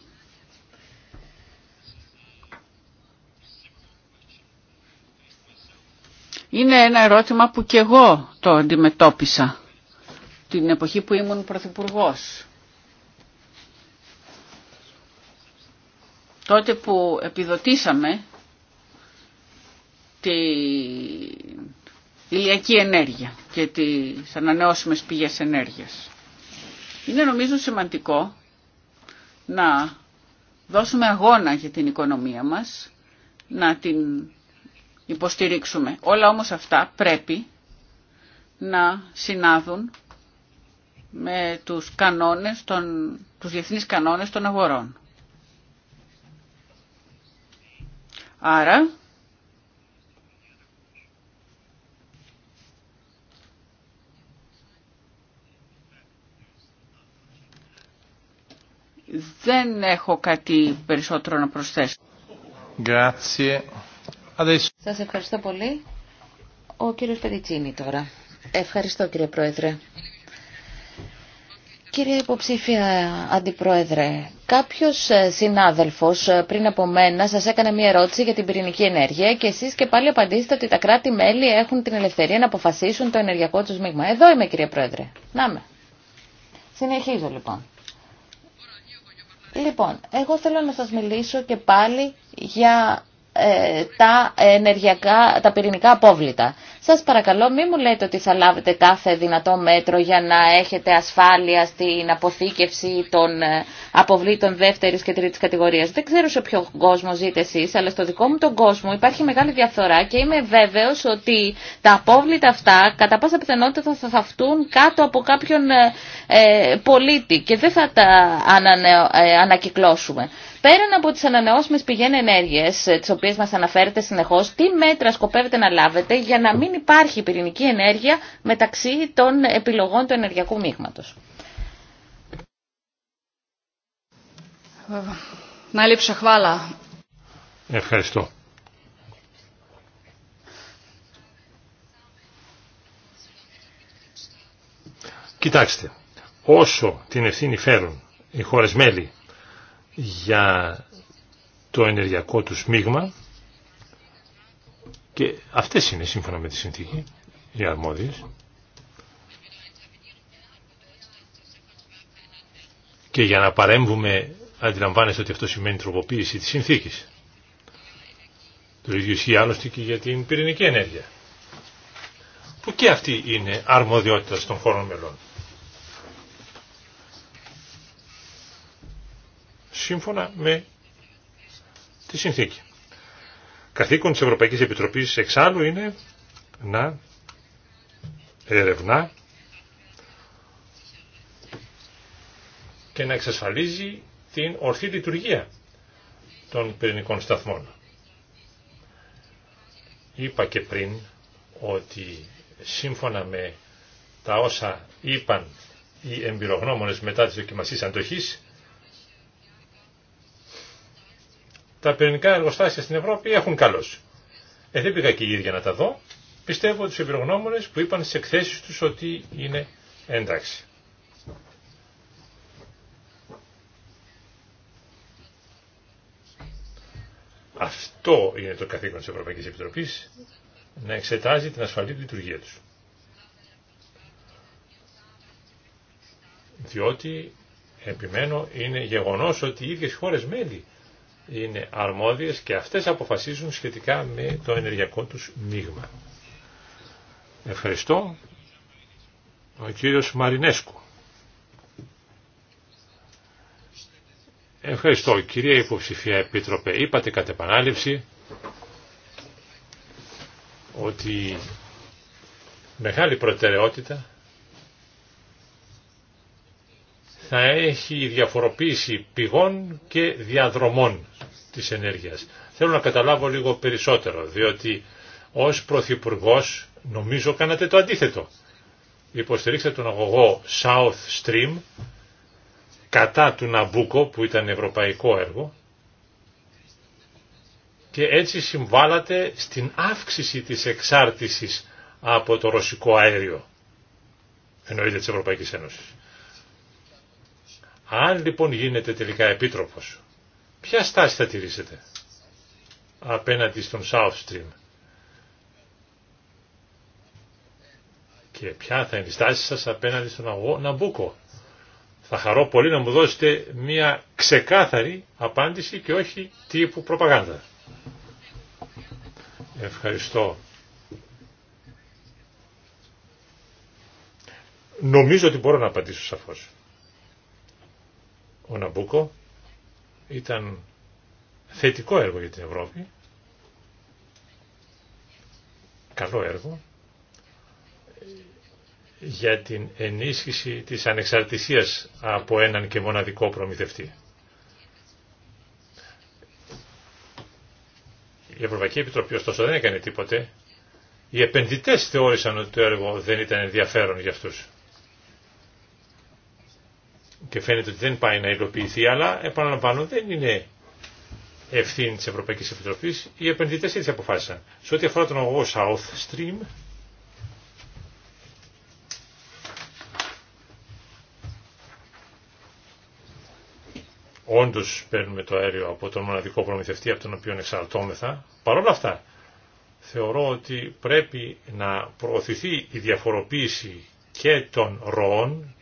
Speaker 4: Είναι ένα ερώτημα που και εγώ το αντιμετώπισα την εποχή που ήμουν πρωθυπουργός. Τότε που επιδοτήσαμε τη ηλιακή ενέργεια και τις ανανεώσιμες πηγές ενέργειας. Είναι νομίζω σημαντικό να δώσουμε αγώνα για την οικονομία μας, να την υποστηρίξουμε. Όλα όμως αυτά πρέπει να συνάδουν με τους, κανόνες των, τους διεθνείς κανόνες των αγορών. Άρα Δεν έχω κάτι περισσότερο να προσθέσω.
Speaker 2: Σας ευχαριστώ πολύ. Ο κύριος Περιτσίνη τώρα. Ευχαριστώ κύριε Πρόεδρε. Κύριε υποψήφια Αντιπρόεδρε, κάποιος ε, συνάδελφος ε, πριν από μένα σας έκανε μια ερώτηση για την πυρηνική ενέργεια και εσείς και πάλι απαντήσετε ότι τα κράτη-μέλη έχουν την ελευθερία να αποφασίσουν το ενεργειακό τους μείγμα. Εδώ είμαι κύριε Πρόεδρε. Να με. Συνεχίζω λοιπόν. Λοιπόν, εγώ θέλω να σας μιλήσω και πάλι για ε, τα, ενεργειακά, τα πυρηνικά απόβλητα. Σας παρακαλώ μην μου λέτε ότι θα λάβετε κάθε δυνατό μέτρο για να έχετε ασφάλεια στην αποθήκευση των ε, αποβλήτων δεύτερης και τρίτης κατηγορίας. Δεν ξέρω σε ποιο κόσμο ζείτε εσείς, αλλά στο δικό μου τον κόσμο υπάρχει μεγάλη διαφθορά και είμαι βέβαιος ότι τα απόβλητα αυτά κατά πάσα πιθανότητα θα θαυτούν κάτω από κάποιον ε, πολίτη και δεν θα τα ανακυκλώσουμε πέραν από τι ανανεώσιμες πηγέ ενέργειας, ε, τις οποίες μας αναφέρετε συνεχώς, τι μέτρα σκοπεύετε να λάβετε για να μην υπάρχει πυρηνική ενέργεια μεταξύ των
Speaker 5: επιλογών του ενεργειακού μείγματος.
Speaker 1: Ευχαριστώ. Κοιτάξτε, όσο την ευθύνη φέρουν οι χώρες μέλη για το ενεργειακό τους μείγμα και αυτές είναι σύμφωνα με τη συνθήκη οι αρμόδιες και για να παρέμβουμε αντιλαμβάνεστε ότι αυτό σημαίνει τροποποίηση της συνθήκης το ίδιο ισχύει άλλωστε και για την πυρηνική ενέργεια που και αυτή είναι αρμοδιότητα των χώρων μελών σύμφωνα με τη συνθήκη. Καθήκον της Ευρωπαϊκής Επιτροπής εξάλλου είναι να ερευνά και να εξασφαλίζει την ορθή λειτουργία των πυρηνικών σταθμών. Είπα και πριν ότι σύμφωνα με τα όσα είπαν οι εμπειρογνώμονες μετά της δοκιμασίας αντοχής, τα πυρηνικά εργοστάσια στην Ευρώπη έχουν καλώσει. Ε, δεν πήγα και η ίδια να τα δω. Πιστεύω τους εμπειρογνώμονες που είπαν στις εκθέσεις τους ότι είναι εντάξει. Αυτό είναι το καθήκον της Ευρωπαϊκής Επιτροπής, να εξετάζει την ασφαλή λειτουργία τους. Διότι, επιμένω, είναι γεγονός ότι οι ίδιες χώρες μέλη είναι αρμόδιες και αυτές αποφασίζουν σχετικά με το ενεργειακό τους μείγμα. Ευχαριστώ. Ο κύριος Μαρινέσκου. Ευχαριστώ. Κυρία Υποψηφία Επίτροπε, είπατε κατ' επανάληψη ότι μεγάλη προτεραιότητα θα έχει διαφοροποίηση πηγών και διαδρομών της ενέργειας. Θέλω να καταλάβω λίγο περισσότερο, διότι ως Πρωθυπουργό νομίζω κάνατε το αντίθετο. Υποστηρίξατε τον αγωγό South Stream κατά του Ναμπούκο που ήταν ευρωπαϊκό έργο και έτσι συμβάλατε στην αύξηση της εξάρτησης από το ρωσικό αέριο εννοείται της Ευρωπαϊκής Ένωσης. Αν λοιπόν γίνετε τελικά επίτροπος, ποια στάση θα τηρήσετε απέναντι στον South Stream και ποια θα είναι η στάση σας απέναντι στον αγώ Ναμπούκο. Θα χαρώ πολύ να μου δώσετε μια ξεκάθαρη απάντηση και όχι τύπου προπαγάνδα. Ευχαριστώ. Νομίζω ότι μπορώ να απαντήσω σαφώς. Ο Ναμπούκο ήταν θετικό έργο για την Ευρώπη, καλό έργο, για την ενίσχυση της ανεξαρτησίας από έναν και μοναδικό προμηθευτή. Η Ευρωπαϊκή Επιτροπή ωστόσο δεν έκανε τίποτε. Οι επενδυτές θεώρησαν ότι το έργο δεν ήταν ενδιαφέρον για αυτούς και φαίνεται ότι δεν πάει να υλοποιηθεί, αλλά επαναλαμβάνω δεν είναι ευθύνη της ευρωπαϊκή συμφιλοποίηση ή επενδυτές Επιτροπής, οι επενδυτές έτσι αποφάσισαν. Σε ό,τι αφορά τον αγωγό South Stream, όντως παίρνουμε το αέριο από τον μοναδικό προμηθευτή από τον οποίο εξαρτώμεθα, παρόλα αυτά θεωρώ ότι πρέπει να προωθηθεί η διαφοροποίηση και των ροών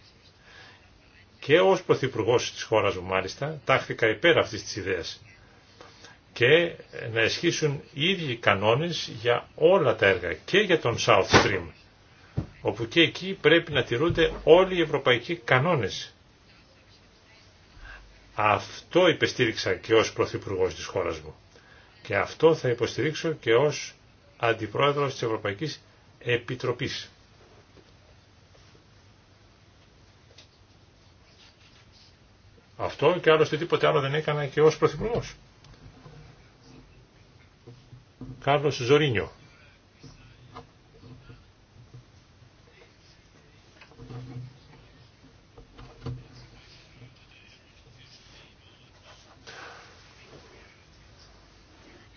Speaker 1: και ως Πρωθυπουργό της χώρας μου μάλιστα τάχθηκα υπέρ αυτής της ιδέας και να ισχύσουν οι ίδιοι κανόνες για όλα τα έργα και για τον South Stream όπου και εκεί πρέπει να τηρούνται όλοι οι ευρωπαϊκοί κανόνες. Αυτό υπεστήριξα και ως Πρωθυπουργό της χώρας μου και αυτό θα υποστηρίξω και ως Αντιπρόεδρος της Ευρωπαϊκής Επιτροπής. Αυτό και άλλωστε τίποτε άλλο δεν έκανα και ως Πρωθυπουργός. Κάρλος Ζωρίνιο.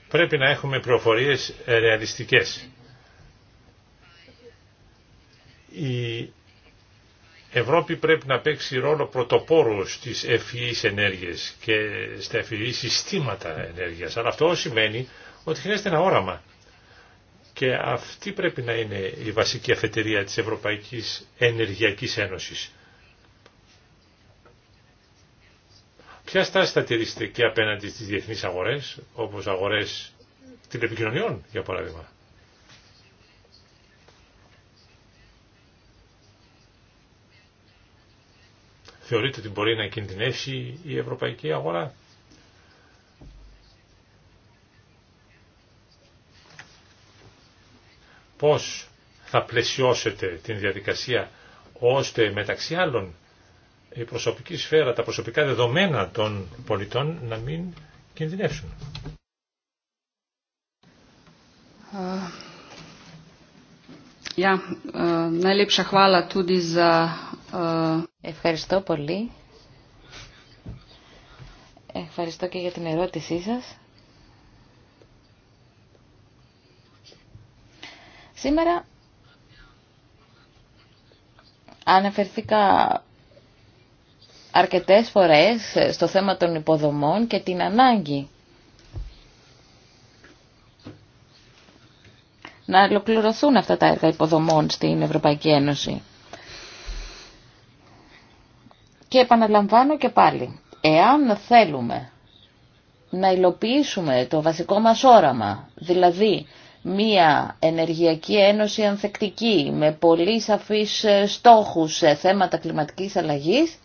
Speaker 1: Πρέπει να έχουμε προφορίες ρεαλιστικές. Ευρώπη πρέπει να παίξει ρόλο πρωτοπόρου στις ευφυείς ενέργειες και στα ευφυεί συστήματα ενέργειας. Αλλά αυτό σημαίνει ότι χρειάζεται ένα όραμα. Και αυτή πρέπει να είναι η βασική αφετηρία της Ευρωπαϊκής Ενεργειακής Ένωσης. Ποια στάση θα τηρήσετε και απέναντι στις διεθνείς αγορές, όπως αγορές τηλεπικοινωνιών, για παράδειγμα. Θεωρείτε ότι μπορεί να κινδυνεύσει η ευρωπαϊκή αγορά. Πώς θα πλαισιώσετε την διαδικασία ώστε μεταξύ άλλων η προσωπική σφαίρα, τα προσωπικά δεδομένα των πολιτών να μην κινδυνεύσουν.
Speaker 5: Ja, ε, ε, najlepša hvala tudi za Ευχαριστώ πολύ.
Speaker 2: Ευχαριστώ και για την ερώτησή σας. Σήμερα αναφερθήκα αρκετές φορές στο θέμα των υποδομών και την ανάγκη να ολοκληρωθούν αυτά τα έργα υποδομών στην Ευρωπαϊκή Ένωση. Και επαναλαμβάνω και πάλι, εάν θέλουμε να υλοποιήσουμε το βασικό μας όραμα, δηλαδή μία ενεργειακή ένωση ανθεκτική με πολύ σαφείς ε, στόχους σε θέματα κλιματικής αλλαγής,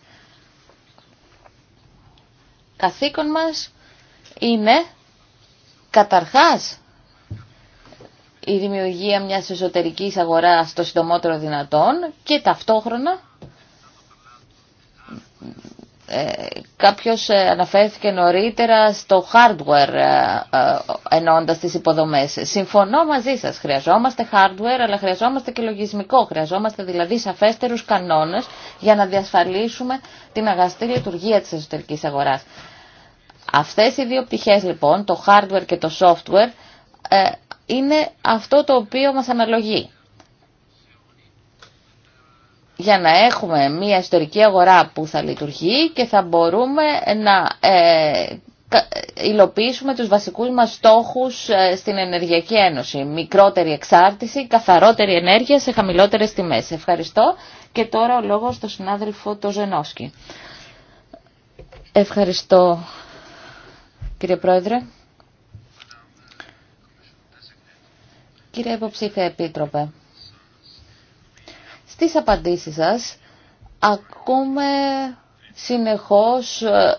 Speaker 2: καθήκον μας είναι καταρχάς η δημιουργία μιας εσωτερικής αγοράς το συντομότερο δυνατόν και ταυτόχρονα ε, κάποιος ε, αναφέρθηκε νωρίτερα στο hardware ε, ενώντας τις υποδομές. Συμφωνώ μαζί σας, χρειαζόμαστε hardware αλλά χρειαζόμαστε και λογισμικό. Χρειαζόμαστε δηλαδή σαφέστερους κανόνες για να διασφαλίσουμε την αγαστή λειτουργία της εσωτερικής αγοράς. Αυτές οι δύο πτυχές λοιπόν, το hardware και το software, είναι αυτό το οποίο μας αναλογεί για να έχουμε μια ιστορική αγορά που θα λειτουργεί και θα μπορούμε να ε, υλοποιήσουμε τους βασικούς μας στόχους ε, στην Ενεργειακή Ένωση. Μικρότερη εξάρτηση, καθαρότερη ενέργεια σε χαμηλότερες τιμές. Ευχαριστώ και τώρα ο λόγος του συνάδελφο το Ζενόσκι. Ευχαριστώ κύριε Πρόεδρε. Κύριε Υποψήφια Επίτροπε. Τις απαντήσεις σας ακούμε συνεχώς ε,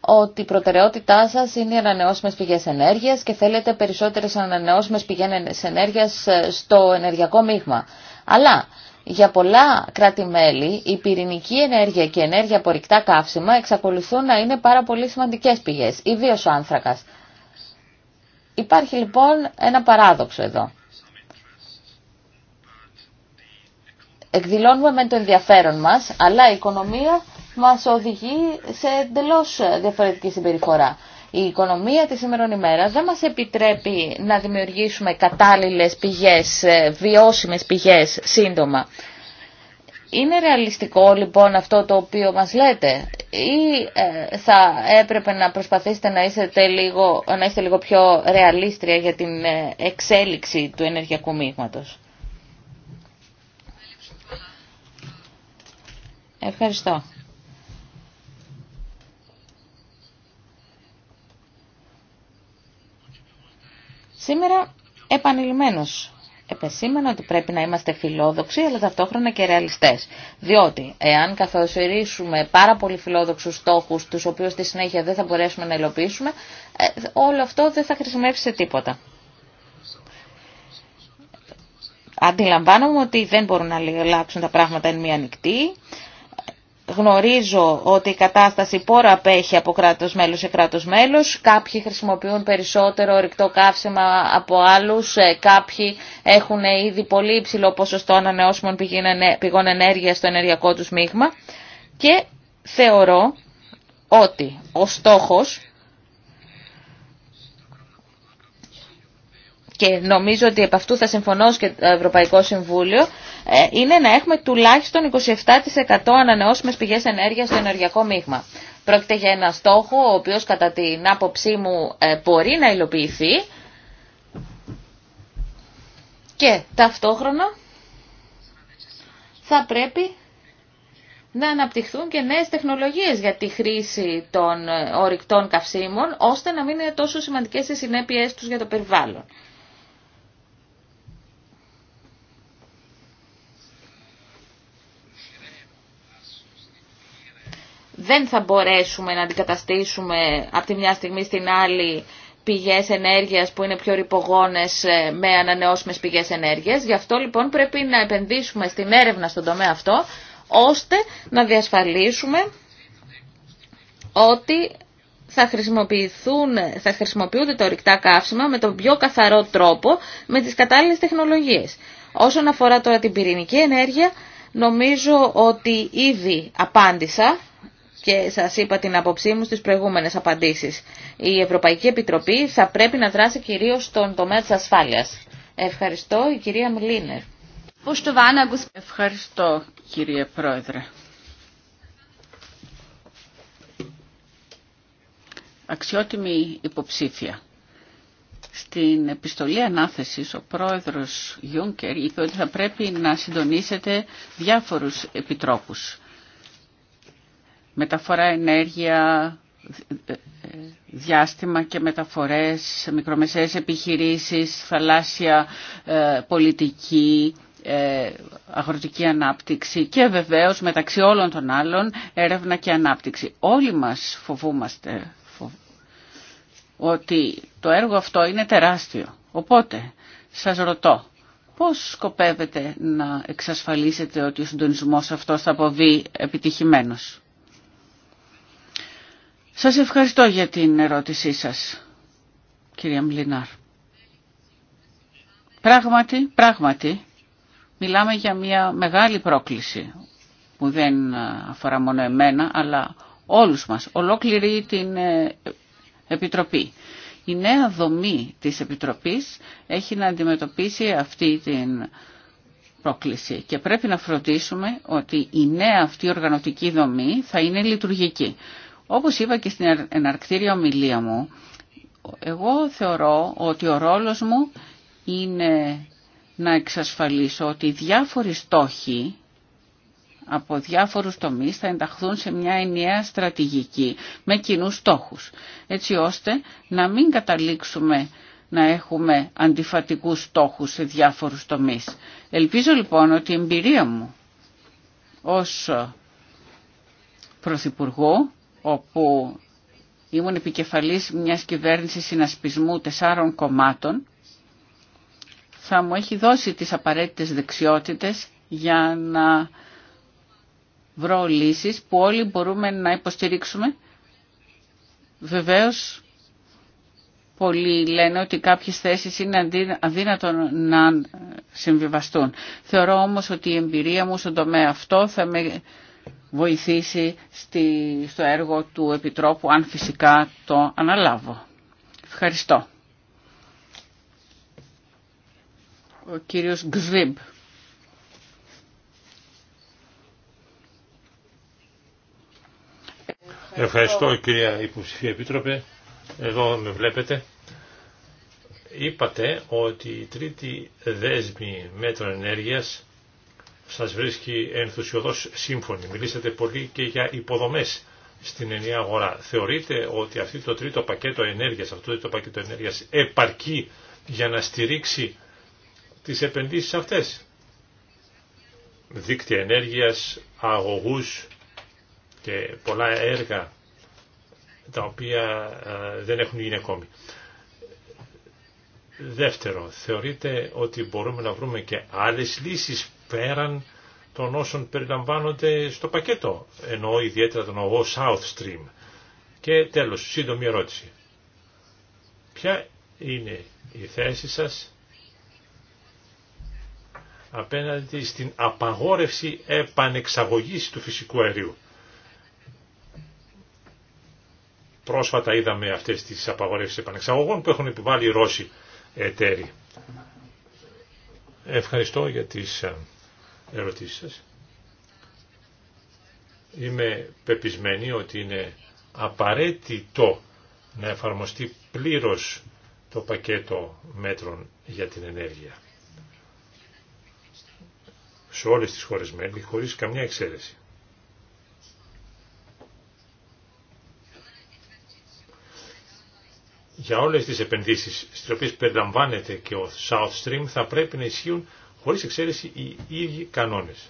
Speaker 2: ότι η προτεραιότητά σας είναι οι ανανεώσιμες πηγές ενέργειας και θέλετε περισσότερες ανανεώσιμες πηγές ενέργειας ε, στο ενεργειακό μείγμα. Αλλά για πολλά κράτη-μέλη η πυρηνική ενέργεια και η ενέργεια από ρηκτά καύσιμα εξακολουθούν να είναι πάρα πολύ σημαντικές πηγές, ιδίως ο άνθρακας. Υπάρχει λοιπόν ένα παράδοξο εδώ. εκδηλώνουμε με το ενδιαφέρον μας, αλλά η οικονομία μας οδηγεί σε εντελώ διαφορετική συμπεριφορά. Η οικονομία της σήμερων ημέρα δεν μας επιτρέπει να δημιουργήσουμε κατάλληλες πηγές, ε, βιώσιμες πηγές σύντομα. Είναι ρεαλιστικό λοιπόν αυτό το οποίο μας λέτε ή ε, θα έπρεπε να προσπαθήσετε να είστε λίγο, να είστε λίγο πιο ρεαλίστρια για την ε, εξέλιξη του ενεργειακού μείγματος. Ευχαριστώ. Σήμερα επανειλημμένος επεσήμανα ότι πρέπει να είμαστε φιλόδοξοι αλλά ταυτόχρονα και ρεαλιστές. Διότι εάν καθοσυρίσουμε πάρα πολύ φιλόδοξους στόχους τους οποίους στη συνέχεια δεν θα μπορέσουμε να υλοποιήσουμε ε, όλο αυτό δεν θα χρησιμεύσει σε τίποτα. Αντιλαμβάνομαι ότι δεν μπορούν να αλλάξουν τα πράγματα εν μία νυχτή γνωρίζω ότι η κατάσταση πόρα απέχει από κράτος μέλος σε κράτος μέλος. Κάποιοι χρησιμοποιούν περισσότερο ρηκτό καύσιμα από άλλους. Ε, κάποιοι έχουν ήδη πολύ υψηλό ποσοστό ανανεώσιμων πηγών ενέργειας στο ενεργειακό τους μείγμα. Και θεωρώ ότι ο στόχος και νομίζω ότι επ' αυτού θα συμφωνώ και το Ευρωπαϊκό Συμβούλιο, ε, είναι να έχουμε τουλάχιστον 27% ανανεώσιμες πηγές ενέργειας στο ενεργειακό μείγμα. Πρόκειται για ένα στόχο, ο οποίος κατά την άποψή μου ε, μπορεί να υλοποιηθεί και ταυτόχρονα θα πρέπει να αναπτυχθούν και νέες τεχνολογίες για τη χρήση των ε, ορυκτών καυσίμων, ώστε να μην είναι τόσο σημαντικές οι συνέπειές τους για το περιβάλλον. δεν θα μπορέσουμε να αντικαταστήσουμε από τη μια στιγμή στην άλλη πηγές ενέργειας που είναι πιο ρηπογόνες ε, με ανανεώσιμες πηγές ενέργειας. Γι' αυτό λοιπόν πρέπει να επενδύσουμε στην έρευνα στον τομέα αυτό, ώστε να διασφαλίσουμε ότι θα, χρησιμοποιηθούν, θα χρησιμοποιούνται τα ορυκτά καύσιμα με τον πιο καθαρό τρόπο, με τις κατάλληλες τεχνολογίες. Όσον αφορά τώρα την πυρηνική ενέργεια, νομίζω ότι ήδη απάντησα και σας είπα την άποψή μου στις προηγούμενες απαντήσεις. Η Ευρωπαϊκή Επιτροπή θα πρέπει να δράσει κυρίως στον τομέα της ασφάλειας. Ευχαριστώ η κυρία Μιλίνερ.
Speaker 4: Ευχαριστώ κύριε Πρόεδρε. Αξιότιμη υποψήφια. Στην επιστολή ανάθεσης ο πρόεδρος Γιούνκερ είπε ότι θα πρέπει να συντονίσετε διάφορους επιτρόπους μεταφορά ενέργεια, διάστημα και μεταφορές, μικρομεσαίες επιχειρήσεις, θαλάσσια ε, πολιτική, ε, αγροτική ανάπτυξη και βεβαίως μεταξύ όλων των άλλων έρευνα και ανάπτυξη. Όλοι μας φοβούμαστε ότι το έργο αυτό είναι τεράστιο. Οπότε σας ρωτώ πώς σκοπεύετε να εξασφαλίσετε ότι ο συντονισμός αυτός θα αποβεί επιτυχημένος. Σας ευχαριστώ για την ερώτησή σας, κυρία Μλινάρ. Πράγματι, πράγματι, μιλάμε για μια μεγάλη πρόκληση που δεν αφορά μόνο εμένα, αλλά όλους μας, ολόκληρη την ε, Επιτροπή. Η νέα δομή της Επιτροπής έχει να αντιμετωπίσει αυτή την πρόκληση και πρέπει να φροντίσουμε ότι η νέα αυτή οργανωτική δομή θα είναι λειτουργική. Όπως είπα και στην εναρκτήρια ομιλία μου, εγώ θεωρώ ότι ο ρόλος μου είναι να εξασφαλίσω ότι οι διάφοροι στόχοι από διάφορους τομείς θα ενταχθούν σε μια ενιαία στρατηγική με κοινούς στόχους, έτσι ώστε να μην καταλήξουμε να έχουμε αντιφατικούς στόχους σε διάφορους τομείς. Ελπίζω λοιπόν ότι η εμπειρία μου ως Πρωθυπουργού όπου ήμουν επικεφαλής μιας κυβέρνησης συνασπισμού τεσσάρων κομμάτων, θα μου έχει δώσει τις απαραίτητες δεξιότητες για να βρω λύσεις που όλοι μπορούμε να υποστηρίξουμε. Βεβαίως, πολλοί λένε ότι κάποιες θέσεις είναι αδύνατον να συμβιβαστούν. Θεωρώ όμως ότι η εμπειρία μου στον τομέα αυτό θα με βοηθήσει στη, στο έργο του Επιτρόπου, αν φυσικά το αναλάβω. Ευχαριστώ. Ο κύριος Γκζιμπ.
Speaker 1: Ευχαριστώ κυρία Υποψηφία Επίτροπε. Εδώ με βλέπετε. Είπατε ότι η τρίτη δέσμη μέτρων ενέργειας σας βρίσκει ενθουσιοδός σύμφωνη. Μιλήσατε πολύ και για υποδομές στην ενιαία αγορά. Θεωρείτε ότι αυτό το τρίτο πακέτο ενέργειας, αυτό το τρίτο πακέτο ενέργειας επαρκεί για να στηρίξει τις επενδύσεις αυτές. Δίκτυα ενέργειας, αγωγούς και πολλά έργα τα οποία ε, δεν έχουν γίνει ακόμη. Δεύτερο, θεωρείτε ότι μπορούμε να βρούμε και άλλες λύσεις πέραν των όσων περιλαμβάνονται στο πακέτο, εννοώ ιδιαίτερα τον ΟΟ South Stream. Και τέλος, σύντομη ερώτηση. Ποια είναι η θέση σας απέναντι στην απαγόρευση επανεξαγωγής του φυσικού αερίου. Πρόσφατα είδαμε αυτές τις απαγορεύσεις επανεξαγωγών που έχουν επιβάλει οι Ρώσοι εταίροι. Ευχαριστώ για τις ε, ερωτήσεις σας. Είμαι πεπισμένη ότι είναι απαραίτητο να εφαρμοστεί πλήρως το πακέτο μέτρων για την ενέργεια σε όλες τις χώρες μέλη χωρίς καμιά εξαίρεση. Για όλες τις επενδύσεις στις οποίες περιλαμβάνεται και ο South Stream θα πρέπει να ισχύουν χωρίς εξαίρεση οι ίδιοι κανόνες.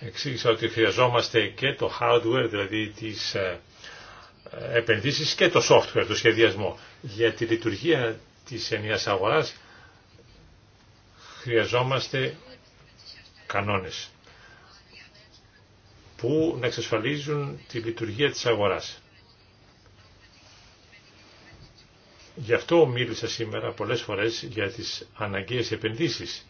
Speaker 1: Εξήγησα ότι χρειαζόμαστε και το hardware, δηλαδή τις ε, ε, επενδύσεις και το software, το σχεδιασμό. Για τη λειτουργία της ενιαίας αγοράς χρειαζόμαστε κανόνες που να εξασφαλίζουν τη λειτουργία της αγοράς. Γι' αυτό μίλησα σήμερα πολλές φορές για τις αναγκαίες επενδύσεις,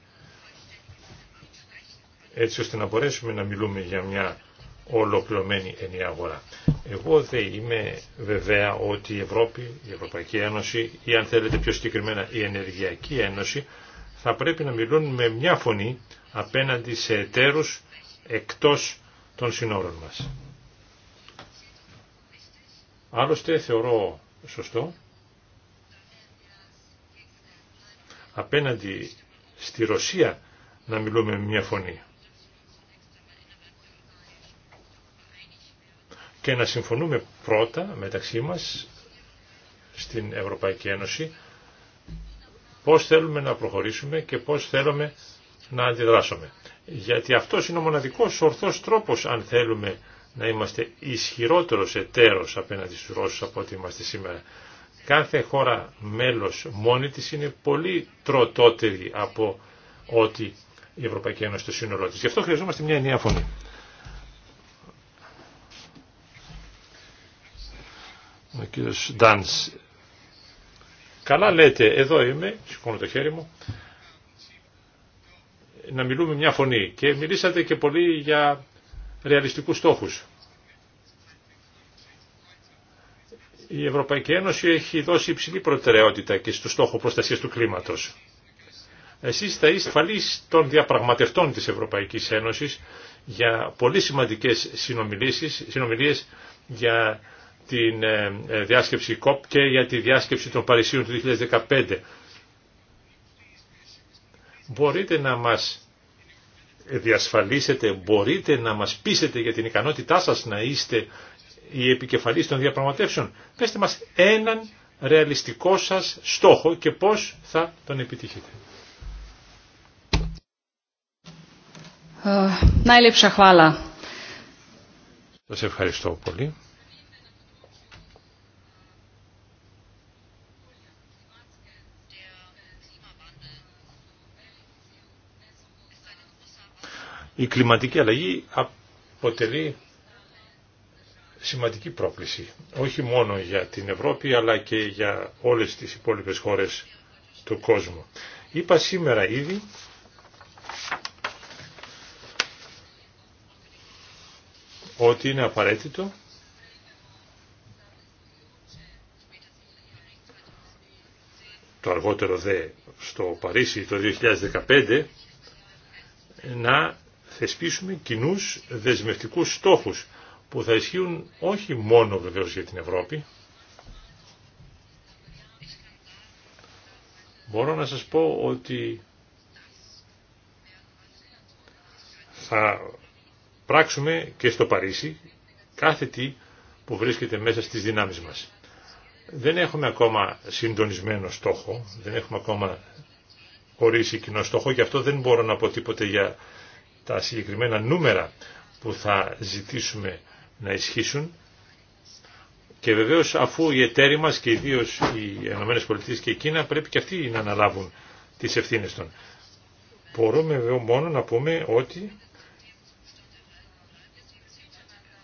Speaker 1: έτσι ώστε να μπορέσουμε να μιλούμε για μια ολοκληρωμένη ενιαία αγορά. Εγώ δεν είμαι βέβαια ότι η Ευρώπη, η Ευρωπαϊκή Ένωση ή αν θέλετε πιο συγκεκριμένα η Ενεργειακή Ένωση θα πρέπει να μιλούν με μια φωνή απέναντι σε εταίρους εκτός των συνόρων μας. Άλλωστε θεωρώ σωστό απέναντι στη Ρωσία να μιλούμε με μια φωνή. Και να συμφωνούμε πρώτα μεταξύ μας στην Ευρωπαϊκή Ένωση πώς θέλουμε να προχωρήσουμε και πώς θέλουμε να αντιδράσουμε γιατί αυτός είναι ο μοναδικός ορθός τρόπος αν θέλουμε να είμαστε ισχυρότερος εταίρος απέναντι στους Ρώσους από ό,τι είμαστε σήμερα. Κάθε χώρα μέλος μόνη της είναι πολύ τροτότερη από ό,τι η Ευρωπαϊκή Ένωση στο σύνολό της. Γι' αυτό χρειαζόμαστε μια ενιαία φωνή. Ο Καλά λέτε, εδώ είμαι, σηκώνω το χέρι μου να μιλούμε μια φωνή. Και μιλήσατε και πολύ για ρεαλιστικούς στόχους. Η Ευρωπαϊκή Ένωση έχει δώσει υψηλή προτεραιότητα και στο στόχο προστασίας του κλίματος. Εσείς θα είστε φαλείς των διαπραγματευτών της Ευρωπαϊκής Ένωσης για πολύ σημαντικές συνομιλίες για την ε, ε, διάσκεψη COP και για τη διάσκεψη των Παρισίων του 2015 μπορείτε να μας διασφαλίσετε, μπορείτε να μας πείσετε για την ικανότητά σας να είστε οι επικεφαλής των διαπραγματεύσεων. Πεστε μας έναν ρεαλιστικό σας στόχο και πώς θα τον επιτύχετε.
Speaker 5: Ε, Najlepša
Speaker 1: Σας ευχαριστώ πολύ. Η κλιματική αλλαγή αποτελεί σημαντική πρόκληση, όχι μόνο για την Ευρώπη αλλά και για όλες τις υπόλοιπες χώρες του κόσμου. Είπα σήμερα ήδη ότι είναι απαραίτητο το αργότερο δε στο Παρίσι το 2015 να θεσπίσουμε κοινού δεσμευτικούς στόχους που θα ισχύουν όχι μόνο βεβαίως για την Ευρώπη. Μπορώ να σας πω ότι θα πράξουμε και στο Παρίσι κάθε τι που βρίσκεται μέσα στις δυνάμεις μας. Δεν έχουμε ακόμα συντονισμένο στόχο, δεν έχουμε ακόμα ορίσει κοινό στόχο, γι' αυτό δεν μπορώ να πω τίποτε για τα συγκεκριμένα νούμερα που θα ζητήσουμε να ισχύσουν και βεβαίως αφού οι εταίροι μας και ιδίως οι ΗΠΑ και η Κίνα πρέπει και αυτοί να αναλάβουν τις ευθύνες των. Μπορούμε μόνο να πούμε ότι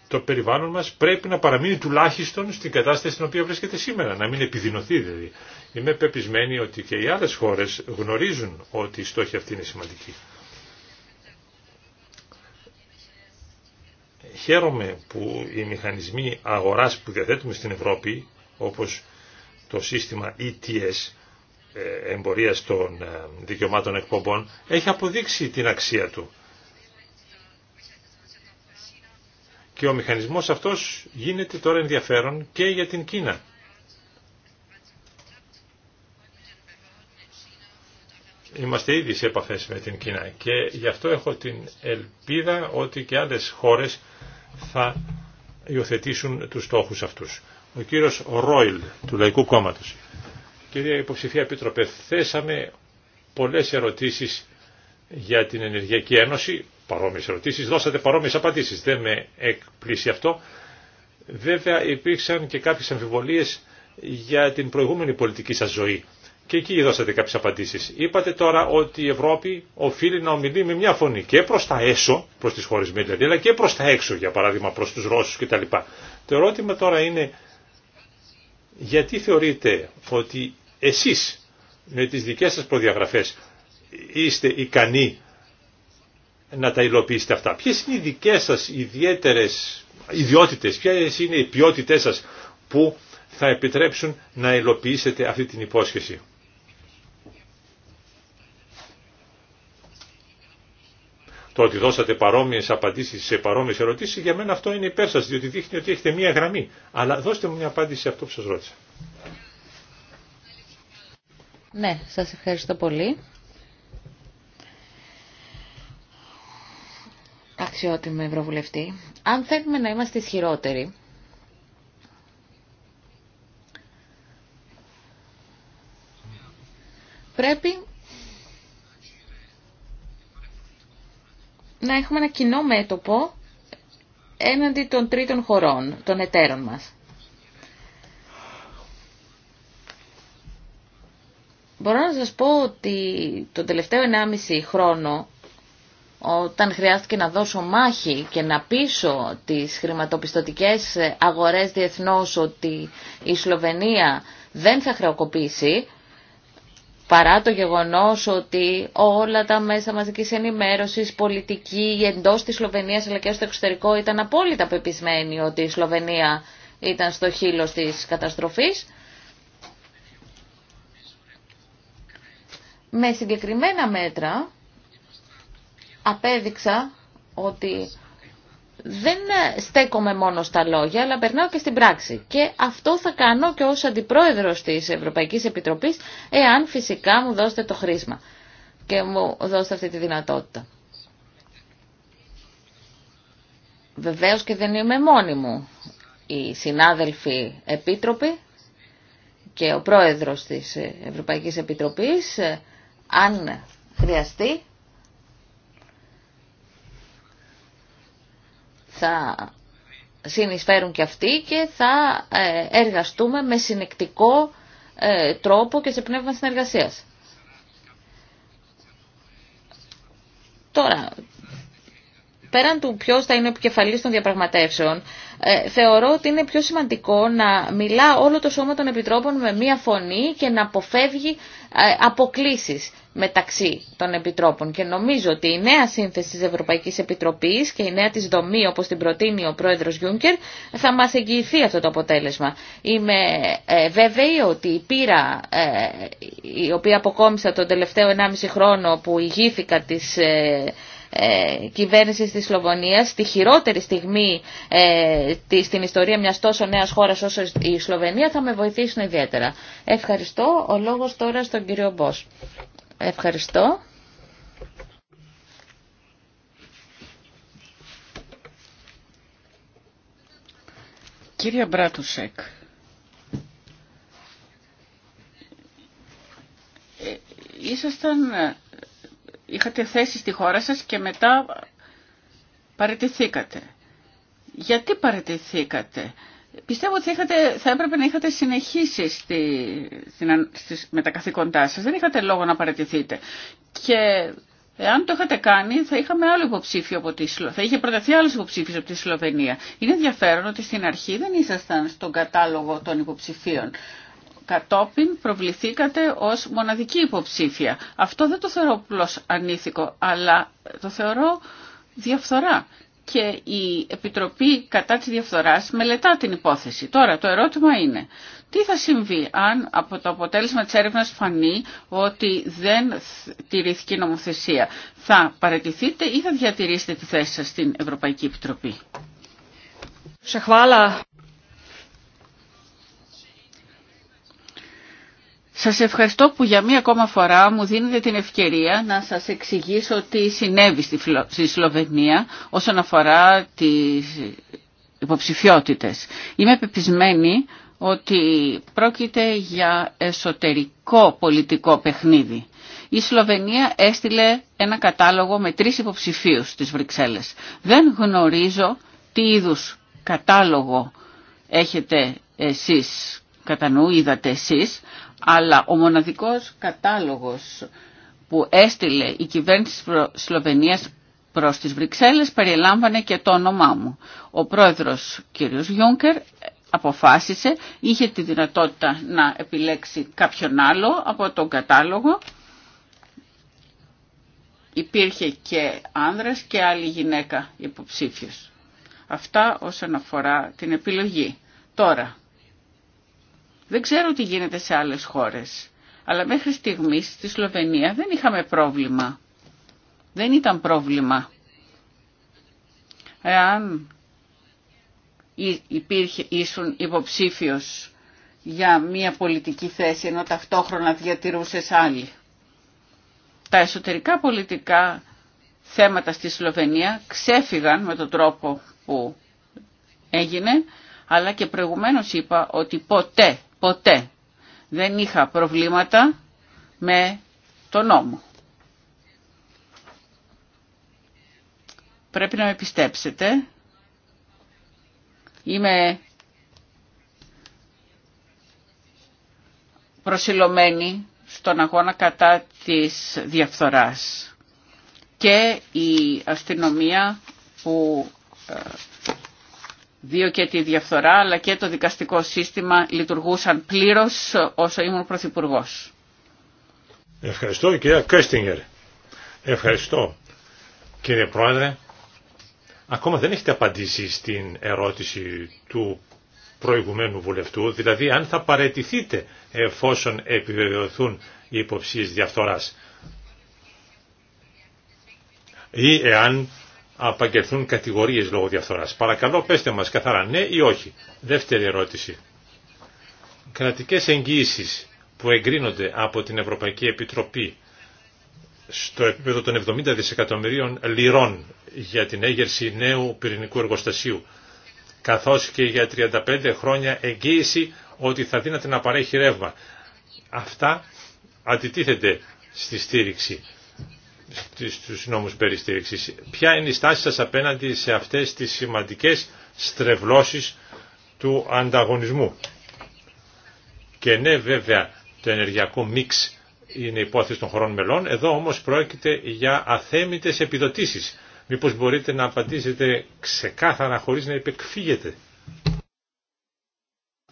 Speaker 1: το περιβάλλον μας πρέπει να παραμείνει τουλάχιστον στην κατάσταση στην οποία βρίσκεται σήμερα, να μην επιδεινωθεί δηλαδή. Είμαι πεπισμένη ότι και οι άλλες χώρες γνωρίζουν ότι η στόχη αυτή είναι σημαντική. Χαίρομαι που οι μηχανισμοί αγοράς που διαθέτουμε στην Ευρώπη, όπως το σύστημα ETS, ε, εμπορίας των ε, δικαιωμάτων εκπομπών, έχει αποδείξει την αξία του. Και ο μηχανισμός αυτός γίνεται τώρα ενδιαφέρον και για την Κίνα. Είμαστε ήδη σε επαφές με την Κίνα και γι' αυτό έχω την ελπίδα ότι και άλλες χώρες θα υιοθετήσουν τους στόχους αυτούς. Ο κύριος Ρόιλ του Λαϊκού Κόμματος. Κυρία Υποψηφία Επίτροπε, θέσαμε πολλές ερωτήσεις για την Ενεργειακή Ένωση, παρόμοιες ερωτήσεις, δώσατε παρόμοιες απαντήσεις, δεν με εκπλήσει αυτό. Βέβαια υπήρξαν και κάποιες αμφιβολίες για την προηγούμενη πολιτική σας ζωή και εκεί δώσατε κάποιες απαντήσεις. Είπατε τώρα ότι η Ευρώπη οφείλει να ομιλεί με μια φωνή και προς τα έσω, προς τις χώρες μέλη, αλλά και προς τα έξω, για παράδειγμα, προς τους Ρώσους κτλ. Το ερώτημα τώρα είναι γιατί θεωρείτε ότι εσείς με τις δικές σας προδιαγραφές είστε ικανοί να τα υλοποιήσετε αυτά. Ποιες είναι οι δικές σας ιδιαίτερες ιδιότητες, ποιε είναι οι ποιότητές σας που θα επιτρέψουν να υλοποιήσετε αυτή την υπόσχεση. το ότι δώσατε παρόμοιε απαντήσει σε παρόμοιε ερωτήσει, για μένα αυτό είναι υπέρ σα, διότι δείχνει ότι έχετε μία γραμμή. Αλλά δώστε μου μια απάντηση σε αυτό που σα ρώτησα.
Speaker 2: Ναι, σα ευχαριστώ πολύ. Αξιότιμη Ευρωβουλευτή, αν θέλουμε να είμαστε ισχυρότεροι, πρέπει να έχουμε ένα κοινό μέτωπο έναντι των τρίτων χωρών, των εταίρων μας. Μπορώ να σας πω ότι τον τελευταίο 1,5 χρόνο όταν χρειάστηκε να δώσω μάχη και να πείσω τις χρηματοπιστωτικές αγορές διεθνώς ότι η Σλοβενία δεν θα χρεοκοπήσει, παρά το γεγονός ότι όλα τα μέσα μαζικής ενημέρωσης, πολιτική εντός της Σλοβενίας αλλά και στο εξωτερικό ήταν απόλυτα πεπισμένοι ότι η Σλοβενία ήταν στο χείλος της καταστροφής. Με συγκεκριμένα μέτρα απέδειξα ότι δεν ε, στέκομαι μόνο στα λόγια, αλλά περνάω και στην πράξη. Και αυτό θα κάνω και ως αντιπρόεδρος της Ευρωπαϊκής Επιτροπής, εάν φυσικά μου δώσετε το χρήσμα και μου δώσετε αυτή τη δυνατότητα. Βεβαίως και δεν είμαι μόνη μου. Οι συνάδελφοι επίτροποι και ο πρόεδρος της Ευρωπαϊκής Επιτροπής, ε, αν χρειαστεί, θα συνεισφέρουν και αυτοί και θα ε, εργαστούμε με συνεκτικό ε, τρόπο και σε πνεύμα συνεργασίας. Τώρα, πέραν του ποιο θα είναι επικεφαλής των διαπραγματεύσεων, ε, θεωρώ ότι είναι πιο σημαντικό να μιλά όλο το σώμα των επιτρόπων με μία φωνή και να αποφεύγει ε, αποκλήσει μεταξύ των επιτρόπων. Και νομίζω ότι η νέα σύνθεση τη Ευρωπαϊκή Επιτροπή και η νέα τη δομή, όπω την προτείνει ο Πρόεδρο Γιούγκερ θα μα εγγυηθεί αυτό το αποτέλεσμα. Είμαι ε, βέβαιη ότι η πείρα η οποία αποκόμισα τον τελευταίο 1,5 χρόνο που ηγήθηκα της ε, κυβέρνηση της Σλοβονίας στη χειρότερη στιγμή ε, στην ιστορία μιας τόσο νέας χώρας όσο η Σλοβενία θα με βοηθήσουν ιδιαίτερα. Ευχαριστώ. Ο λόγος τώρα στον κύριο Μπός.
Speaker 4: Ευχαριστώ. Κύριε Μπράτουσεκ, ε, ήσασταν είχατε θέση στη χώρα σας και μετά παραιτηθήκατε. Γιατί παραιτηθήκατε. Πιστεύω ότι είχατε, θα έπρεπε να είχατε συνεχίσει στη, με τα καθήκοντά σας. Δεν είχατε λόγο να παραιτηθείτε. Και αν το είχατε κάνει θα είχαμε άλλο υποψήφιο από τη Σλοβενία. θα είχε προταθεί άλλος υποψήφιος από τη Σλοβενία. Είναι ενδιαφέρον ότι στην αρχή δεν ήσασταν στον κατάλογο των υποψηφίων κατόπιν προβληθήκατε ως μοναδική υποψήφια. Αυτό δεν το θεωρώ απλώ ανήθικο, αλλά το θεωρώ διαφθορά. Και η Επιτροπή κατά τη διαφθοράς μελετά την υπόθεση. Τώρα το ερώτημα είναι, τι θα συμβεί αν από το αποτέλεσμα της έρευνας φανεί ότι δεν τηρήθηκε η νομοθεσία. Θα παρατηθείτε ή θα διατηρήσετε τη θέση σας στην Ευρωπαϊκή Επιτροπή. Σας ευχαριστώ που για μία ακόμα φορά μου δίνετε την ευκαιρία να σας εξηγήσω τι συνέβη στη Σλοβενία όσον αφορά τις υποψηφιότητες. Είμαι πεπισμένη ότι πρόκειται για εσωτερικό πολιτικό παιχνίδι. Η Σλοβενία έστειλε ένα κατάλογο με τρεις υποψηφίους στις Βρυξέλλες. Δεν γνωρίζω τι είδους κατάλογο έχετε εσείς κατά νου, είδατε εσείς, αλλά ο μοναδικός κατάλογος που έστειλε η κυβέρνηση της Σλοβενίας προς τις Βρυξέλλες περιελάμβανε και το όνομά μου. Ο πρόεδρος κ. Γιούνκερ αποφάσισε, είχε τη δυνατότητα να επιλέξει κάποιον άλλο από τον κατάλογο. Υπήρχε και άνδρας και άλλη γυναίκα υποψήφιος. Αυτά όσον αφορά την επιλογή. Τώρα, δεν ξέρω τι γίνεται σε άλλες χώρες, αλλά μέχρι στιγμής στη Σλοβενία δεν είχαμε πρόβλημα. Δεν ήταν πρόβλημα. Εάν υπήρχε, ήσουν υποψήφιος για μία πολιτική θέση, ενώ ταυτόχρονα διατηρούσες άλλη. Τα εσωτερικά πολιτικά θέματα στη Σλοβενία ξέφυγαν με τον τρόπο που έγινε, αλλά και προηγουμένως είπα ότι ποτέ ποτέ. Δεν είχα προβλήματα με το νόμο. Πρέπει να με πιστέψετε. Είμαι προσιλωμένη στον αγώνα κατά της διαφθοράς. Και η αστυνομία που ε, δύο και τη διαφθορά αλλά και το δικαστικό σύστημα λειτουργούσαν πλήρως όσο ήμουν Πρωθυπουργό.
Speaker 1: Ευχαριστώ κυρία Κέστιγκερ. Ευχαριστώ κύριε Πρόεδρε. Ακόμα δεν έχετε απαντήσει στην ερώτηση του προηγουμένου βουλευτού, δηλαδή αν θα παρετηθείτε εφόσον επιβεβαιωθούν οι υποψίες διαφθοράς ή εάν απαγγελθούν κατηγορίες λόγω διαφθοράς. Παρακαλώ πέστε μας καθαρά ναι ή όχι. Δεύτερη ερώτηση. Κρατικές εγγύησεις που εγκρίνονται από την Ευρωπαϊκή Επιτροπή στο επίπεδο των 70 δισεκατομμυρίων λιρών για την έγερση νέου πυρηνικού εργοστασίου, καθώς και για 35 χρόνια εγγύηση ότι θα δύναται να παρέχει ρεύμα. Αυτά αντιτίθεται στη στήριξη στους νόμους περιστήριξης. Ποια είναι η στάση σας απέναντι σε αυτές τις σημαντικές στρεβλώσεις του ανταγωνισμού. Και ναι βέβαια το ενεργειακό μίξ είναι υπόθεση των χωρών μελών, εδώ όμως πρόκειται για αθέμητες επιδοτήσεις. Μήπως μπορείτε να απαντήσετε ξεκάθαρα χωρίς να υπεκφύγετε.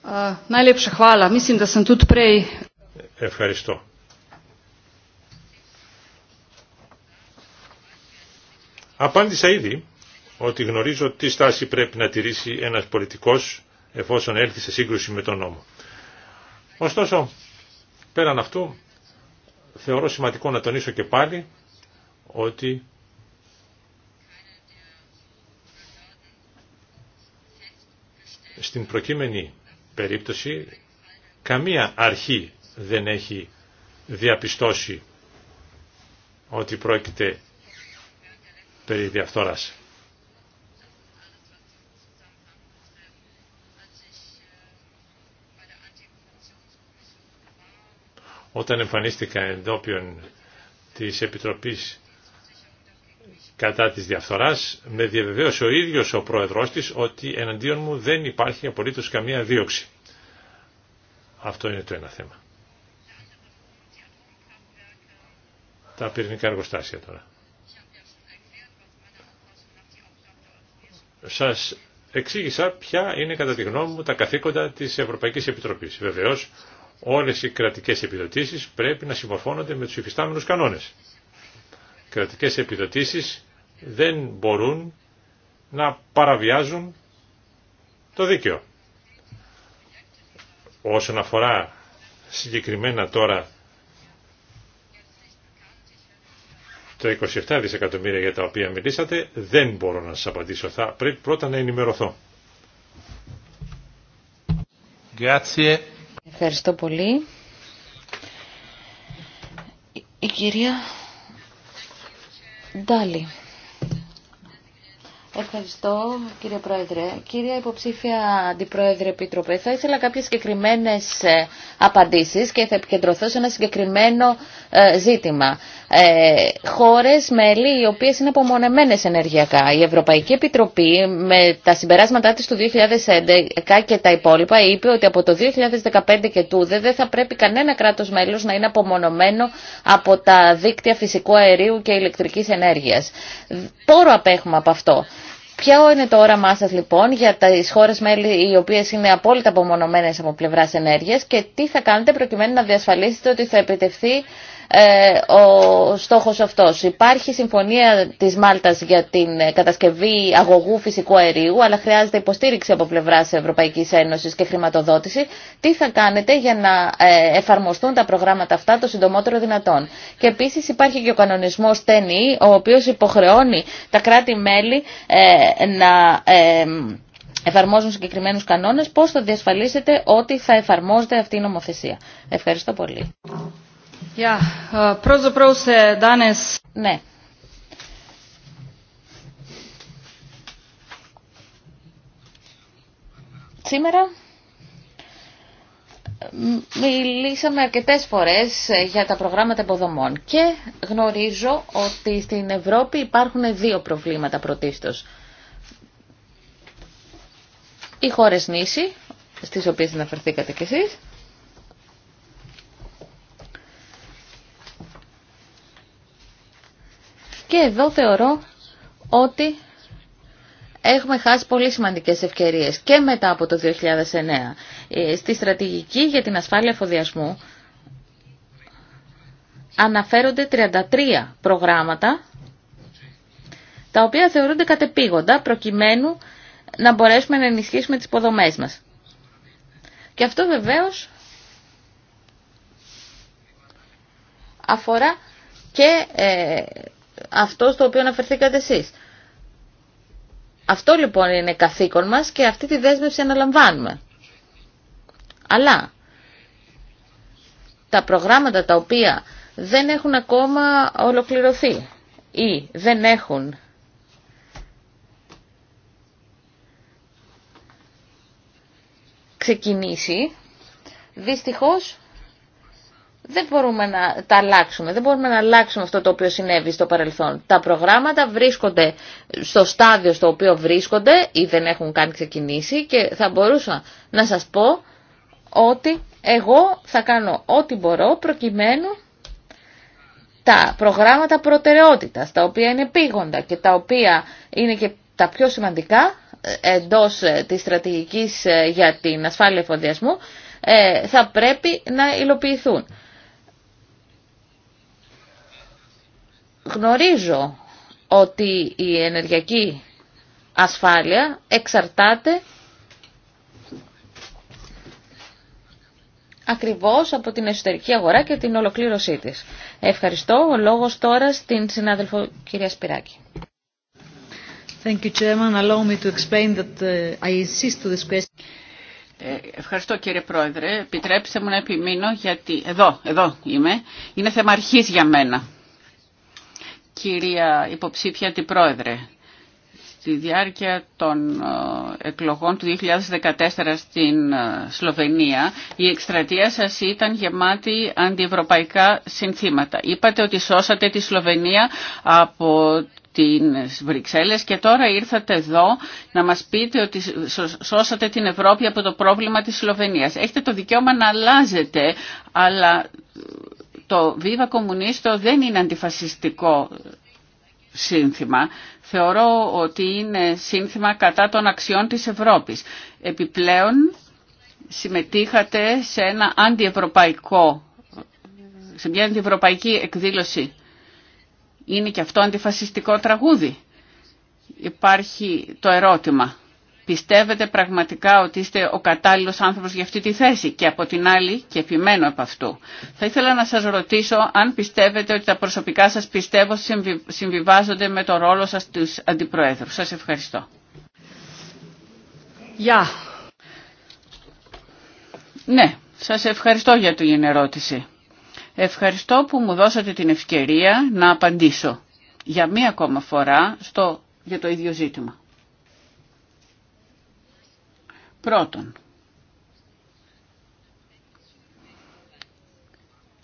Speaker 1: Ε, Ευχαριστώ. Απάντησα ήδη ότι γνωρίζω τι στάση πρέπει να τηρήσει ένας πολιτικός εφόσον έλθει σε σύγκρουση με τον νόμο. Ωστόσο, πέραν αυτού, θεωρώ σημαντικό να τονίσω και πάλι ότι στην προκείμενη περίπτωση καμία αρχή δεν έχει διαπιστώσει ότι πρόκειται περί διαφθοράς. Όταν εμφανίστηκα εντόπιον της Επιτροπής κατά της διαφθοράς, με διαβεβαίωσε ο ίδιος ο πρόεδρός της ότι εναντίον μου δεν υπάρχει απολύτως καμία δίωξη. Αυτό είναι το ένα θέμα. Τα πυρηνικά εργοστάσια τώρα. Σας εξήγησα ποια είναι κατά τη γνώμη μου τα καθήκοντα της Ευρωπαϊκής Επιτροπής. Βεβαίως, όλες οι κρατικές επιδοτήσεις πρέπει να συμμορφώνονται με τους υφιστάμενους κανόνες. Οι κρατικές επιδοτήσεις δεν μπορούν να παραβιάζουν το δίκαιο. Όσον αφορά συγκεκριμένα τώρα τα 27 δισεκατομμύρια για τα οποία μιλήσατε δεν μπορώ να σας απαντήσω. Θα πρέπει πρώτα να ενημερωθώ.
Speaker 2: Ευχαριστώ πολύ. Η κυρία Ντάλι. Ευχαριστώ κύριε Πρόεδρε. Κύριε Υποψήφια Αντιπρόεδρε Επίτροπε, θα ήθελα κάποιες συγκεκριμένες ε, απαντήσεις και θα επικεντρωθώ σε ένα συγκεκριμένο ε, ζήτημα. Ε, χώρες, μέλη, οι οποίες είναι απομονεμένες ενεργειακά. Η Ευρωπαϊκή Επιτροπή με τα συμπεράσματά της του 2011 και τα υπόλοιπα είπε ότι από το 2015 και τούδε δεν θα πρέπει κανένα κράτος μέλος να είναι απομονωμένο από τα δίκτυα φυσικού αερίου και ηλεκτρικής ενέργειας. Πόρο απέχουμε από αυτό. Ποιο είναι το όραμά σας λοιπόν για τις χώρες μέλη οι οποίες είναι απόλυτα απομονωμένες από πλευράς ενέργειας και τι θα κάνετε προκειμένου να διασφαλίσετε ότι θα επιτευχθεί ε, ο στόχος αυτός. Υπάρχει συμφωνία της Μάλτας για την ε, κατασκευή αγωγού φυσικού αερίου, αλλά χρειάζεται υποστήριξη από πλευράς Ευρωπαϊκής Ένωσης και χρηματοδότηση. Τι θα κάνετε για να ε, εφαρμοστούν τα προγράμματα αυτά το συντομότερο δυνατόν. Και επίσης υπάρχει και ο κανονισμός TENI, ο οποίος υποχρεώνει τα κράτη-μέλη να εφαρμόζουν συγκεκριμένους κανόνες. Πώς θα διασφαλίσετε ότι θα εφαρμόζεται αυτή η νομοθεσία. Ευχαριστώ πολύ.
Speaker 5: Ja, e, pravzaprav se Σήμερα
Speaker 2: μιλήσαμε αρκετές φορές ε, για τα προγράμματα υποδομών και γνωρίζω ότι στην Ευρώπη υπάρχουν δύο προβλήματα πρωτίστως. Οι χώρες νήσι, στις οποίες αναφερθήκατε κι εσείς, Και εδώ θεωρώ ότι έχουμε χάσει πολύ σημαντικές ευκαιρίες και μετά από το 2009 ε, στη στρατηγική για την ασφάλεια εφοδιασμού αναφέρονται 33 προγράμματα τα οποία θεωρούνται κατεπήγοντα προκειμένου να μπορέσουμε να ενισχύσουμε τις υποδομές μας. Και αυτό βεβαίως αφορά και ε, αυτό στο οποίο αναφερθήκατε εσείς. Αυτό λοιπόν είναι καθήκον μας και αυτή τη δέσμευση αναλαμβάνουμε. Αλλά τα προγράμματα τα οποία δεν έχουν ακόμα ολοκληρωθεί ή δεν έχουν ξεκινήσει, δυστυχώς δεν μπορούμε να τα αλλάξουμε. Δεν μπορούμε να αλλάξουμε αυτό το οποίο συνέβη στο παρελθόν. Τα προγράμματα βρίσκονται στο στάδιο στο οποίο βρίσκονται ή δεν έχουν καν ξεκινήσει και θα μπορούσα να σας πω ότι εγώ θα κάνω ό,τι μπορώ προκειμένου τα προγράμματα προτεραιότητας, τα οποία είναι πήγοντα και τα οποία είναι και τα πιο σημαντικά ε, εντός ε, της στρατηγικής ε, για την ασφάλεια εφοδιασμού, θα πρέπει να υλοποιηθούν. γνωρίζω ότι η ενεργειακή ασφάλεια εξαρτάται ακριβώς από την εσωτερική αγορά και την ολοκλήρωσή της. Ευχαριστώ. Ο λόγος τώρα στην συνάδελφο κυρία Σπυράκη.
Speaker 4: Ευχαριστώ κύριε Πρόεδρε. Επιτρέψτε μου να επιμείνω γιατί εδώ, εδώ είμαι. Είναι θέμα αρχής για μένα κυρία υποψήφια την πρόεδρε. Στη διάρκεια των ε, εκλογών του 2014 στην ε, Σλοβενία, η εκστρατεία σας ήταν γεμάτη αντιευρωπαϊκά συνθήματα. Είπατε ότι σώσατε τη Σλοβενία από την Βρυξέλλες και τώρα ήρθατε εδώ να μας πείτε ότι σώσατε την Ευρώπη από το πρόβλημα της Σλοβενίας. Έχετε το δικαίωμα να αλλάζετε, αλλά το βίβα Κομμουνίστο δεν είναι αντιφασιστικό σύνθημα. Θεωρώ ότι είναι σύνθημα κατά των αξιών της Ευρώπης. Επιπλέον συμμετείχατε σε ένα αντιευρωπαϊκό, σε μια αντιευρωπαϊκή εκδήλωση. Είναι και αυτό αντιφασιστικό τραγούδι. Υπάρχει το ερώτημα πιστεύετε πραγματικά ότι είστε ο κατάλληλος άνθρωπος για αυτή τη θέση και από την άλλη και επιμένω από αυτού. Θα ήθελα να σας ρωτήσω αν πιστεύετε ότι τα προσωπικά σας πιστεύω συμβιβάζονται με το ρόλο σας του αντιπροέδρου. Σας ευχαριστώ. Γεια. Ναι, σας ευχαριστώ για την ερώτηση. Ευχαριστώ που μου δώσατε την ευκαιρία να απαντήσω για μία ακόμα φορά στο, για το ίδιο ζήτημα. Πρώτον,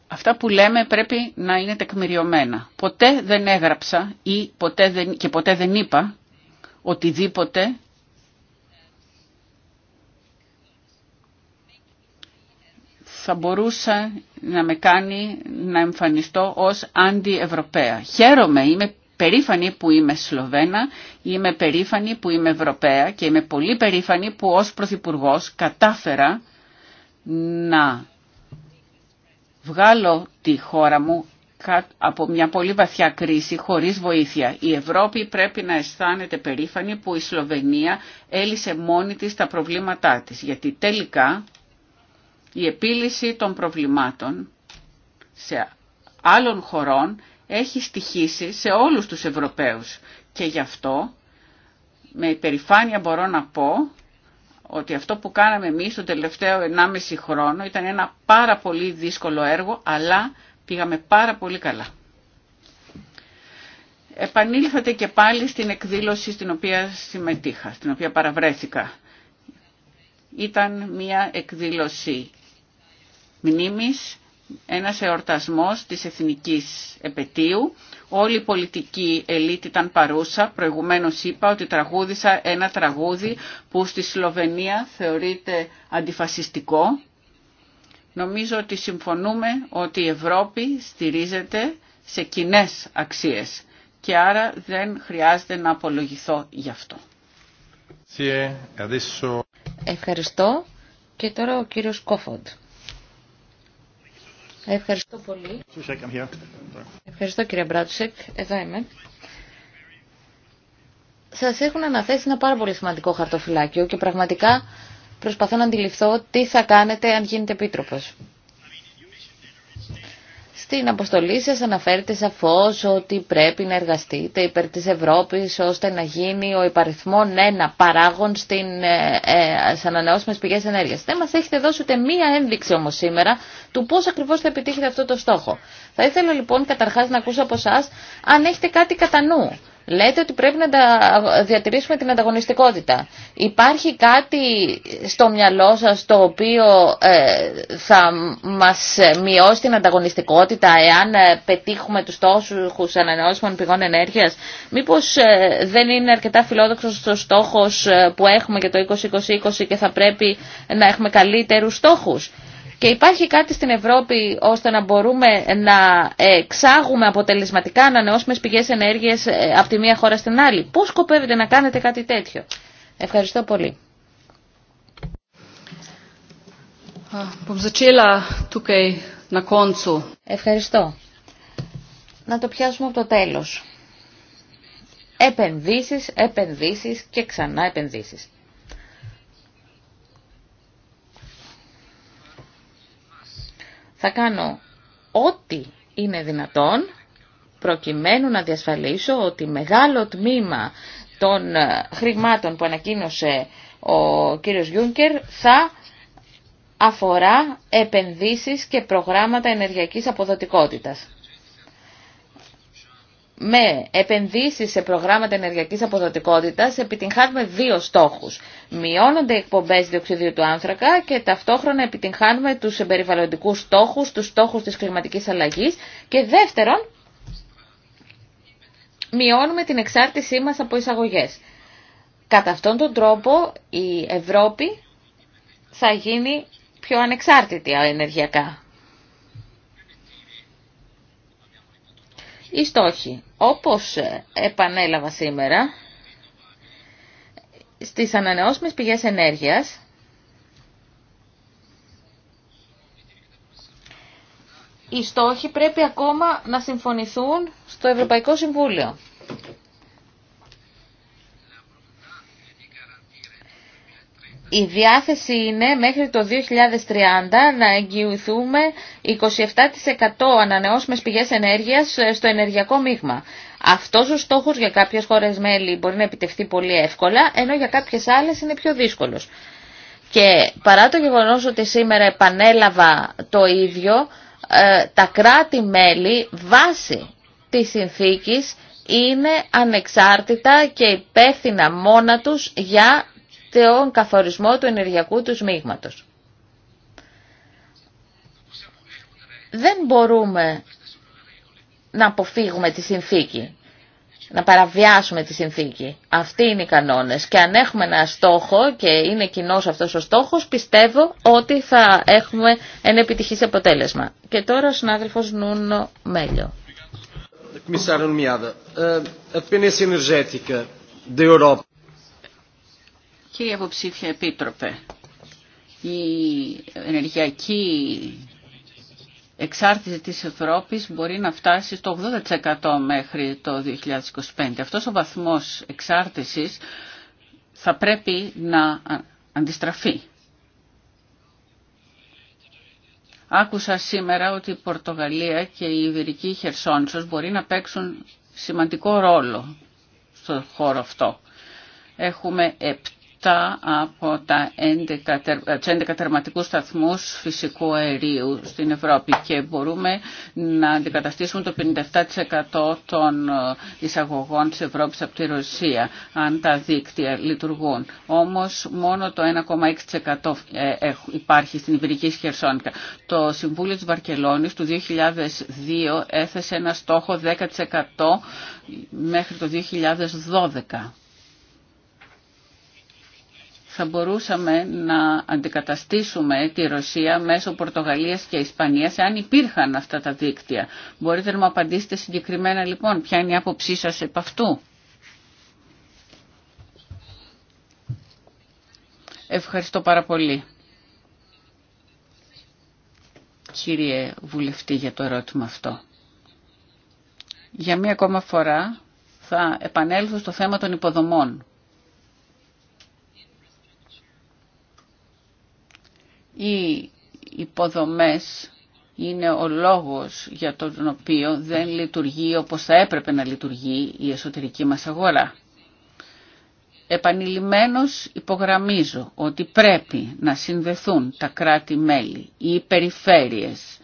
Speaker 4: αυτά που λέμε πρέπει να είναι τεκμηριωμένα. Ποτέ δεν έγραψα ή ποτέ δεν, και ποτέ δεν είπα οτιδήποτε θα μπορούσε να με κάνει να εμφανιστώ ως αντιευρωπαία. Χαίρομαι, είμαι περήφανη που είμαι Σλοβένα, είμαι περήφανη που είμαι Ευρωπαία και είμαι πολύ περήφανη που ως Πρωθυπουργό κατάφερα να βγάλω τη χώρα μου από μια πολύ βαθιά κρίση χωρίς βοήθεια. Η Ευρώπη πρέπει να αισθάνεται περήφανη που η Σλοβενία έλυσε μόνη της τα προβλήματά της. Γιατί τελικά η επίλυση των προβλημάτων σε άλλων χωρών έχει στοιχήσει σε όλους τους Ευρωπαίους. Και γι' αυτό με υπερηφάνεια μπορώ να πω ότι αυτό που κάναμε εμείς το τελευταίο 1,5 χρόνο ήταν ένα πάρα πολύ δύσκολο έργο, αλλά πήγαμε πάρα πολύ καλά. Επανήλθατε και πάλι στην εκδήλωση στην οποία συμμετείχα, στην οποία παραβρέθηκα. Ήταν μια εκδήλωση μνήμης ένας εορτασμός της εθνικής επαιτίου. Όλη η πολιτική ελίτ ήταν παρούσα. Προηγουμένως είπα ότι τραγούδισα ένα τραγούδι που στη Σλοβενία θεωρείται αντιφασιστικό. Νομίζω ότι συμφωνούμε ότι η Ευρώπη στηρίζεται σε κοινέ αξίες και άρα δεν χρειάζεται να απολογηθώ γι' αυτό.
Speaker 2: Ευχαριστώ. Και τώρα ο κύριος Κόφοντ. Ευχαριστώ πολύ. Ευχαριστώ κύριε Μπράτσεκ. Εδώ είμαι. Σας έχουν αναθέσει ένα πάρα πολύ σημαντικό χαρτοφυλάκιο και πραγματικά προσπαθώ να αντιληφθώ τι θα κάνετε αν γίνετε επίτροπο. Στην αποστολή σας αναφέρετε σαφώς ότι πρέπει να εργαστείτε υπέρ της Ευρώπης ώστε να γίνει ο υπαριθμόν ένα παράγων στην, ε, ε ανανεώσιμες πηγές ενέργειας. Δεν μας έχετε δώσει ούτε μία ένδειξη όμως σήμερα του πώς ακριβώς θα επιτύχετε αυτό το στόχο. Θα ήθελα λοιπόν καταρχάς να ακούσω από εσά αν έχετε κάτι κατά νου. Λέτε ότι πρέπει να διατηρήσουμε την ανταγωνιστικότητα. Υπάρχει κάτι στο μυαλό σας το οποίο ε, θα μας μειώσει την ανταγωνιστικότητα εάν ε, πετύχουμε τους τόσους ανανεώσιμων πηγών ενέργειας. Μήπως ε, δεν είναι αρκετά φιλόδοξος ο στόχος που έχουμε για το 2020 και θα πρέπει να έχουμε καλύτερους στόχους. Και υπάρχει κάτι στην Ευρώπη ώστε να μπορούμε να εξάγουμε αποτελεσματικά ανανεώσιμες πηγές ενέργειας ε, από τη μία χώρα στην άλλη. Πώς σκοπεύετε να κάνετε κάτι τέτοιο.
Speaker 5: Ευχαριστώ πολύ. Ευχαριστώ. Να το
Speaker 2: πιάσουμε από το τέλος. Επενδύσεις, επενδύσεις και ξανά επενδύσεις. Θα κάνω ό,τι είναι δυνατόν προκειμένου να διασφαλίσω ότι μεγάλο τμήμα των ε, χρημάτων που ανακοίνωσε ο κύριος Γιούνκερ θα αφορά επενδύσεις και προγράμματα ενεργειακής αποδοτικότητας με επενδύσεις σε προγράμματα ενεργειακής αποδοτικότητας επιτυγχάνουμε δύο στόχους. Μειώνονται οι εκπομπές διοξιδίου του άνθρακα και ταυτόχρονα επιτυγχάνουμε τους περιβαλλοντικούς στόχους, τους στόχους της κλιματικής αλλαγής και δεύτερον μειώνουμε την εξάρτησή μας από εισαγωγές. Κατά αυτόν τον τρόπο η Ευρώπη θα γίνει πιο ανεξάρτητη ενεργειακά. Οι στόχοι. Όπως ε, επανέλαβα σήμερα, στις ανανεώσιμες πηγές ενέργειας, οι στόχοι πρέπει ακόμα να συμφωνηθούν στο Ευρωπαϊκό Συμβούλιο. Η διάθεση είναι μέχρι το 2030 να εγγυηθούμε 27% ανανεώσιμες πηγές ενέργειας ε, στο ενεργειακό μείγμα. Αυτός ο στόχος για κάποιες χώρες μέλη μπορεί να επιτευχθεί πολύ εύκολα, ενώ για κάποιες άλλες είναι πιο δύσκολος. Και παρά το γεγονός ότι σήμερα επανέλαβα το ίδιο, ε, τα κράτη-μέλη βάσει της συνθήκης είναι ανεξάρτητα και υπεύθυνα μόνα τους για τον καθορισμό του ενεργειακού του σμίγματος. Δεν μπορούμε να αποφύγουμε τη συνθήκη, να παραβιάσουμε τη συνθήκη. Αυτοί είναι οι κανόνες και αν έχουμε ένα στόχο και είναι κοινό αυτός ο στόχος, πιστεύω ότι θα έχουμε ένα επιτυχής αποτέλεσμα. Και τώρα ο συνάδελφος Νούνο Μέλιο.
Speaker 5: nomeada, a energética
Speaker 4: Κύριε Αποψήφια Επίτροπε, η ενεργειακή εξάρτηση της Ευρώπης μπορεί να φτάσει στο 80% μέχρι το 2025. Αυτός ο βαθμός εξάρτησης θα πρέπει να αντιστραφεί. Άκουσα σήμερα ότι η Πορτογαλία και η Ιβηρική Χερσόνησος μπορεί να παίξουν σημαντικό ρόλο στον χώρο αυτό. Έχουμε από τα 11, θερματικούς ε, σταθμούς φυσικού αερίου στην Ευρώπη και μπορούμε να αντικαταστήσουμε το 57% των ε, εισαγωγών της Ευρώπης από τη Ρωσία αν τα δίκτυα λειτουργούν. Όμως μόνο το 1,6% ε, υπάρχει στην Ιβυρική Σχερσόνικα. Το Συμβούλιο της Βαρκελόνης του 2002 έθεσε ένα στόχο 10% μέχρι το 2012 θα μπορούσαμε να αντικαταστήσουμε τη Ρωσία μέσω Πορτογαλίας και Ισπανίας αν υπήρχαν αυτά τα δίκτυα. Μπορείτε να μου απαντήσετε συγκεκριμένα λοιπόν ποια είναι η άποψή σας επ' αυτού. Ευχαριστώ πάρα πολύ. Κύριε Βουλευτή για το ερώτημα αυτό. Για μία ακόμα φορά θα επανέλθω στο θέμα των υποδομών οι υποδομές είναι ο λόγος για τον οποίο δεν λειτουργεί όπως θα έπρεπε να λειτουργεί η εσωτερική μας αγορά. Επανειλημμένως υπογραμμίζω ότι πρέπει να συνδεθούν τα κράτη-μέλη, οι περιφέρειες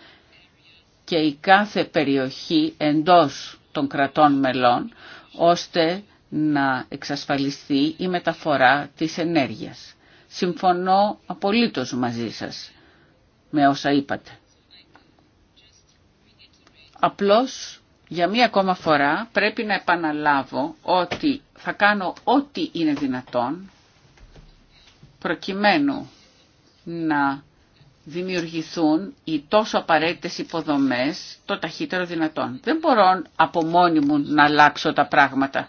Speaker 4: και η κάθε περιοχή εντός των κρατών μελών, ώστε να εξασφαλιστεί η μεταφορά της ενέργειας συμφωνώ απολύτως μαζί σας με όσα είπατε. Απλώς για μία ακόμα φορά πρέπει να επαναλάβω ότι θα κάνω ό,τι είναι δυνατόν προκειμένου να δημιουργηθούν οι τόσο απαραίτητες υποδομές το ταχύτερο δυνατόν. Δεν μπορώ από μόνη μου να αλλάξω τα πράγματα.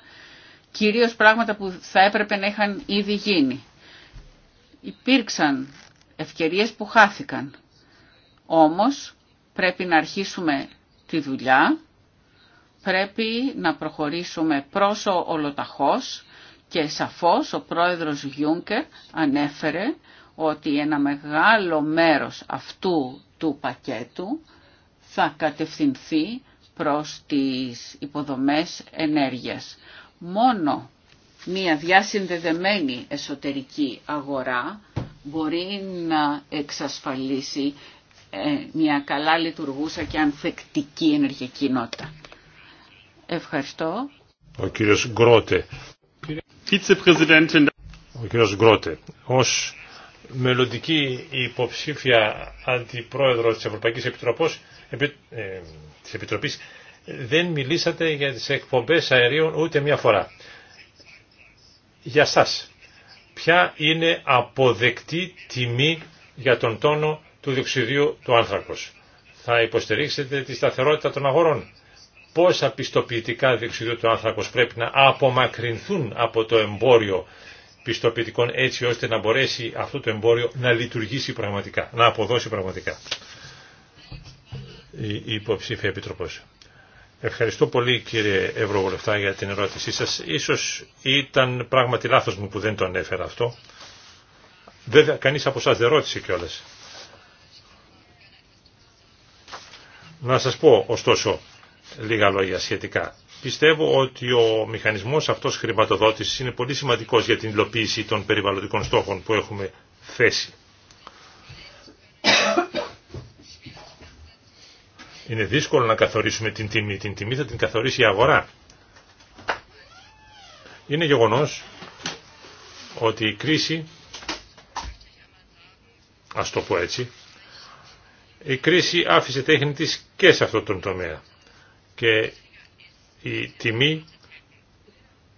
Speaker 4: Κυρίως πράγματα που θα έπρεπε να είχαν ήδη γίνει υπήρξαν ευκαιρίες που χάθηκαν. Όμως πρέπει να αρχίσουμε τη δουλειά, πρέπει να προχωρήσουμε πρόσω ολοταχώς και σαφώς ο πρόεδρος Γιούνκερ ανέφερε ότι ένα μεγάλο μέρος αυτού του πακέτου θα κατευθυνθεί προς τις υποδομές ενέργειας. Μόνο μια διασυνδεδεμένη εσωτερική αγορά μπορεί να εξασφαλίσει ε, μια καλά λειτουργούσα και ανθεκτική ενεργειακή κοινότητα. Ευχαριστώ.
Speaker 1: Ο κύριος Γκρότε. Ο κύριος Γκρότε, ως μελλοντική υποψήφια αντιπρόεδρος της Ευρωπαϊκής Επιτροπής, ε, Επιτροπής δεν μιλήσατε για τις εκπομπές αερίων ούτε μία φορά για σας. Ποια είναι αποδεκτή τιμή για τον τόνο του διοξιδίου του άνθρακος. Θα υποστηρίξετε τη σταθερότητα των αγορών. Πόσα πιστοποιητικά διοξιδίου του άνθρακος πρέπει να απομακρυνθούν από το εμπόριο πιστοποιητικών έτσι ώστε να μπορέσει αυτό το εμπόριο να λειτουργήσει πραγματικά, να αποδώσει πραγματικά. Η υποψήφια Επιτροπός. Ευχαριστώ πολύ κύριε Ευρωβουλευτά για την ερώτησή σας. Ίσως ήταν πράγματι λάθος μου που δεν το ανέφερα αυτό. Βέβαια κανείς από εσάς δεν ρώτησε κιόλας. Να σας πω ωστόσο λίγα λόγια σχετικά. Πιστεύω ότι ο μηχανισμός αυτός χρηματοδότησης είναι πολύ σημαντικός για την υλοποίηση των περιβαλλοντικών στόχων που έχουμε θέσει. Είναι δύσκολο να καθορίσουμε την τιμή. Την τιμή θα την καθορίσει η αγορά. Είναι γεγονός ότι η κρίση, ας το πω έτσι, η κρίση άφησε τέχνη της και σε αυτόν τον τομέα. Και η τιμή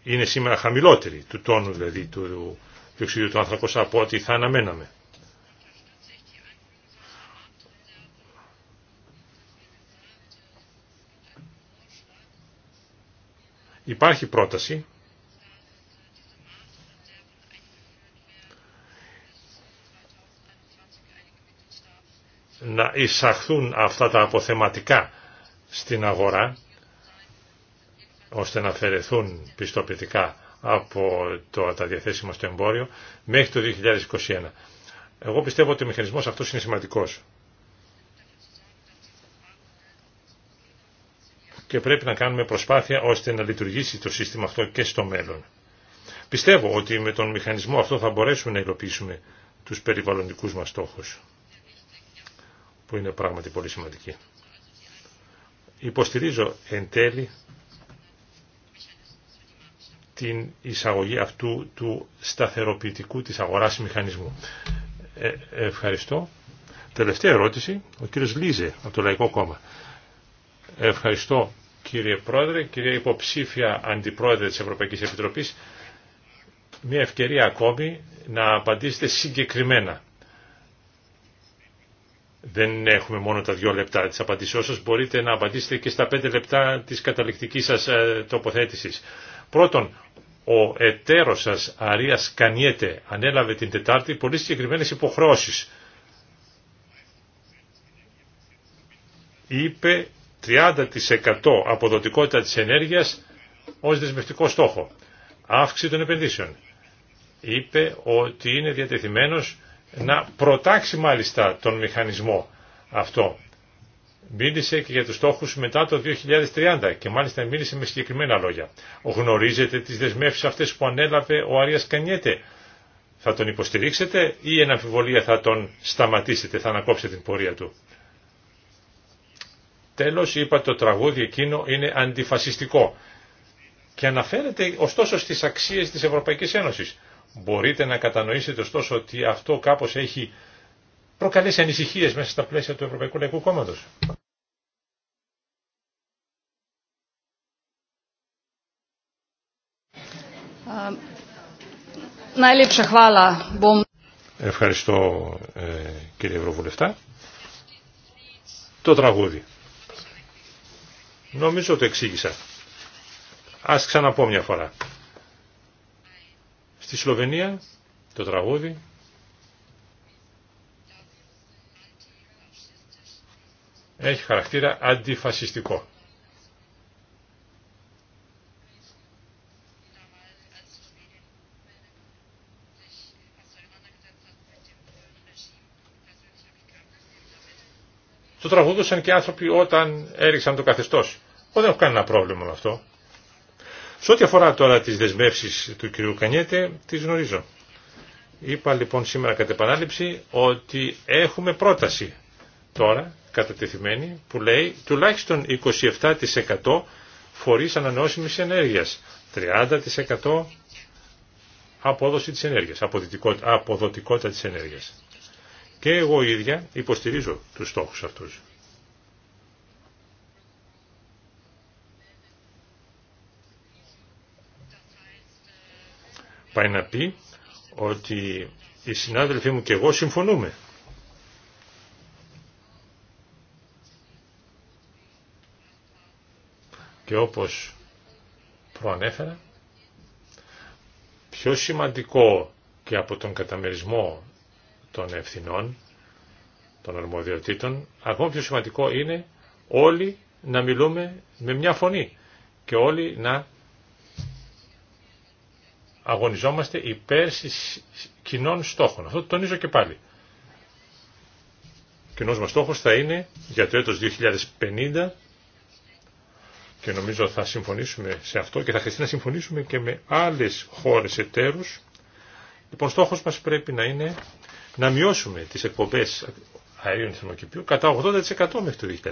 Speaker 1: είναι σήμερα χαμηλότερη, του τόνου δηλαδή του διοξιδίου του άνθρακος από ό,τι θα αναμέναμε. Υπάρχει πρόταση να εισαχθούν αυτά τα αποθεματικά στην αγορά ώστε να αφαιρεθούν πιστοποιητικά από το, τα διαθέσιμα στο εμπόριο μέχρι το 2021. Εγώ πιστεύω ότι ο μηχανισμός αυτός είναι σημαντικός. και πρέπει να κάνουμε προσπάθεια ώστε να λειτουργήσει το σύστημα αυτό και στο μέλλον. Πιστεύω ότι με τον μηχανισμό αυτό θα μπορέσουμε να υλοποιήσουμε τους περιβαλλοντικούς μας στόχους, που είναι πράγματι πολύ σημαντικοί. Υποστηρίζω εν τέλει την εισαγωγή αυτού του σταθεροποιητικού της αγοράς μηχανισμού. Ε, ευχαριστώ. Τελευταία ερώτηση, ο κύριος Λίζε από το Λαϊκό Κόμμα. Ευχαριστώ κύριε Πρόεδρε, κυρία υποψήφια Αντιπρόεδρε της Ευρωπαϊκής Επιτροπής, μια ευκαιρία ακόμη να απαντήσετε συγκεκριμένα. Δεν έχουμε μόνο τα δύο λεπτά της απαντήσεώς σας, μπορείτε να απαντήσετε και στα πέντε λεπτά της καταληκτικής σας ε, τοποθέτησης. Πρώτον, ο εταίρος σας, Αρίας Κανιέτε, ανέλαβε την Τετάρτη πολύ συγκεκριμένες υποχρεώσεις. Είπε 30% αποδοτικότητα της ενέργειας ως δεσμευτικό στόχο. Αύξηση των επενδύσεων. Είπε ότι είναι διατεθειμένος να προτάξει μάλιστα τον μηχανισμό αυτό. Μίλησε και για τους στόχους μετά το 2030 και μάλιστα μίλησε με συγκεκριμένα λόγια. Γνωρίζετε τις δεσμεύσεις αυτές που ανέλαβε ο Αρίας Κανιέτε. Θα τον υποστηρίξετε ή εν αμφιβολία θα τον σταματήσετε, θα ανακόψετε την πορεία του. Τέλος είπα το τραγούδι εκείνο είναι αντιφασιστικό και αναφέρεται ωστόσο στις αξίες της Ευρωπαϊκής Ένωσης. Μπορείτε να κατανοήσετε ωστόσο ότι αυτό κάπως έχει προκαλέσει ανησυχίες μέσα στα πλαίσια του Ευρωπαϊκού Λαϊκού Κόμματος. Ε, Ευχαριστώ ε, κύριε Ευρωβουλευτά. Το τραγούδι. Νομίζω το εξήγησα. Ας ξαναπώ μια φορά. Στη Σλοβενία το τραγούδι έχει χαρακτήρα αντιφασιστικό. τραγουδούσαν και άνθρωποι όταν έριξαν το καθεστώ. Εγώ δεν έχω κανένα πρόβλημα με αυτό. Σε ό,τι αφορά τώρα τι δεσμεύσει του κυρίου Κανιέτε, τις γνωρίζω. Είπα λοιπόν σήμερα κατά επανάληψη ότι έχουμε πρόταση τώρα κατατεθειμένη που λέει τουλάχιστον 27% φορείς ανανεώσιμης ενέργειας, 30% απόδοση της ενέργειας, αποδοτικότητα της ενέργειας. Και εγώ ίδια υποστηρίζω τους στόχους αυτούς. Πάει να πει ότι οι συνάδελφοί μου και εγώ συμφωνούμε. Και όπως προανέφερα, πιο σημαντικό και από τον καταμερισμό των ευθυνών, των αρμοδιοτήτων, ακόμα πιο σημαντικό είναι όλοι να μιλούμε με μια φωνή και όλοι να αγωνιζόμαστε υπέρ κοινών στόχων. Αυτό το τονίζω και πάλι. Ο κοινός μας στόχος θα είναι για το έτος 2050 και νομίζω θα συμφωνήσουμε σε αυτό και θα χρειαστεί να συμφωνήσουμε και με άλλες χώρες εταίρους. Λοιπόν, στόχος μας πρέπει να είναι να μειώσουμε τις εκπομπές αερίων θερμοκηπίου κατά 80% μέχρι το 2050.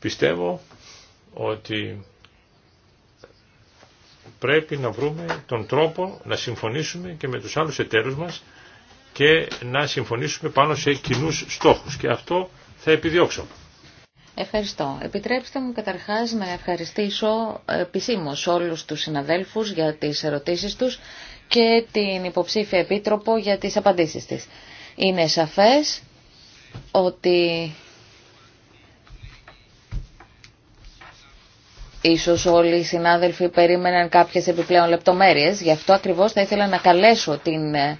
Speaker 1: Πιστεύω ότι πρέπει να βρούμε τον τρόπο να συμφωνήσουμε και με τους άλλους εταίρους μας και να συμφωνήσουμε πάνω σε κοινούς στόχους και αυτό θα επιδιώξω.
Speaker 2: Ευχαριστώ. Επιτρέψτε μου καταρχάς να ευχαριστήσω ε, επισήμως όλους τους συναδέλφους για τις ερωτήσεις τους και την υποψήφια επίτροπο για τις απαντήσεις της. Είναι σαφές ότι Ίσως όλοι οι συνάδελφοι περίμεναν κάποιες επιπλέον λεπτομέρειες, γι' αυτό ακριβώς θα ήθελα να καλέσω την ε,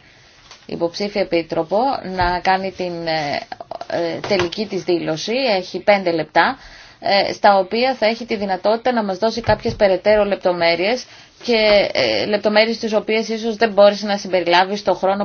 Speaker 2: υποψήφια επίτροπο να κάνει την ε, ε, τελική της δήλωση. Έχει πέντε λεπτά ε, στα οποία θα έχει τη δυνατότητα να μας δώσει κάποιες περαιτέρω λεπτομέρειες και λεπτομέρειες τις οποίες ίσως δεν μπόρεσε να συμπεριλάβει στο χρόνο